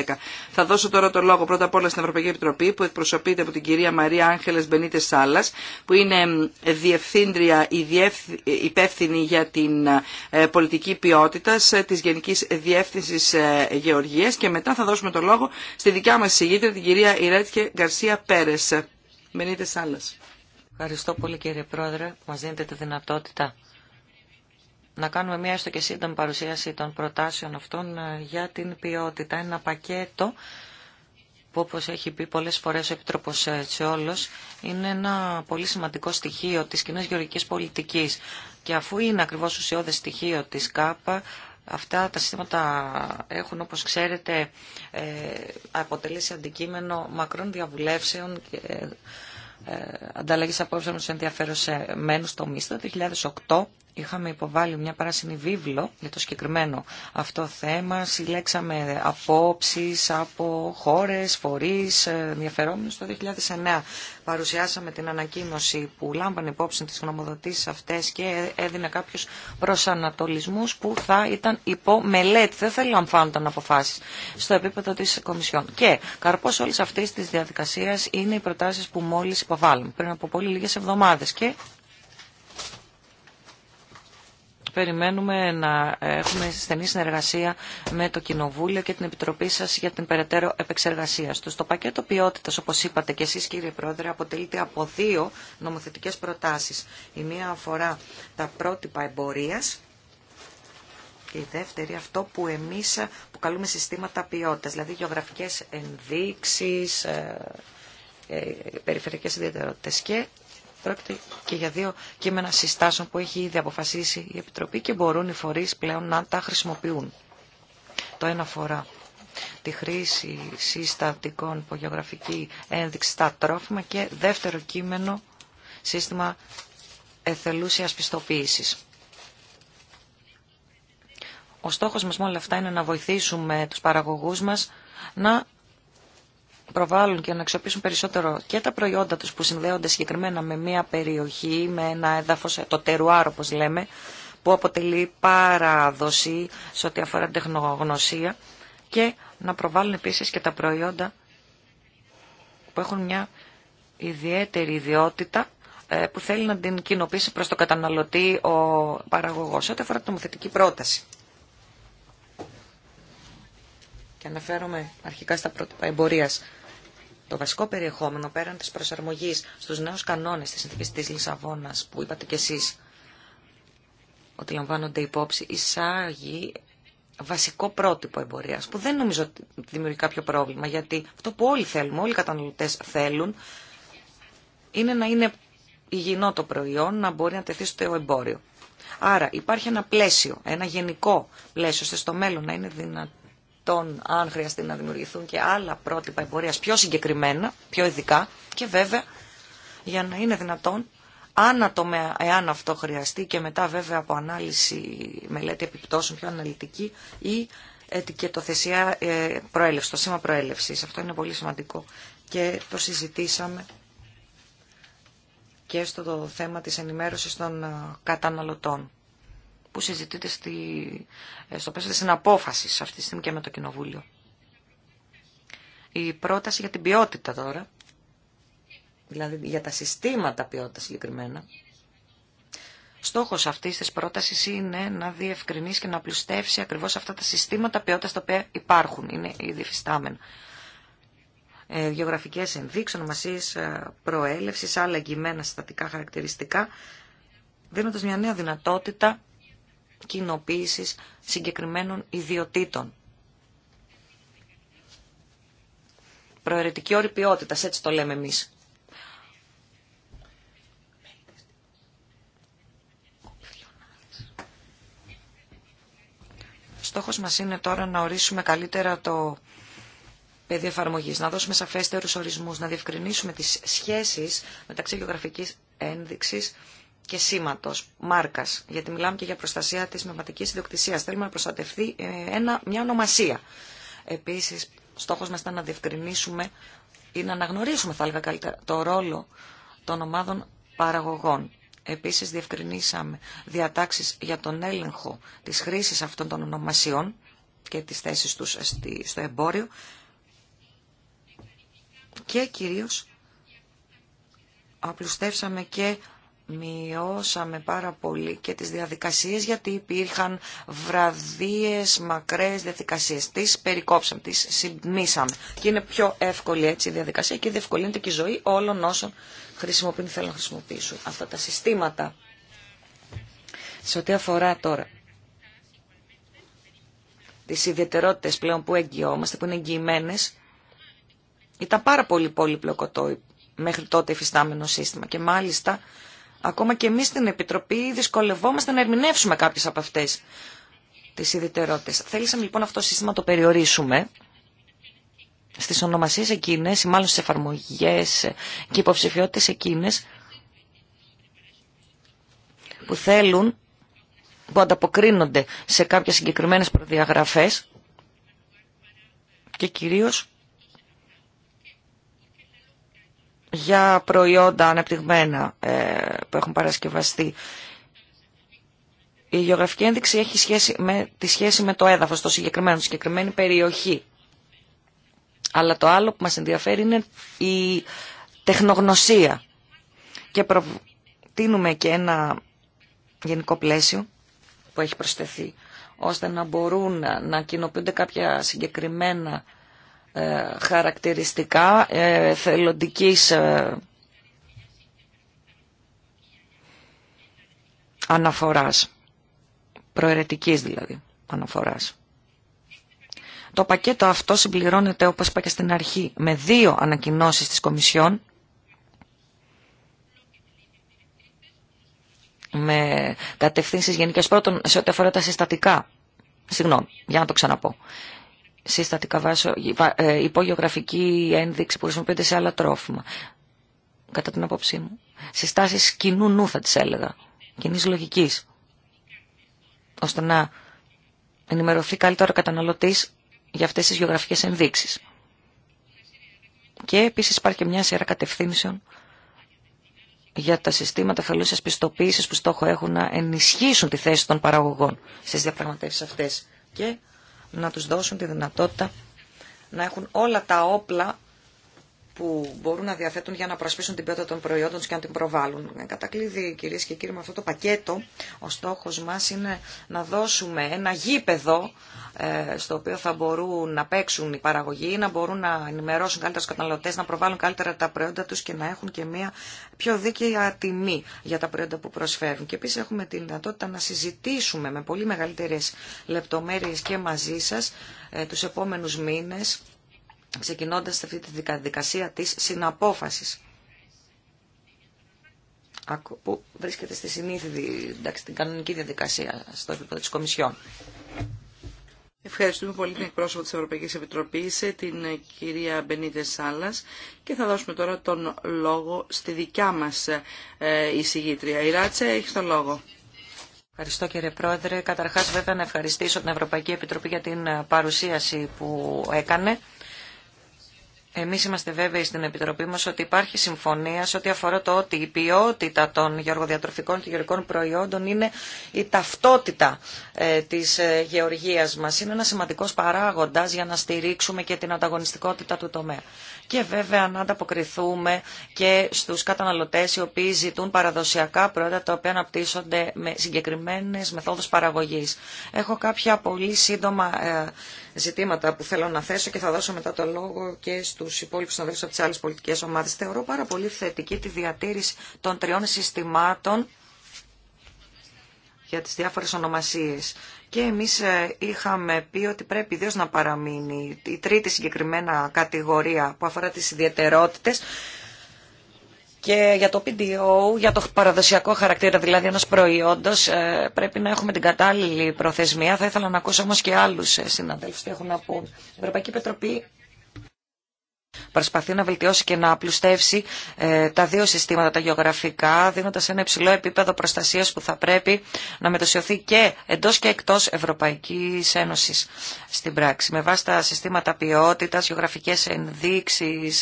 A: Θα δώσω τώρα το λόγο πρώτα απ' όλα στην Ευρωπαϊκή Επιτροπή, που εκπροσωπείται από την κυρία Μαρία Άγχελες Μπενίτε Σάλλας, που είναι διευθύντρια υπεύθυνη για την πολιτική ποιότητα της Γενικής Διεύθυνση Γεωργίας και μετά θα δώσουμε το λόγο στη δικιά μας συγγήτρια, κυρία Ιρέτκε Γκαρσία Πέρες. Μενείτε άλλες. Ευχαριστώ πολύ κύριε Πρόεδρε που μας δίνετε τη δυνατότητα
C: να κάνουμε μια έστω και σύντομη παρουσίαση των προτάσεων αυτών ε, για την ποιότητα. Ένα πακέτο που όπως έχει πει πολλές φορές ο Επιτρόπος Τσεόλος ε, είναι ένα πολύ σημαντικό στοιχείο της κοινή γεωργικής πολιτικής και αφού είναι ακριβώς ουσιώδες στοιχείο της ΚΑΠΑ Αυτά τα συστήματα έχουν, όπως ξέρετε, ε, αποτελέσει αντικείμενο μακρών διαβουλεύσεων και ε, ε, ανταλλαγής απόψεων σε μένους τομείς. Το 2008 είχαμε υποβάλει μια πράσινη βίβλο για το συγκεκριμένο αυτό θέμα. Συλλέξαμε απόψεις από χώρες, φορείς, ε, ενδιαφερόμενους. Το 2009 παρουσιάσαμε την ανακοίνωση που λάμπανε υπόψη τις γνωμοδοτήσεις αυτές και έδινε κάποιου προσανατολισμούς που θα ήταν υπό μελέτη. Δεν θέλω να φάνονταν αποφάσεις στο επίπεδο της Κομισιόν. Και καρπός όλης αυτής της διαδικασίας είναι οι προτάσεις που μόλις υποβάλλουμε πριν από πολύ λίγες εβδομάδες. Και περιμένουμε να έχουμε στενή συνεργασία με το Κοινοβούλιο και την Επιτροπή σας για την περαιτέρω επεξεργασία του. Το πακέτο ποιότητα, όπως είπατε και εσείς κύριε Πρόεδρε, αποτελείται από δύο νομοθετικές προτάσεις. Η μία αφορά τα πρότυπα εμπορία και η δεύτερη αυτό που εμείς που καλούμε συστήματα ποιότητα, δηλαδή γεωγραφικέ ενδείξει ε, ε, περιφερειακές ιδιαιτερότητες και Πρόκειται και για δύο κείμενα συστάσεων που έχει ήδη αποφασίσει η Επιτροπή και μπορούν οι φορείς πλέον να τα χρησιμοποιούν. Το ένα φορά τη χρήση συστατικών υπογεωγραφική ένδειξη στα τρόφιμα και δεύτερο κείμενο σύστημα εθελούσιας πιστοποίησης. Ο στόχος μας με όλα αυτά είναι να βοηθήσουμε τους παραγωγούς μας να προβάλλουν και να αξιοποιήσουν περισσότερο και τα προϊόντα τους που συνδέονται συγκεκριμένα με μια περιοχή, με ένα έδαφος, το τερουάρο όπως λέμε, που αποτελεί παράδοση σε ό,τι αφορά τεχνογνωσία και να προβάλλουν επίσης και τα προϊόντα που έχουν μια ιδιαίτερη ιδιότητα ε, που θέλει να την κοινοποιήσει προς το καταναλωτή ο παραγωγός. Ό,τι αφορά την νομοθετική πρόταση. Και αναφέρομαι αρχικά στα πρότυπα εμπορίας. Το βασικό περιεχόμενο πέραν της προσαρμογής στους νέους κανόνες της συνθήκης της Λισαβόνας που είπατε κι εσείς ότι λαμβάνονται υπόψη εισάγει βασικό πρότυπο εμπορίας, που δεν νομίζω ότι δημιουργεί κάποιο πρόβλημα, γιατί αυτό που όλοι θέλουμε, όλοι οι καταναλωτέ θέλουν, είναι να είναι υγιεινό το προϊόν, να μπορεί να τεθεί στο εμπόριο. Άρα υπάρχει ένα πλαίσιο, ένα γενικό πλαίσιο, ώστε στο μέλλον να είναι δυνατό αν χρειαστεί να δημιουργηθούν και άλλα πρότυπα εμπορία πιο συγκεκριμένα, πιο ειδικά και βέβαια για να είναι δυνατόν αν εάν αυτό χρειαστεί και μετά βέβαια από ανάλυση μελέτη επιπτώσεων πιο αναλυτική ή ετικετοθεσία ε, προέλευση, το σήμα προέλευση. Αυτό είναι πολύ σημαντικό και το συζητήσαμε και στο θέμα της ενημέρωσης των ε, καταναλωτών που συζητείται στη, ε, στο πλαίσιο της συναπόφασης αυτή τη στιγμή και με το Κοινοβούλιο. Η πρόταση για την ποιότητα τώρα, δηλαδή για τα συστήματα ποιότητα συγκεκριμένα, στόχος αυτής της πρότασης είναι να διευκρινίσει και να πλουστεύσει ακριβώς αυτά τα συστήματα ποιότητας τα οποία υπάρχουν, είναι ήδη φυστάμενα ε, γεωγραφικές ενδείξεις, ονομασίες ε, προέλευσης, άλλα εγγυημένα συστατικά χαρακτηριστικά, δίνοντας μια νέα δυνατότητα κοινοποίησης συγκεκριμένων ιδιωτήτων. Προαιρετική όρη ποιότητας, έτσι το λέμε εμείς. Στόχος μας είναι τώρα να ορίσουμε καλύτερα το πεδίο εφαρμογή, να δώσουμε σαφέστερους ορισμούς, να διευκρινίσουμε τις σχέσεις μεταξύ γεωγραφικής ένδειξης και σήματο, μάρκα, γιατί μιλάμε και για προστασία τη πνευματική ιδιοκτησία. Θέλουμε να προστατευτεί ε, μια ονομασία. Επίση, στόχο μα ήταν να διευκρινίσουμε ή να αναγνωρίσουμε, θα έλεγα καλύτερα, το ρόλο των ομάδων παραγωγών. Επίσης διευκρινίσαμε διατάξεις για τον έλεγχο τη χρήση αυτών των ονομασιών και τις θέσεις του στο εμπόριο και κυρίω απλουστεύσαμε και μειώσαμε πάρα πολύ και τις διαδικασίες γιατί υπήρχαν βραδίες, μακρές διαδικασίες. Τις περικόψαμε, τις συμπνήσαμε και είναι πιο εύκολη έτσι η διαδικασία και διευκολύνεται και η ζωή όλων όσων χρησιμοποιούν θέλουν να χρησιμοποιήσουν αυτά τα συστήματα. Σε ό,τι αφορά τώρα τις ιδιαιτερότητες πλέον που εγγυόμαστε, που είναι εγγυημένες, ήταν πάρα πολύ πολύ το μέχρι τότε υφιστάμενο σύστημα και μάλιστα Ακόμα και εμείς στην Επιτροπή δυσκολευόμαστε να ερμηνεύσουμε κάποιες από αυτές τις ιδιαιτερότητες. Θέλησαμε λοιπόν αυτό το σύστημα να το περιορίσουμε στις ονομασίες εκείνες ή μάλλον στις εφαρμογές και υποψηφιότητες εκείνες που θέλουν, που ανταποκρίνονται σε κάποιες συγκεκριμένες προδιαγραφές και κυρίως για προϊόντα αναπτυγμένα ε, που έχουν παρασκευαστεί. Η γεωγραφική ένδειξη έχει σχέση με, τη σχέση με το έδαφος, το συγκεκριμένο, τη συγκεκριμένη περιοχή. Αλλά το άλλο που μας ενδιαφέρει είναι η τεχνογνωσία. Και προτείνουμε και ένα γενικό πλαίσιο που έχει προσθεθεί, ώστε να μπορούν να κοινοποιούνται κάποια συγκεκριμένα ε, χαρακτηριστικά ε, θελοντικής ε, αναφοράς, προαιρετικής δηλαδή αναφοράς. Το πακέτο αυτό συμπληρώνεται, όπως είπα και στην αρχή, με δύο ανακοινώσεις της Κομισιόν, με κατευθύνσεις γενικές πρώτων σε ό,τι αφορά τα συστατικά. Συγγνώμη, για να το ξαναπώ. Συστατικά βάσο, ε, υπογεωγραφική ένδειξη που χρησιμοποιείται σε άλλα τρόφιμα. Κατά την απόψή μου. Συστάσεις κοινού νου θα τις έλεγα κοινή λογική, ώστε να ενημερωθεί καλύτερα ο καταναλωτή για αυτέ τι γεωγραφικέ ενδείξει. Και επίση υπάρχει και μια σειρά κατευθύνσεων για τα συστήματα θελούσια πιστοποίηση που στόχο έχουν να ενισχύσουν τη θέση των παραγωγών στι διαπραγματεύσει αυτέ και να του δώσουν τη δυνατότητα να έχουν όλα τα όπλα που μπορούν να διαθέτουν για να προσπίσουν την ποιότητα των προϊόντων τους και να την προβάλλουν. Ε, κατά κλείδι, κυρίες και κύριοι, με αυτό το πακέτο, ο στόχος μας είναι να δώσουμε ένα γήπεδο ε, στο οποίο θα μπορούν να παίξουν οι παραγωγοί, να μπορούν να ενημερώσουν καλύτερα τους καταναλωτές, να προβάλλουν καλύτερα τα προϊόντα τους και να έχουν και μια πιο δίκαια τιμή για τα προϊόντα που προσφέρουν. Και επίσης έχουμε τη δυνατότητα να συζητήσουμε με πολύ μεγαλύτερε λεπτομέρειες και μαζί σας ε, τους επόμενους μήνες ξεκινώντας αυτή τη διαδικασία της συναπόφασης που βρίσκεται στη συνήθιδη, εντάξει, την κανονική διαδικασία στο
A: επίπεδο της Κομισιόν. Ευχαριστούμε πολύ την εκπρόσωπο της Ευρωπαϊκής Επιτροπής, ε, την ε, κυρία Μπενίτε Σάλλας και θα δώσουμε τώρα τον λόγο στη δικιά μας εισηγήτρια. Η Ράτσα έχει τον λόγο. Ευχαριστώ κύριε Πρόεδρε.
C: Καταρχάς βέβαια να ευχαριστήσω την Ευρωπαϊκή Επιτροπή για την ε, παρουσίαση που έκανε. Εμείς είμαστε βέβαιοι στην Επιτροπή μας ότι υπάρχει συμφωνία σε ό,τι αφορά το ότι η ποιότητα των γεωργοδιατροφικών και γεωργικών προϊόντων είναι η ταυτότητα ε, της ε, γεωργίας μας. Είναι ένα σημαντικός παράγοντας για να στηρίξουμε και την ανταγωνιστικότητα του τομέα και βέβαια να ανταποκριθούμε και στους καταναλωτές οι οποίοι ζητούν παραδοσιακά προϊόντα τα οποία αναπτύσσονται με συγκεκριμένες μεθόδους παραγωγής. Έχω κάποια πολύ σύντομα ε, ζητήματα που θέλω να θέσω και θα δώσω μετά το λόγο και στους υπόλοιπους συναδέλφους από τις άλλες πολιτικές ομάδες. Θεωρώ πάρα πολύ θετική τη διατήρηση των τριών συστημάτων για τις διάφορες ονομασίες. Και εμείς ε, είχαμε πει ότι πρέπει ιδίω να παραμείνει η τρίτη συγκεκριμένα κατηγορία που αφορά τις ιδιαιτερότητες και για το PDO, για το παραδοσιακό χαρακτήρα δηλαδή ενός προϊόντος, ε, πρέπει να έχουμε την κατάλληλη προθεσμία. Θα ήθελα να ακούσω όμως και άλλους ε, συναδέλφους τι έχουν να πούν. Η Ευρωπαϊκή Πετροπή Προσπαθεί να βελτιώσει και να απλουστεύσει ε, τα δύο συστήματα, τα γεωγραφικά, δίνοντα ένα υψηλό επίπεδο προστασία που θα πρέπει να μετωσιωθεί και εντό και εκτό Ευρωπαϊκή Ένωση στην πράξη. Με βάση τα συστήματα ποιότητα, γεωγραφικέ ενδείξει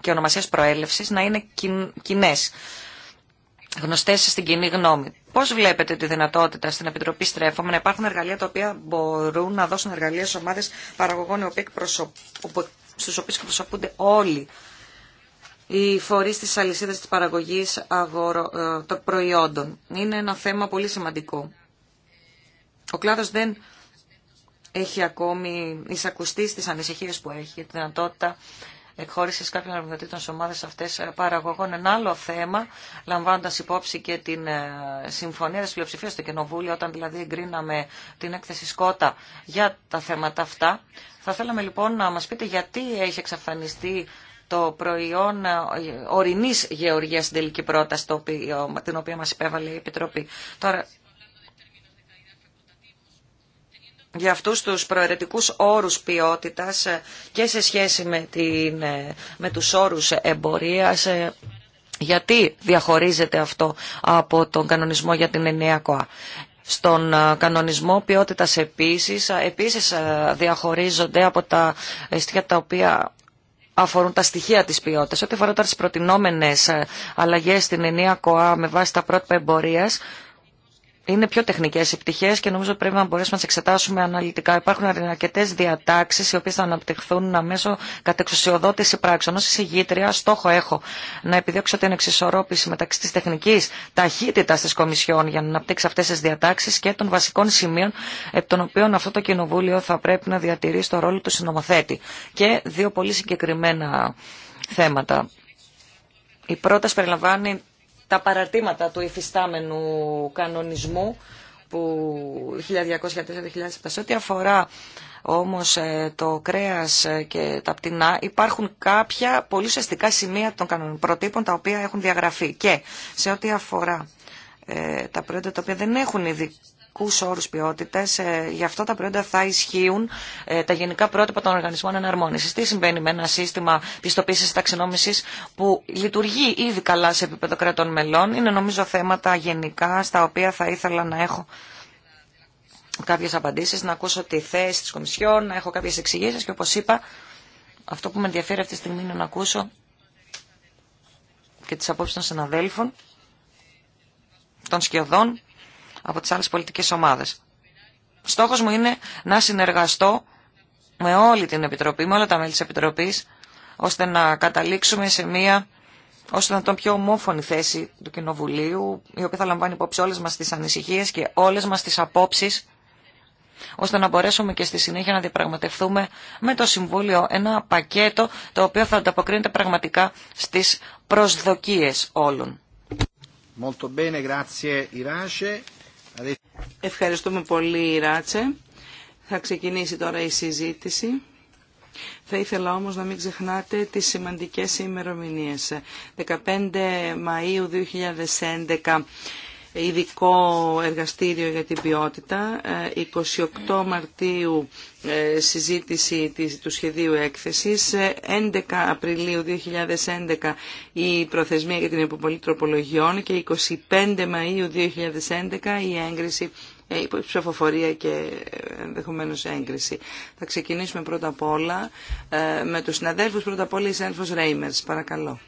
C: και ονομασίε προέλευση να είναι κοινέ, γνωστέ στην κοινή γνώμη. Πώς βλέπετε τη δυνατότητα στην Επιτροπή Στρέφομαι να υπάρχουν εργαλεία τα οποία μπορούν να δώσουν εργαλεία σε ομάδες παραγωγών οι οποίοι στους οποίους προσωπούνται όλοι οι φορείς της αλυσίδας της παραγωγής αγορο, ε, των προϊόντων. Είναι ένα θέμα πολύ σημαντικό. Ο κλάδος δεν έχει ακόμη εισακουστεί στις ανησυχίες που έχει τη δυνατότητα εκχώρησης κάποιων αρμοδιοτήτων σε ομάδες αυτές ε, παραγωγών. Ένα άλλο θέμα, λαμβάνοντας υπόψη και την ε, συμφωνία της πλειοψηφίας στο Κοινοβούλιο, όταν δηλαδή εγκρίναμε την έκθεση Σκότα για τα θέματα αυτά. Θα θέλαμε λοιπόν να μας πείτε γιατί έχει εξαφανιστεί το προϊόν ε, ορεινής γεωργίας στην τελική πρόταση την οποία μας υπέβαλε η Επιτροπή. Τώρα, για αυτούς τους προαιρετικούς όρους ποιότητας ε, και σε σχέση με, την, ε, με τους όρους εμπορίας. Ε, γιατί διαχωρίζεται αυτό από τον κανονισμό για την ενιαία ΚΟΑ. Στον κανονισμό ποιότητας επίσης, επίσης διαχωρίζονται από τα στοιχεία τα οποία αφορούν τα στοιχεία της ποιότητας. Ό,τι αφορά τώρα προτινόμενες αλλαγές στην ενιαία ΚΟΑ με βάση τα πρότυπα εμπορίας, είναι πιο τεχνικές οι πτυχές και νομίζω πρέπει να μπορέσουμε να τις εξετάσουμε αναλυτικά. Υπάρχουν αρκετές διατάξεις οι οποίες θα αναπτυχθούν μέσω εξουσιοδότηση πράξεων. Ως εισηγήτρια στόχο έχω να επιδιώξω την εξισορρόπηση μεταξύ της τεχνικής ταχύτητας της Κομισιόν για να αναπτύξει αυτές τις διατάξεις και των βασικών σημείων από τον οποίο αυτό το Κοινοβούλιο θα πρέπει να διατηρήσει το ρόλο του συνομοθέτη. Και δύο πολύ συγκεκριμένα θέματα. Η πρόταση περιλαμβάνει τα παραρτήματα του υφιστάμενου κανονισμού που 1204-2007 ό,τι αφορά όμως ε, το κρέας ε, και τα πτηνά υπάρχουν κάποια πολύ ουσιαστικά σημεία των προτύπων τα οποία έχουν διαγραφεί και σε ό,τι αφορά ε, τα προϊόντα τα οποία δεν έχουν ειδικά όρου ποιότητα. Ε, Γι' αυτό τα προϊόντα θα ισχύουν ε, τα γενικά πρότυπα των οργανισμών εναρμόνισης. Τι συμβαίνει με ένα σύστημα πιστοποίησης ταξινόμησης που λειτουργεί ήδη καλά σε επίπεδο κρατών μελών. Είναι νομίζω θέματα γενικά στα οποία θα ήθελα να έχω κάποιε απαντήσει, να ακούσω τη θέση τη Κομισιόν, να έχω κάποιε εξηγήσει. και όπω είπα αυτό που με ενδιαφέρει αυτή τη στιγμή είναι να ακούσω και τις απόψεις των συναδέλφων, των σκιωδών από τις άλλες πολιτικές ομάδες. Στόχος μου είναι να συνεργαστώ με όλη την Επιτροπή, με όλα τα μέλη της Επιτροπής, ώστε να καταλήξουμε σε μία ώστε να τον πιο ομόφωνη θέση του Κοινοβουλίου, η οποία θα λαμβάνει υπόψη όλες μας τις ανησυχίες και όλες μας τις απόψεις, ώστε να μπορέσουμε και στη συνέχεια να διαπραγματευτούμε με το Συμβούλιο ένα πακέτο το οποίο θα ανταποκρίνεται πραγματικά στις προσδοκίες
A: όλων. Ευχαριστούμε πολύ Ράτσε. Θα ξεκινήσει τώρα η συζήτηση. Θα ήθελα όμως να μην ξεχνάτε τις σημαντικές ημερομηνίες. 15 Μαΐου 2011 ειδικό εργαστήριο για την ποιότητα. 28 ε, Μαρτίου ε, συζήτηση του σχεδίου έκθεσης. 11 ε, Απριλίου 2011 η προθεσμία για την υποπολή τροπολογιών και 25 Μαΐου 2011 η έγκριση ψηφοφορία και ενδεχομένω έγκριση. Θα ξεκινήσουμε πρώτα απ' όλα με τους συναδέλφους, πρώτα απ' όλα η Σέλφος Ρέιμερς. Παρακαλώ.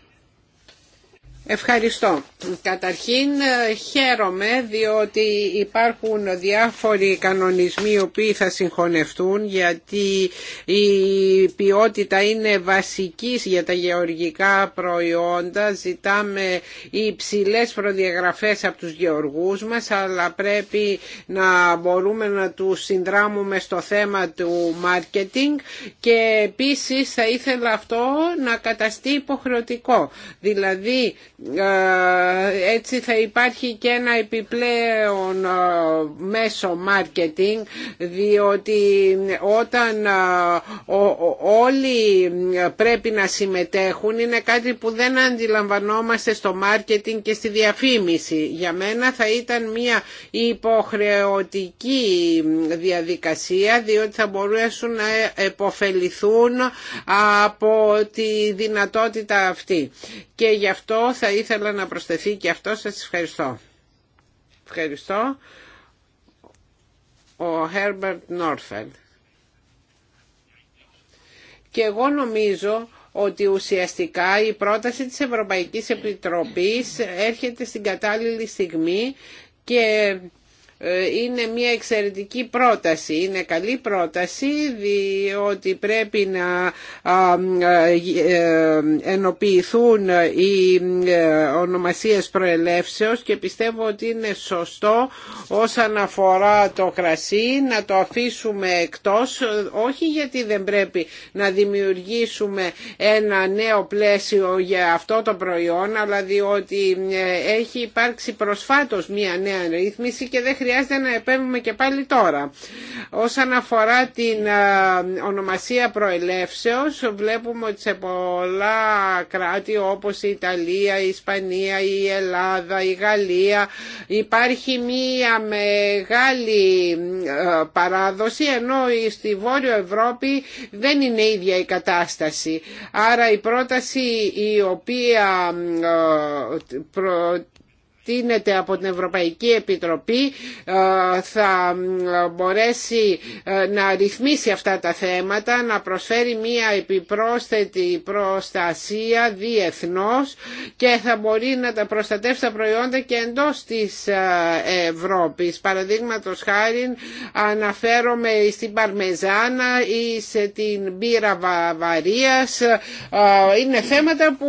B: Ευχαριστώ. Καταρχήν ε, χαίρομαι διότι υπάρχουν διάφοροι κανονισμοί οι οποίοι θα συγχωνευτούν γιατί η ποιότητα είναι βασική για τα γεωργικά προϊόντα. Ζητάμε υψηλέ προδιαγραφές από τους γεωργούς μας αλλά πρέπει να μπορούμε να του συνδράμουμε στο θέμα του μάρκετινγκ και επίσης θα ήθελα αυτό να καταστεί υποχρεωτικό. Δηλαδή ε, έτσι θα υπάρχει και ένα επιπλέον ε, μέσο marketing διότι όταν ε, όλοι πρέπει να συμμετέχουν είναι κάτι που δεν αντιλαμβανόμαστε στο marketing και στη διαφήμιση. Για μένα θα ήταν μια υποχρεωτική διαδικασία διότι θα μπορούσαν να επωφεληθούν από τη δυνατότητα αυτή. Και γι' αυτό θα θα ήθελα να προσθεθεί και αυτό. Σας ευχαριστώ. Ευχαριστώ. Ο Herbert Norfeld. Και εγώ νομίζω ότι ουσιαστικά η πρόταση της Ευρωπαϊκής Επιτροπής έρχεται στην κατάλληλη στιγμή και ε, είναι μια εξαιρετική πρόταση. Είναι καλή πρόταση διότι πρέπει να ε, ε, ενοποιηθούν οι ονομασίες προελεύσεως και πιστεύω ότι είναι σωστό όσον αφορά το κρασί να το αφήσουμε εκτός όχι γιατί δεν πρέπει να δημιουργήσουμε ένα νέο πλαίσιο για αυτό το προϊόν αλλά διότι έχει υπάρξει προσφάτως μια νέα ρύθμιση και χρειάζεται να επέμβουμε και πάλι τώρα. Όσον αφορά την ε, ονομασία προελεύσεως, βλέπουμε ότι σε πολλά κράτη όπως η Ιταλία, η Ισπανία, η Ελλάδα, η Γαλλία υπάρχει μία μεγάλη ε, παράδοση ενώ στη Βόρειο Ευρώπη δεν είναι ίδια η κατάσταση. Άρα η πρόταση η οποία ε, προτείνεται από την Ευρωπαϊκή Επιτροπή ε, θα ε, μπορέσει ε, να ρυθμίσει αυτά τα θέματα, να προσφέρει μία επιπρόσθετη προστασία διεθνώς και θα μπορεί να τα προστατεύσει τα προϊόντα και εντός της Ευρώπης. Παραδείγματος χάρη αναφέρομαι στην Παρμεζάνα ή σε την πύρα Είναι θέματα που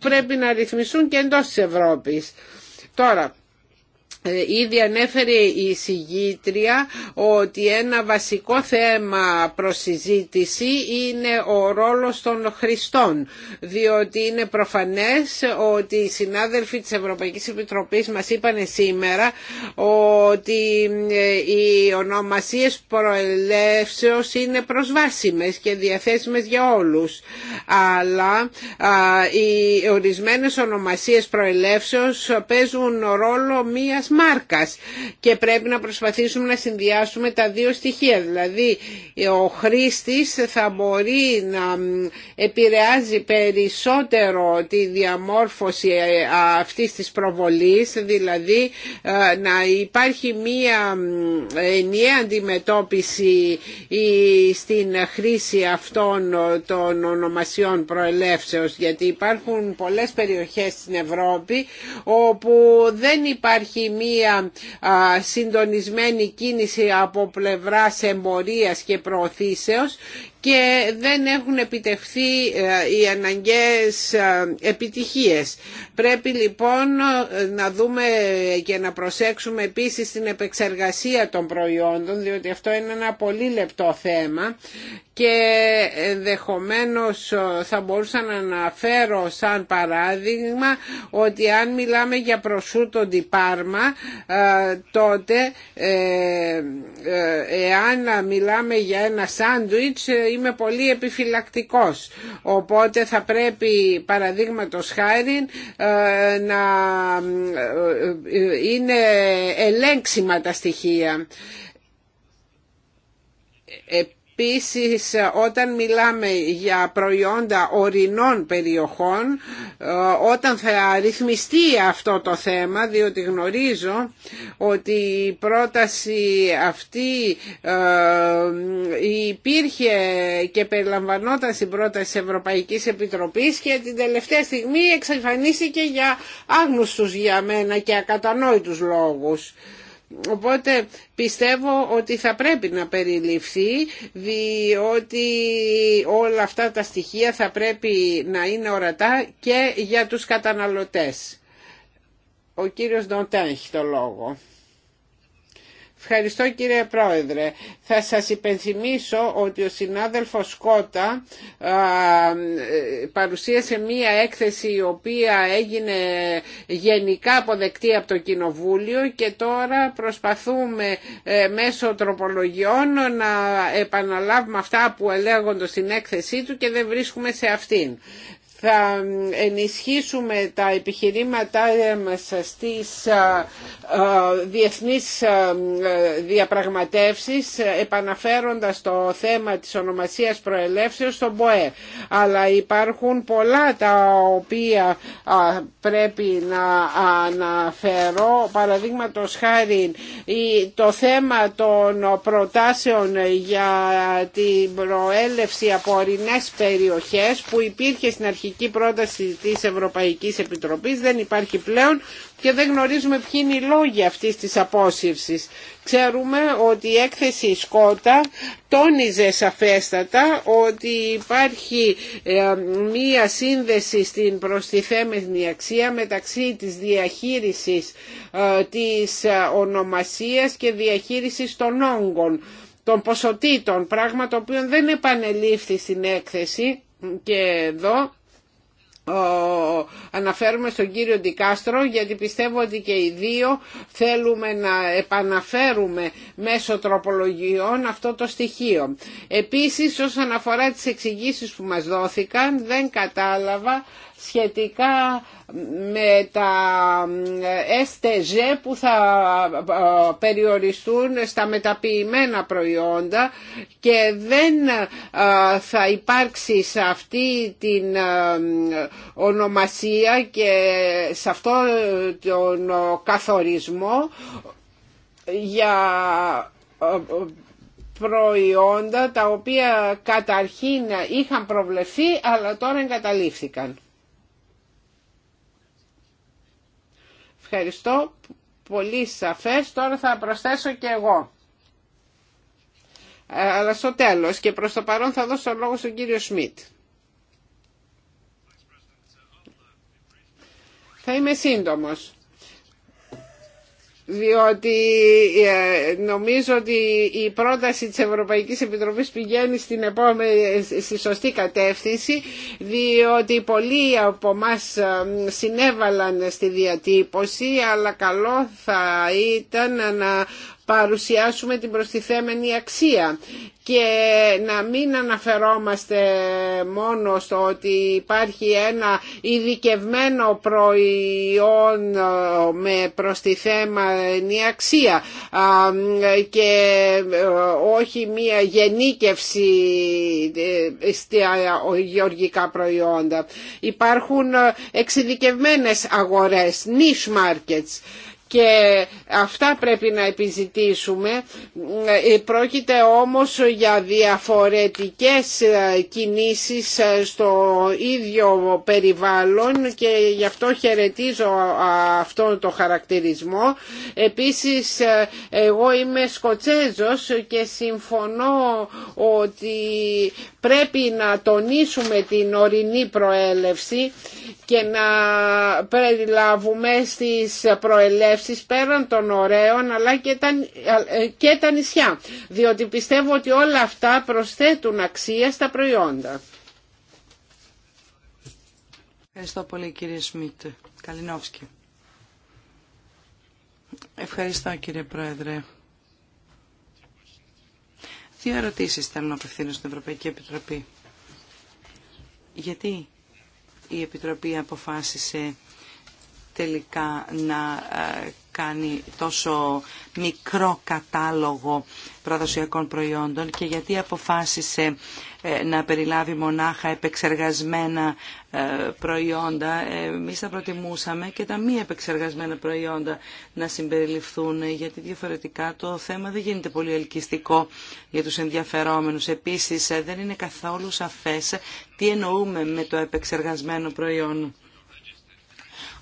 B: πρέπει να ρυθμιστούν και εντός της Ευρώπης. Τώρα, ε, ήδη ανέφερε η συγγήτρια ότι ένα βασικό θέμα συζήτηση είναι ο ρόλος των χριστών. διότι είναι προφανές ότι οι συνάδελφοι της Ευρωπαϊκής Επιτροπής μας είπαν σήμερα ότι ε, οι ονομασίες προελεύσεως είναι προσβάσιμες και διαθέσιμες για όλους αλλά οι ορισμένες ονομασίες προελεύσεως παίζουν ρόλο μίας μάρκας και πρέπει να προσπαθήσουμε να συνδυάσουμε τα δύο στοιχεία. Δηλαδή ο χρήστης θα μπορεί να επηρεάζει περισσότερο τη διαμόρφωση ε, αυτής της προβολής, δηλαδή ε, να υπάρχει μία ενιαία αντιμετώπιση ε, στην χρήση αυτών των ονομασιών προελεύσεως, γιατί υπάρχουν πολλές περιοχές στην Ευρώπη όπου δεν υπάρχει μία μία συντονισμένη κίνηση από πλευράς εμπορίας και προωθήσεως και δεν έχουν επιτευχθεί ε, οι αναγκαίες ε, επιτυχίες. Πρέπει λοιπόν ε, να δούμε και να προσέξουμε επίσης την επεξεργασία των προϊόντων διότι αυτό είναι ένα πολύ λεπτό θέμα και ενδεχομένως θα μπορούσα να αναφέρω σαν παράδειγμα ότι αν μιλάμε για προσούτο διπάρμα τότε εάν μιλάμε για ένα σάντουιτς είμαι πολύ επιφυλακτικός. Οπότε θα πρέπει παραδείγματο χάρη ε, να ε, ε, είναι ελέγξιμα τα στοιχεία. Επίσης όταν μιλάμε για προϊόντα ορεινών περιοχών ε, όταν θα αριθμιστεί αυτό το θέμα διότι γνωρίζω ότι η πρόταση αυτή ε, υπήρχε και περιλαμβανόταν στην πρόταση Ευρωπαϊκής Επιτροπής και την τελευταία στιγμή εξαφανίστηκε για άγνωστους για μένα και ακατανόητους λόγους. Οπότε πιστεύω ότι θα πρέπει να περιληφθεί διότι όλα αυτά τα στοιχεία θα πρέπει να είναι ορατά και για τους καταναλωτές. Ο κύριος Ντοντέ έχει το λόγο. Ευχαριστώ κύριε Πρόεδρε. Θα σας υπενθυμίσω ότι ο συνάδελφος Σκότα παρουσίασε μία έκθεση η οποία έγινε γενικά αποδεκτή από το Κοινοβούλιο και τώρα προσπαθούμε ε, μέσω τροπολογιών να επαναλάβουμε αυτά που ελέγονται στην έκθεσή του και δεν βρίσκουμε σε αυτήν θα ενισχύσουμε τα επιχειρήματά μας στις διεθνείς διαπραγματεύσεις επαναφέροντας το θέμα της ονομασίας προελεύσεως στον ΠΟΕ. Αλλά υπάρχουν πολλά τα οποία πρέπει να αναφέρω. Παραδείγματος χάρη το θέμα των προτάσεων για την προέλευση από ορεινές περιοχές που υπήρχε στην αρχή αρχική πρόταση της Ευρωπαϊκής Επιτροπής δεν υπάρχει πλέον και δεν γνωρίζουμε ποιοι είναι οι λόγοι αυτής της απόσυρσης. Ξέρουμε ότι η έκθεση Σκότα τόνιζε σαφέστατα ότι υπάρχει ε, μία σύνδεση στην προστιθέμενη αξία μεταξύ της διαχείρισης ε, της ε, ονομασίας και διαχείρισης των όγκων των ποσοτήτων, πράγμα το οποίο δεν επανελήφθη στην έκθεση και εδώ Α αναφέρουμε στον κύριο Ντικάστρο γιατί πιστεύω ότι και οι δύο θέλουμε να επαναφέρουμε μέσω τροπολογιών αυτό το στοιχείο. Επίσης όσον αφορά τις εξηγήσεις που μας δόθηκαν δεν κατάλαβα σχετικά με τα ε, STG που θα ε, περιοριστούν στα μεταποιημένα προϊόντα και δεν ε, θα υπάρξει σε αυτή την ονομασία και σε αυτό τον καθορισμό για ε, προϊόντα τα οποία καταρχήν είχαν προβλεφθεί αλλά τώρα εγκαταλείφθηκαν. Ευχαριστώ. Πολύ σαφές. Τώρα θα προσθέσω και εγώ. Ε, αλλά στο τέλος και προς το παρόν θα δώσω λόγο στον κύριο Σμιτ. Θα είμαι σύντομος διότι ε, νομίζω ότι η πρόταση της Ευρωπαϊκής Επιτροπής πηγαίνει στην επόμενη, στη σωστή κατεύθυνση διότι πολλοί από εμά συνέβαλαν στη διατύπωση αλλά καλό θα ήταν να παρουσιάσουμε την προστιθέμενη αξία και να μην αναφερόμαστε μόνο στο ότι υπάρχει ένα ειδικευμένο προϊόν με προστιθέμενη αξία και ε, όχι μία γενίκευση ε, στα γεωργικά προϊόντα. Υπάρχουν ε, εξειδικευμένες αγορές, niche markets και αυτά πρέπει να επιζητήσουμε. Ε, πρόκειται όμως για διαφορετικές ε, κινήσεις ε, στο ίδιο περιβάλλον και γι' αυτό χαιρετίζω αυτόν τον χαρακτηρισμό. Επίσης εγώ είμαι Σκοτσέζος και συμφωνώ ότι πρέπει να τονίσουμε την ορεινή προέλευση και να περιλάβουμε στις προελεύσεις γεύσεις πέραν των ωραίων αλλά και τα, ε, και τα νησιά διότι πιστεύω ότι όλα αυτά προσθέτουν αξία στα προϊόντα. Ευχαριστώ πολύ κύριε Σμίτ. Καλινόφσκι.
A: Ευχαριστώ κύριε Πρόεδρε. Δύο ερωτήσεις θέλω να απευθύνω στην Ευρωπαϊκή Επιτροπή. Γιατί η Επιτροπή αποφάσισε τελικά να ε, κάνει τόσο μικρό κατάλογο προδοσιακών προϊόντων και γιατί αποφάσισε ε, να περιλάβει μονάχα επεξεργασμένα ε, προϊόντα. Εμεί θα προτιμούσαμε και τα μη επεξεργασμένα προϊόντα να συμπεριληφθούν, γιατί διαφορετικά το θέμα δεν γίνεται πολύ ελκυστικό για τους ενδιαφερόμενους. Επίσης, δεν είναι καθόλου σαφές τι εννοούμε με το επεξεργασμένο προϊόν.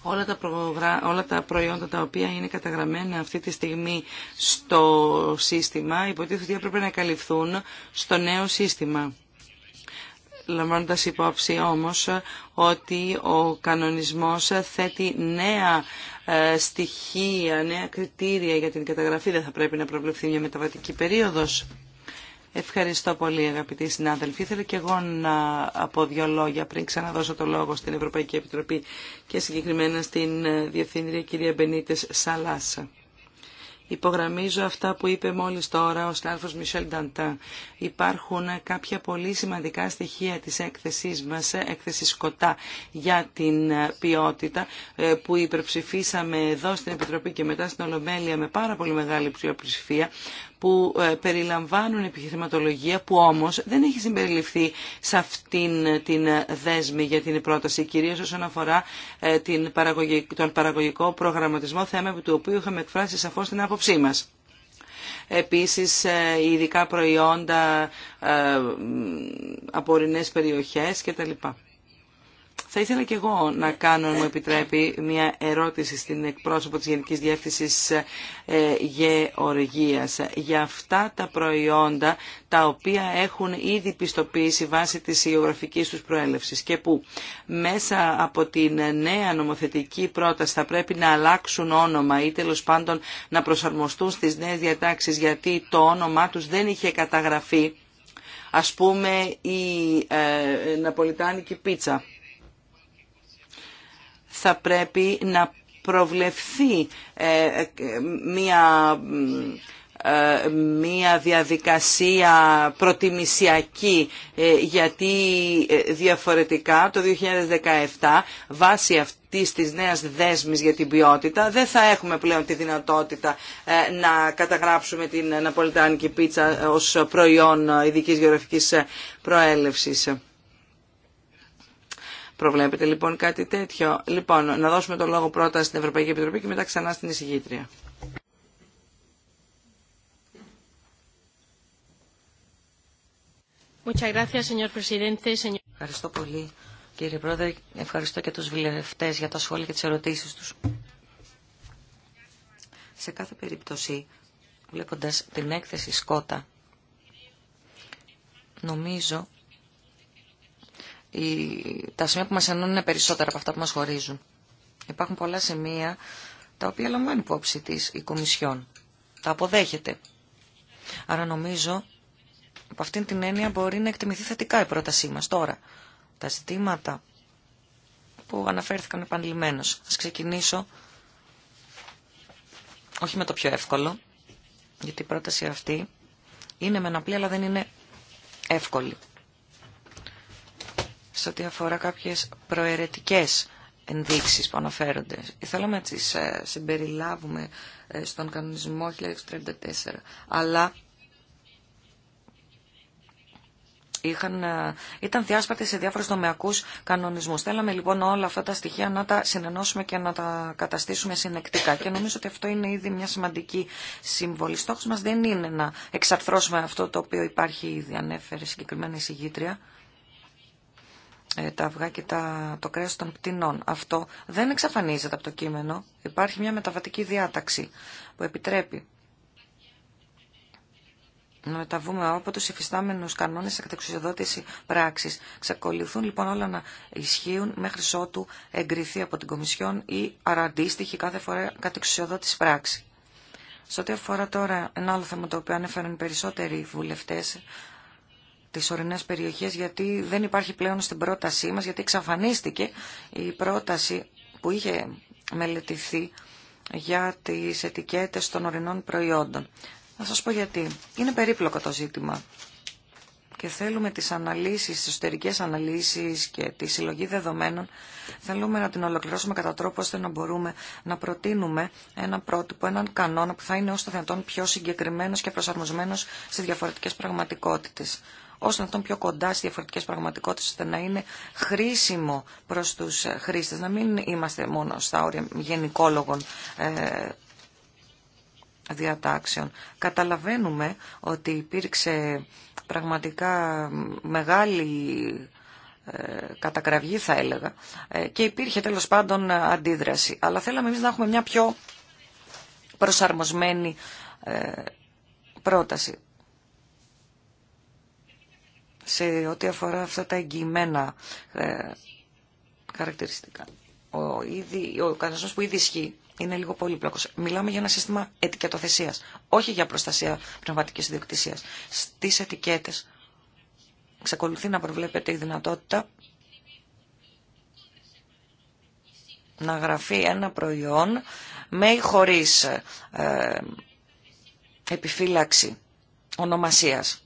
A: Όλα τα, προγρα... όλα τα προϊόντα τα οποία είναι καταγραμμένα αυτή τη στιγμή στο σύστημα υποτίθεται ότι έπρεπε να καλυφθούν στο νέο σύστημα λαμβάνοντας υπόψη όμως ότι ο κανονισμός θέτει νέα ε, στοιχεία, νέα κριτήρια για την καταγραφή. Δεν θα πρέπει να προβλεφθεί μια μεταβατική περίοδος. Ευχαριστώ πολύ αγαπητοί συνάδελφοι. Ήθελα και εγώ να πω δύο λόγια πριν ξαναδώσω το λόγο στην Ευρωπαϊκή Επιτροπή και συγκεκριμένα στην ε, Διευθύντρια κυρία Μπενίτες Σαλάσα. Υπογραμμίζω αυτά που είπε μόλις τώρα ο συνάδελφος Μισελ Νταντά. Υπάρχουν κάποια πολύ σημαντικά στοιχεία της έκθεσής μας, ε, έκθεση σκοτά για την ε, ποιότητα, που υπερψηφίσαμε εδώ στην Επιτροπή και μετά στην Ολομέλεια με πάρα πολύ μεγάλη πλειοψηφία, που ε, περιλαμβάνουν επιχειρηματολογία που όμως δεν έχει συμπεριληφθεί σε αυτήν την δέσμη για την πρόταση, κυρίως όσον αφορά ε, την τον παραγωγικό προγραμματισμό, θέμα του οποίου είχαμε εκφράσει σαφώς την άποψή μας. Επίσης, ε, ειδικά προϊόντα από ορεινές περιοχές κτλ. Θα ήθελα και εγώ να κάνω, αν μου επιτρέπει, μια ερώτηση στην εκπρόσωπο της Γενικής Διεύθυνσης ε, Γεωργίας. Για αυτά τα προϊόντα τα οποία έχουν ήδη πιστοποίηση βάσει της γεωγραφικής τους προέλευσης και που μέσα από την νέα νομοθετική πρόταση θα πρέπει να αλλάξουν όνομα ή τέλος πάντων να προσαρμοστούν στις νέες διατάξεις γιατί το όνομά τους δεν είχε καταγραφεί ας πούμε η ε, ε, ναπολιτάνικη πίτσα θα πρέπει να προβλεφθεί ε, ε, μία ε, μία διαδικασία προτιμησιακή γιατί διαφορετικά το 2017 βάσει αυτής της νέας δέσμης για την ποιότητα δεν θα έχουμε πλέον τη δυνατότητα να καταγράψουμε την Ναπολιτάνικη πίτσα ως προϊόν ειδικής γεωγραφικής προέλευσης. Προβλέπετε λοιπόν κάτι τέτοιο. Λοιπόν, να δώσουμε το λόγο πρώτα στην Ευρωπαϊκή Επιτροπή και μετά ξανά στην εισηγήτρια.
C: Ευχαριστώ πολύ κύριε Πρόεδρε. Ευχαριστώ και τους βουλευτές για τα σχόλια και τις ερωτήσεις τους. Σε κάθε περίπτωση, βλέποντας την έκθεση Σκότα, νομίζω τα σημεία που μας ενώνουν είναι περισσότερα από αυτά που μας χωρίζουν. Υπάρχουν πολλά σημεία τα οποία λαμβάνει υπόψη της η Κομισιόν. Τα αποδέχεται. Άρα νομίζω από αυτήν την έννοια μπορεί να εκτιμηθεί θετικά η πρότασή μας. Τώρα, τα ζητήματα που αναφέρθηκαν επανειλημμένως. Ας ξεκινήσω όχι με το πιο εύκολο, γιατί η πρόταση αυτή είναι με πλή, αλλά δεν είναι εύκολη σε ό,τι αφορά κάποιες προαιρετικές ενδείξεις που αναφέρονται. Θέλαμε να τις ε, συμπεριλάβουμε ε, στον κανονισμό 1634, αλλά είχαν, ε, ήταν διάσπαρτες σε διάφορους τομεακούς κανονισμούς. Θέλαμε λοιπόν όλα αυτά τα στοιχεία να τα συνενώσουμε και να τα καταστήσουμε συνεκτικά και νομίζω ότι αυτό είναι ήδη μια σημαντική συμβολή. Στόχος μας δεν είναι να εξαρθρώσουμε αυτό το οποίο υπάρχει ήδη, ανέφερε η συγγήτρια. Ε, τα αυγά και το κρέας των πτηνών. Αυτό δεν εξαφανίζεται από το κείμενο. Υπάρχει μια μεταβατική διάταξη που επιτρέπει να μεταβούμε από τους υφιστάμενους κανόνες σε κατεξουσιοδότηση πράξης. Ξεκολουθούν λοιπόν όλα να ισχύουν μέχρι ότου εγκριθεί από την Κομισιόν ή αραντίστοιχη κάθε φορά κατεξουσιοδότηση πράξη. Σε ό,τι αφορά τώρα ένα άλλο θέμα το οποίο ανέφεραν περισσότεροι βουλευτές, τι ορεινέ περιοχέ, γιατί δεν υπάρχει πλέον στην πρότασή μα, γιατί εξαφανίστηκε η πρόταση που είχε μελετηθεί για τι ετικέτε των ορεινών προϊόντων. Να σα πω γιατί. Είναι περίπλοκο το ζήτημα και θέλουμε τι αναλύσεις, τι εσωτερικέ αναλύσεις και τη συλλογή δεδομένων, θέλουμε να την ολοκληρώσουμε κατά τρόπο ώστε να μπορούμε να προτείνουμε ένα πρότυπο, έναν κανόνα που θα είναι ω το δυνατόν πιο συγκεκριμένο και προσαρμοσμένο σε διαφορετικέ πραγματικότητε ώστε να τον πιο κοντά στι διαφορετικέ πραγματικότητε, ώστε να είναι χρήσιμο προ του ε, χρήστε. Να μην είμαστε μόνο στα όρια γενικόλογων ε, διατάξεων. Καταλαβαίνουμε ότι υπήρξε πραγματικά μεγάλη ε, κατακραυγή θα έλεγα και υπήρχε τέλος πάντων αντίδραση. Αλλά θέλαμε εμείς να έχουμε μια πιο προσαρμοσμένη πρόταση σε ό,τι αφορά αυτά τα εγγυημένα ε, χαρακτηριστικά. Ο, ίδιος ο που ήδη ισχύει είναι λίγο πολύπλοκος. Μιλάμε για ένα σύστημα ετικετοθεσίας, όχι για προστασία πνευματικής ιδιοκτησίας. Στις ετικέτες ξεκολουθεί να προβλέπεται η δυνατότητα να γραφεί ένα προϊόν με ή χωρίς ε, επιφύλαξη ονομασίας.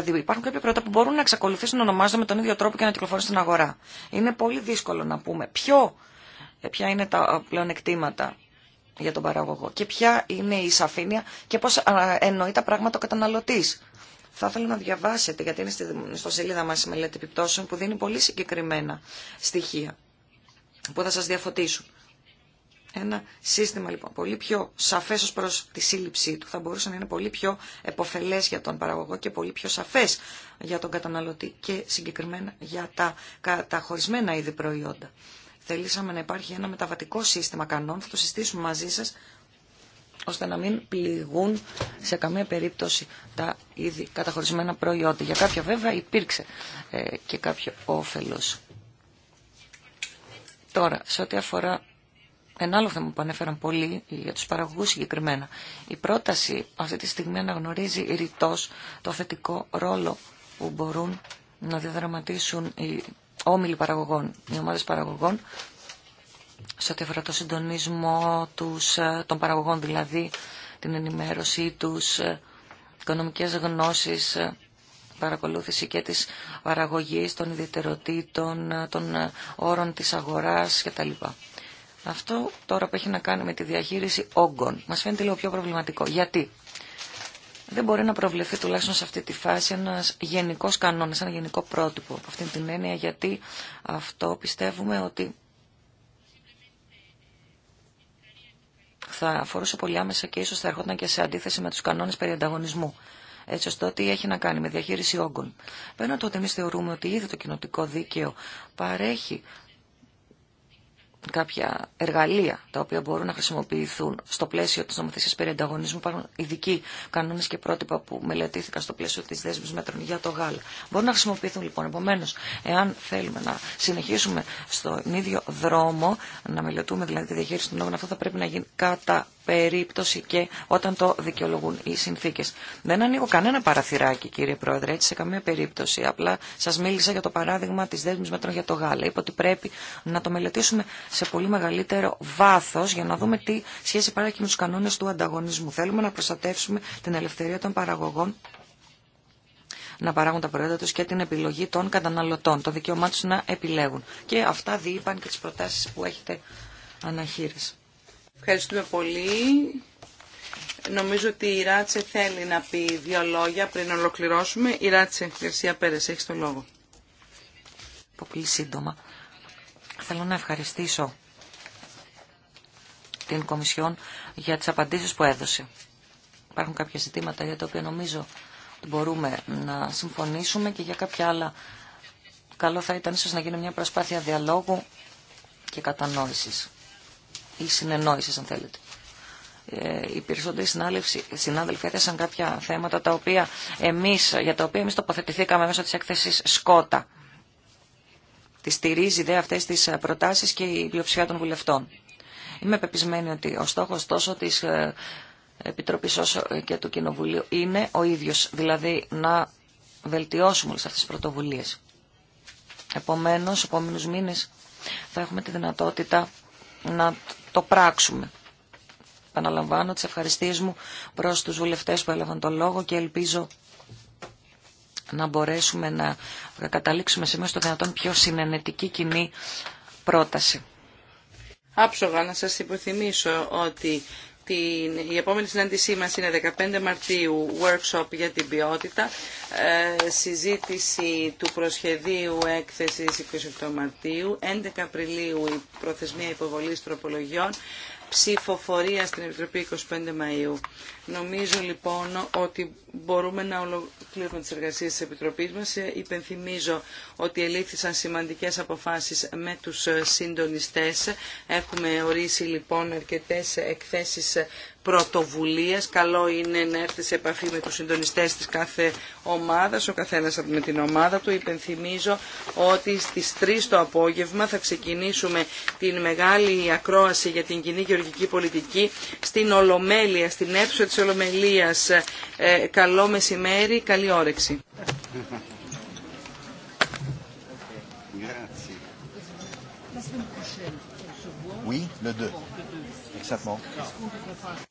C: Δηλαδή υπάρχουν κάποια προϊόντα που μπορούν να εξακολουθήσουν να ονομάζονται με τον ίδιο τρόπο και να κυκλοφορούν στην αγορά. Είναι πολύ δύσκολο να πούμε ποιο, ε, ποια είναι τα ε, πλεονεκτήματα για τον παραγωγό και ποια είναι η σαφήνεια και πώ ε, εννοεί τα πράγματα ο καταναλωτής. Θα ήθελα να διαβάσετε, γιατί είναι στο σελίδα μα η μελέτη επιπτώσεων που δίνει πολύ συγκεκριμένα στοιχεία που θα σα διαφωτίσουν. Ένα σύστημα λοιπόν πολύ πιο σαφέ ω προ τη σύλληψή του θα μπορούσε να είναι πολύ πιο εποφελές για τον παραγωγό και πολύ πιο σαφέ για τον καταναλωτή και συγκεκριμένα για τα καταχωρισμένα είδη προϊόντα. Θελήσαμε να υπάρχει ένα μεταβατικό σύστημα κανόν, θα το συστήσουμε μαζί σα, ώστε να μην πληγούν σε καμία περίπτωση τα είδη καταχωρισμένα προϊόντα. Για κάποια βέβαια υπήρξε ε, και κάποιο όφελο. Τώρα, σε ό,τι αφορά ένα άλλο θέμα που ανέφεραν πολύ για τους παραγωγούς συγκεκριμένα. Η πρόταση αυτή τη στιγμή αναγνωρίζει ρητός το θετικό ρόλο που μπορούν να διαδραματίσουν οι όμιλοι παραγωγών, οι ομάδες παραγωγών, σε ό,τι αφορά το συντονισμό τους, ε, των παραγωγών δηλαδή, την ενημέρωσή τους, ε, οικονομικές γνώσεις, ε, παρακολούθηση και της παραγωγής, των ιδιαιτεροτήτων, των όρων της αγοράς κτλ. Αυτό τώρα που έχει να κάνει με τη διαχείριση όγκων μας φαίνεται λίγο πιο προβληματικό. Γιατί δεν μπορεί να προβλεφθεί τουλάχιστον σε αυτή τη φάση ένας γενικός κανόνας, ένα γενικό πρότυπο από αυτήν την έννοια γιατί αυτό πιστεύουμε ότι θα αφορούσε πολύ άμεσα και ίσως θα ερχόταν και σε αντίθεση με τους κανόνες περί ανταγωνισμού. Έτσι ώστε ό,τι έχει να κάνει με διαχείριση όγκων. Παίρνω το ότι εμεί θεωρούμε ότι ήδη το κοινοτικό δίκαιο παρέχει κάποια εργαλεία τα οποία μπορούν να χρησιμοποιηθούν στο πλαίσιο της νομοθεσίας περί ανταγωνισμού. Υπάρχουν ειδικοί κανόνες και πρότυπα που μελετήθηκαν στο πλαίσιο της δέσμης μέτρων για το γάλα. Μπορούν να χρησιμοποιηθούν λοιπόν. Επομένω, εάν θέλουμε να συνεχίσουμε στον ίδιο δρόμο, να μελετούμε δηλαδή τη διαχείριση των νόμων, αυτό θα πρέπει να γίνει κατά περίπτωση και όταν το δικαιολογούν οι συνθήκες. Δεν ανοίγω κανένα παραθυράκι κύριε Πρόεδρε, έτσι σε καμία περίπτωση. Απλά σας μίλησα για το παράδειγμα της δέσμης μέτρων για το γάλα. Είπα ότι πρέπει να το μελετήσουμε σε πολύ μεγαλύτερο βάθος για να δούμε τι σχέση υπάρχει με τους κανόνες του ανταγωνισμού. Θέλουμε να προστατεύσουμε την ελευθερία των παραγωγών να παράγουν τα προϊόντα τους και την επιλογή των καταναλωτών, το δικαίωμά να επιλέγουν. Και αυτά διείπαν και τις προτάσεις που έχετε αναχείρες.
A: Ευχαριστούμε πολύ. Νομίζω ότι η Ράτσε θέλει να πει δύο λόγια πριν ολοκληρώσουμε. Η Ράτσε, Γερσία Πέρες, έχει το λόγο.
C: Πολύ σύντομα. Θέλω να ευχαριστήσω την Κομισιόν για τις απαντήσεις που έδωσε. Υπάρχουν κάποια ζητήματα για τα οποία νομίζω ότι μπορούμε να συμφωνήσουμε και για κάποια άλλα. Καλό θα ήταν ίσως να γίνει μια προσπάθεια διαλόγου και κατανόησης ή συνεννόησης αν θέλετε. Ε, οι περισσότεροι συνάδελφοι έθεσαν κάποια θέματα τα οποία εμείς, για τα οποία εμείς τοποθετηθήκαμε μέσω της έκθεσης Σκότα. Τη στηρίζει δε αυτές τις προτάσεις και η πλειοψηφία των βουλευτών. Είμαι πεπισμένη ότι ο στόχος τόσο της ε, Επιτροπής όσο και του Κοινοβουλίου είναι ο ίδιος, δηλαδή να βελτιώσουμε όλες αυτές τις πρωτοβουλίες. Επομένως, επόμενους μήνες θα έχουμε τη δυνατότητα να το πράξουμε. Παναλαμβάνω τις ευχαριστίες μου προς τους βουλευτές που έλαβαν τον λόγο και ελπίζω να μπορέσουμε να καταλήξουμε σε μέσα το δυνατόν πιο συνενετική κοινή πρόταση.
A: Άψογα να σας υποθυμίσω ότι η επόμενη συνάντησή μας είναι 15 Μαρτίου, workshop για την ποιότητα, ε, συζήτηση του προσχεδίου έκθεσης 28 Μαρτίου, 11 Απριλίου η προθεσμία υποβολής τροπολογιών, ψηφοφορία στην Επιτροπή 25 Μαΐου. Νομίζω λοιπόν ότι μπορούμε να ολοκληρώσουμε τις εργασίες της Επιτροπής μας. Υπενθυμίζω ότι ελήφθησαν σημαντικές αποφάσεις με τους συντονιστές. Έχουμε ορίσει λοιπόν αρκετές εκθέσεις πρωτοβουλίες. Καλό είναι να έρθει σε επαφή με τους συντονιστές της κάθε ομάδας, ο καθένας με την ομάδα του. Υπενθυμίζω ότι στις 3 το απόγευμα θα ξεκινήσουμε την μεγάλη ακρόαση για την κοινή γεωργική πολιτική στην Ολομέλεια, στην έψο της Ολομελίας. Ε, καλό μεσημέρι, καλή όρεξη.
B: Oui, le 2. Exactement.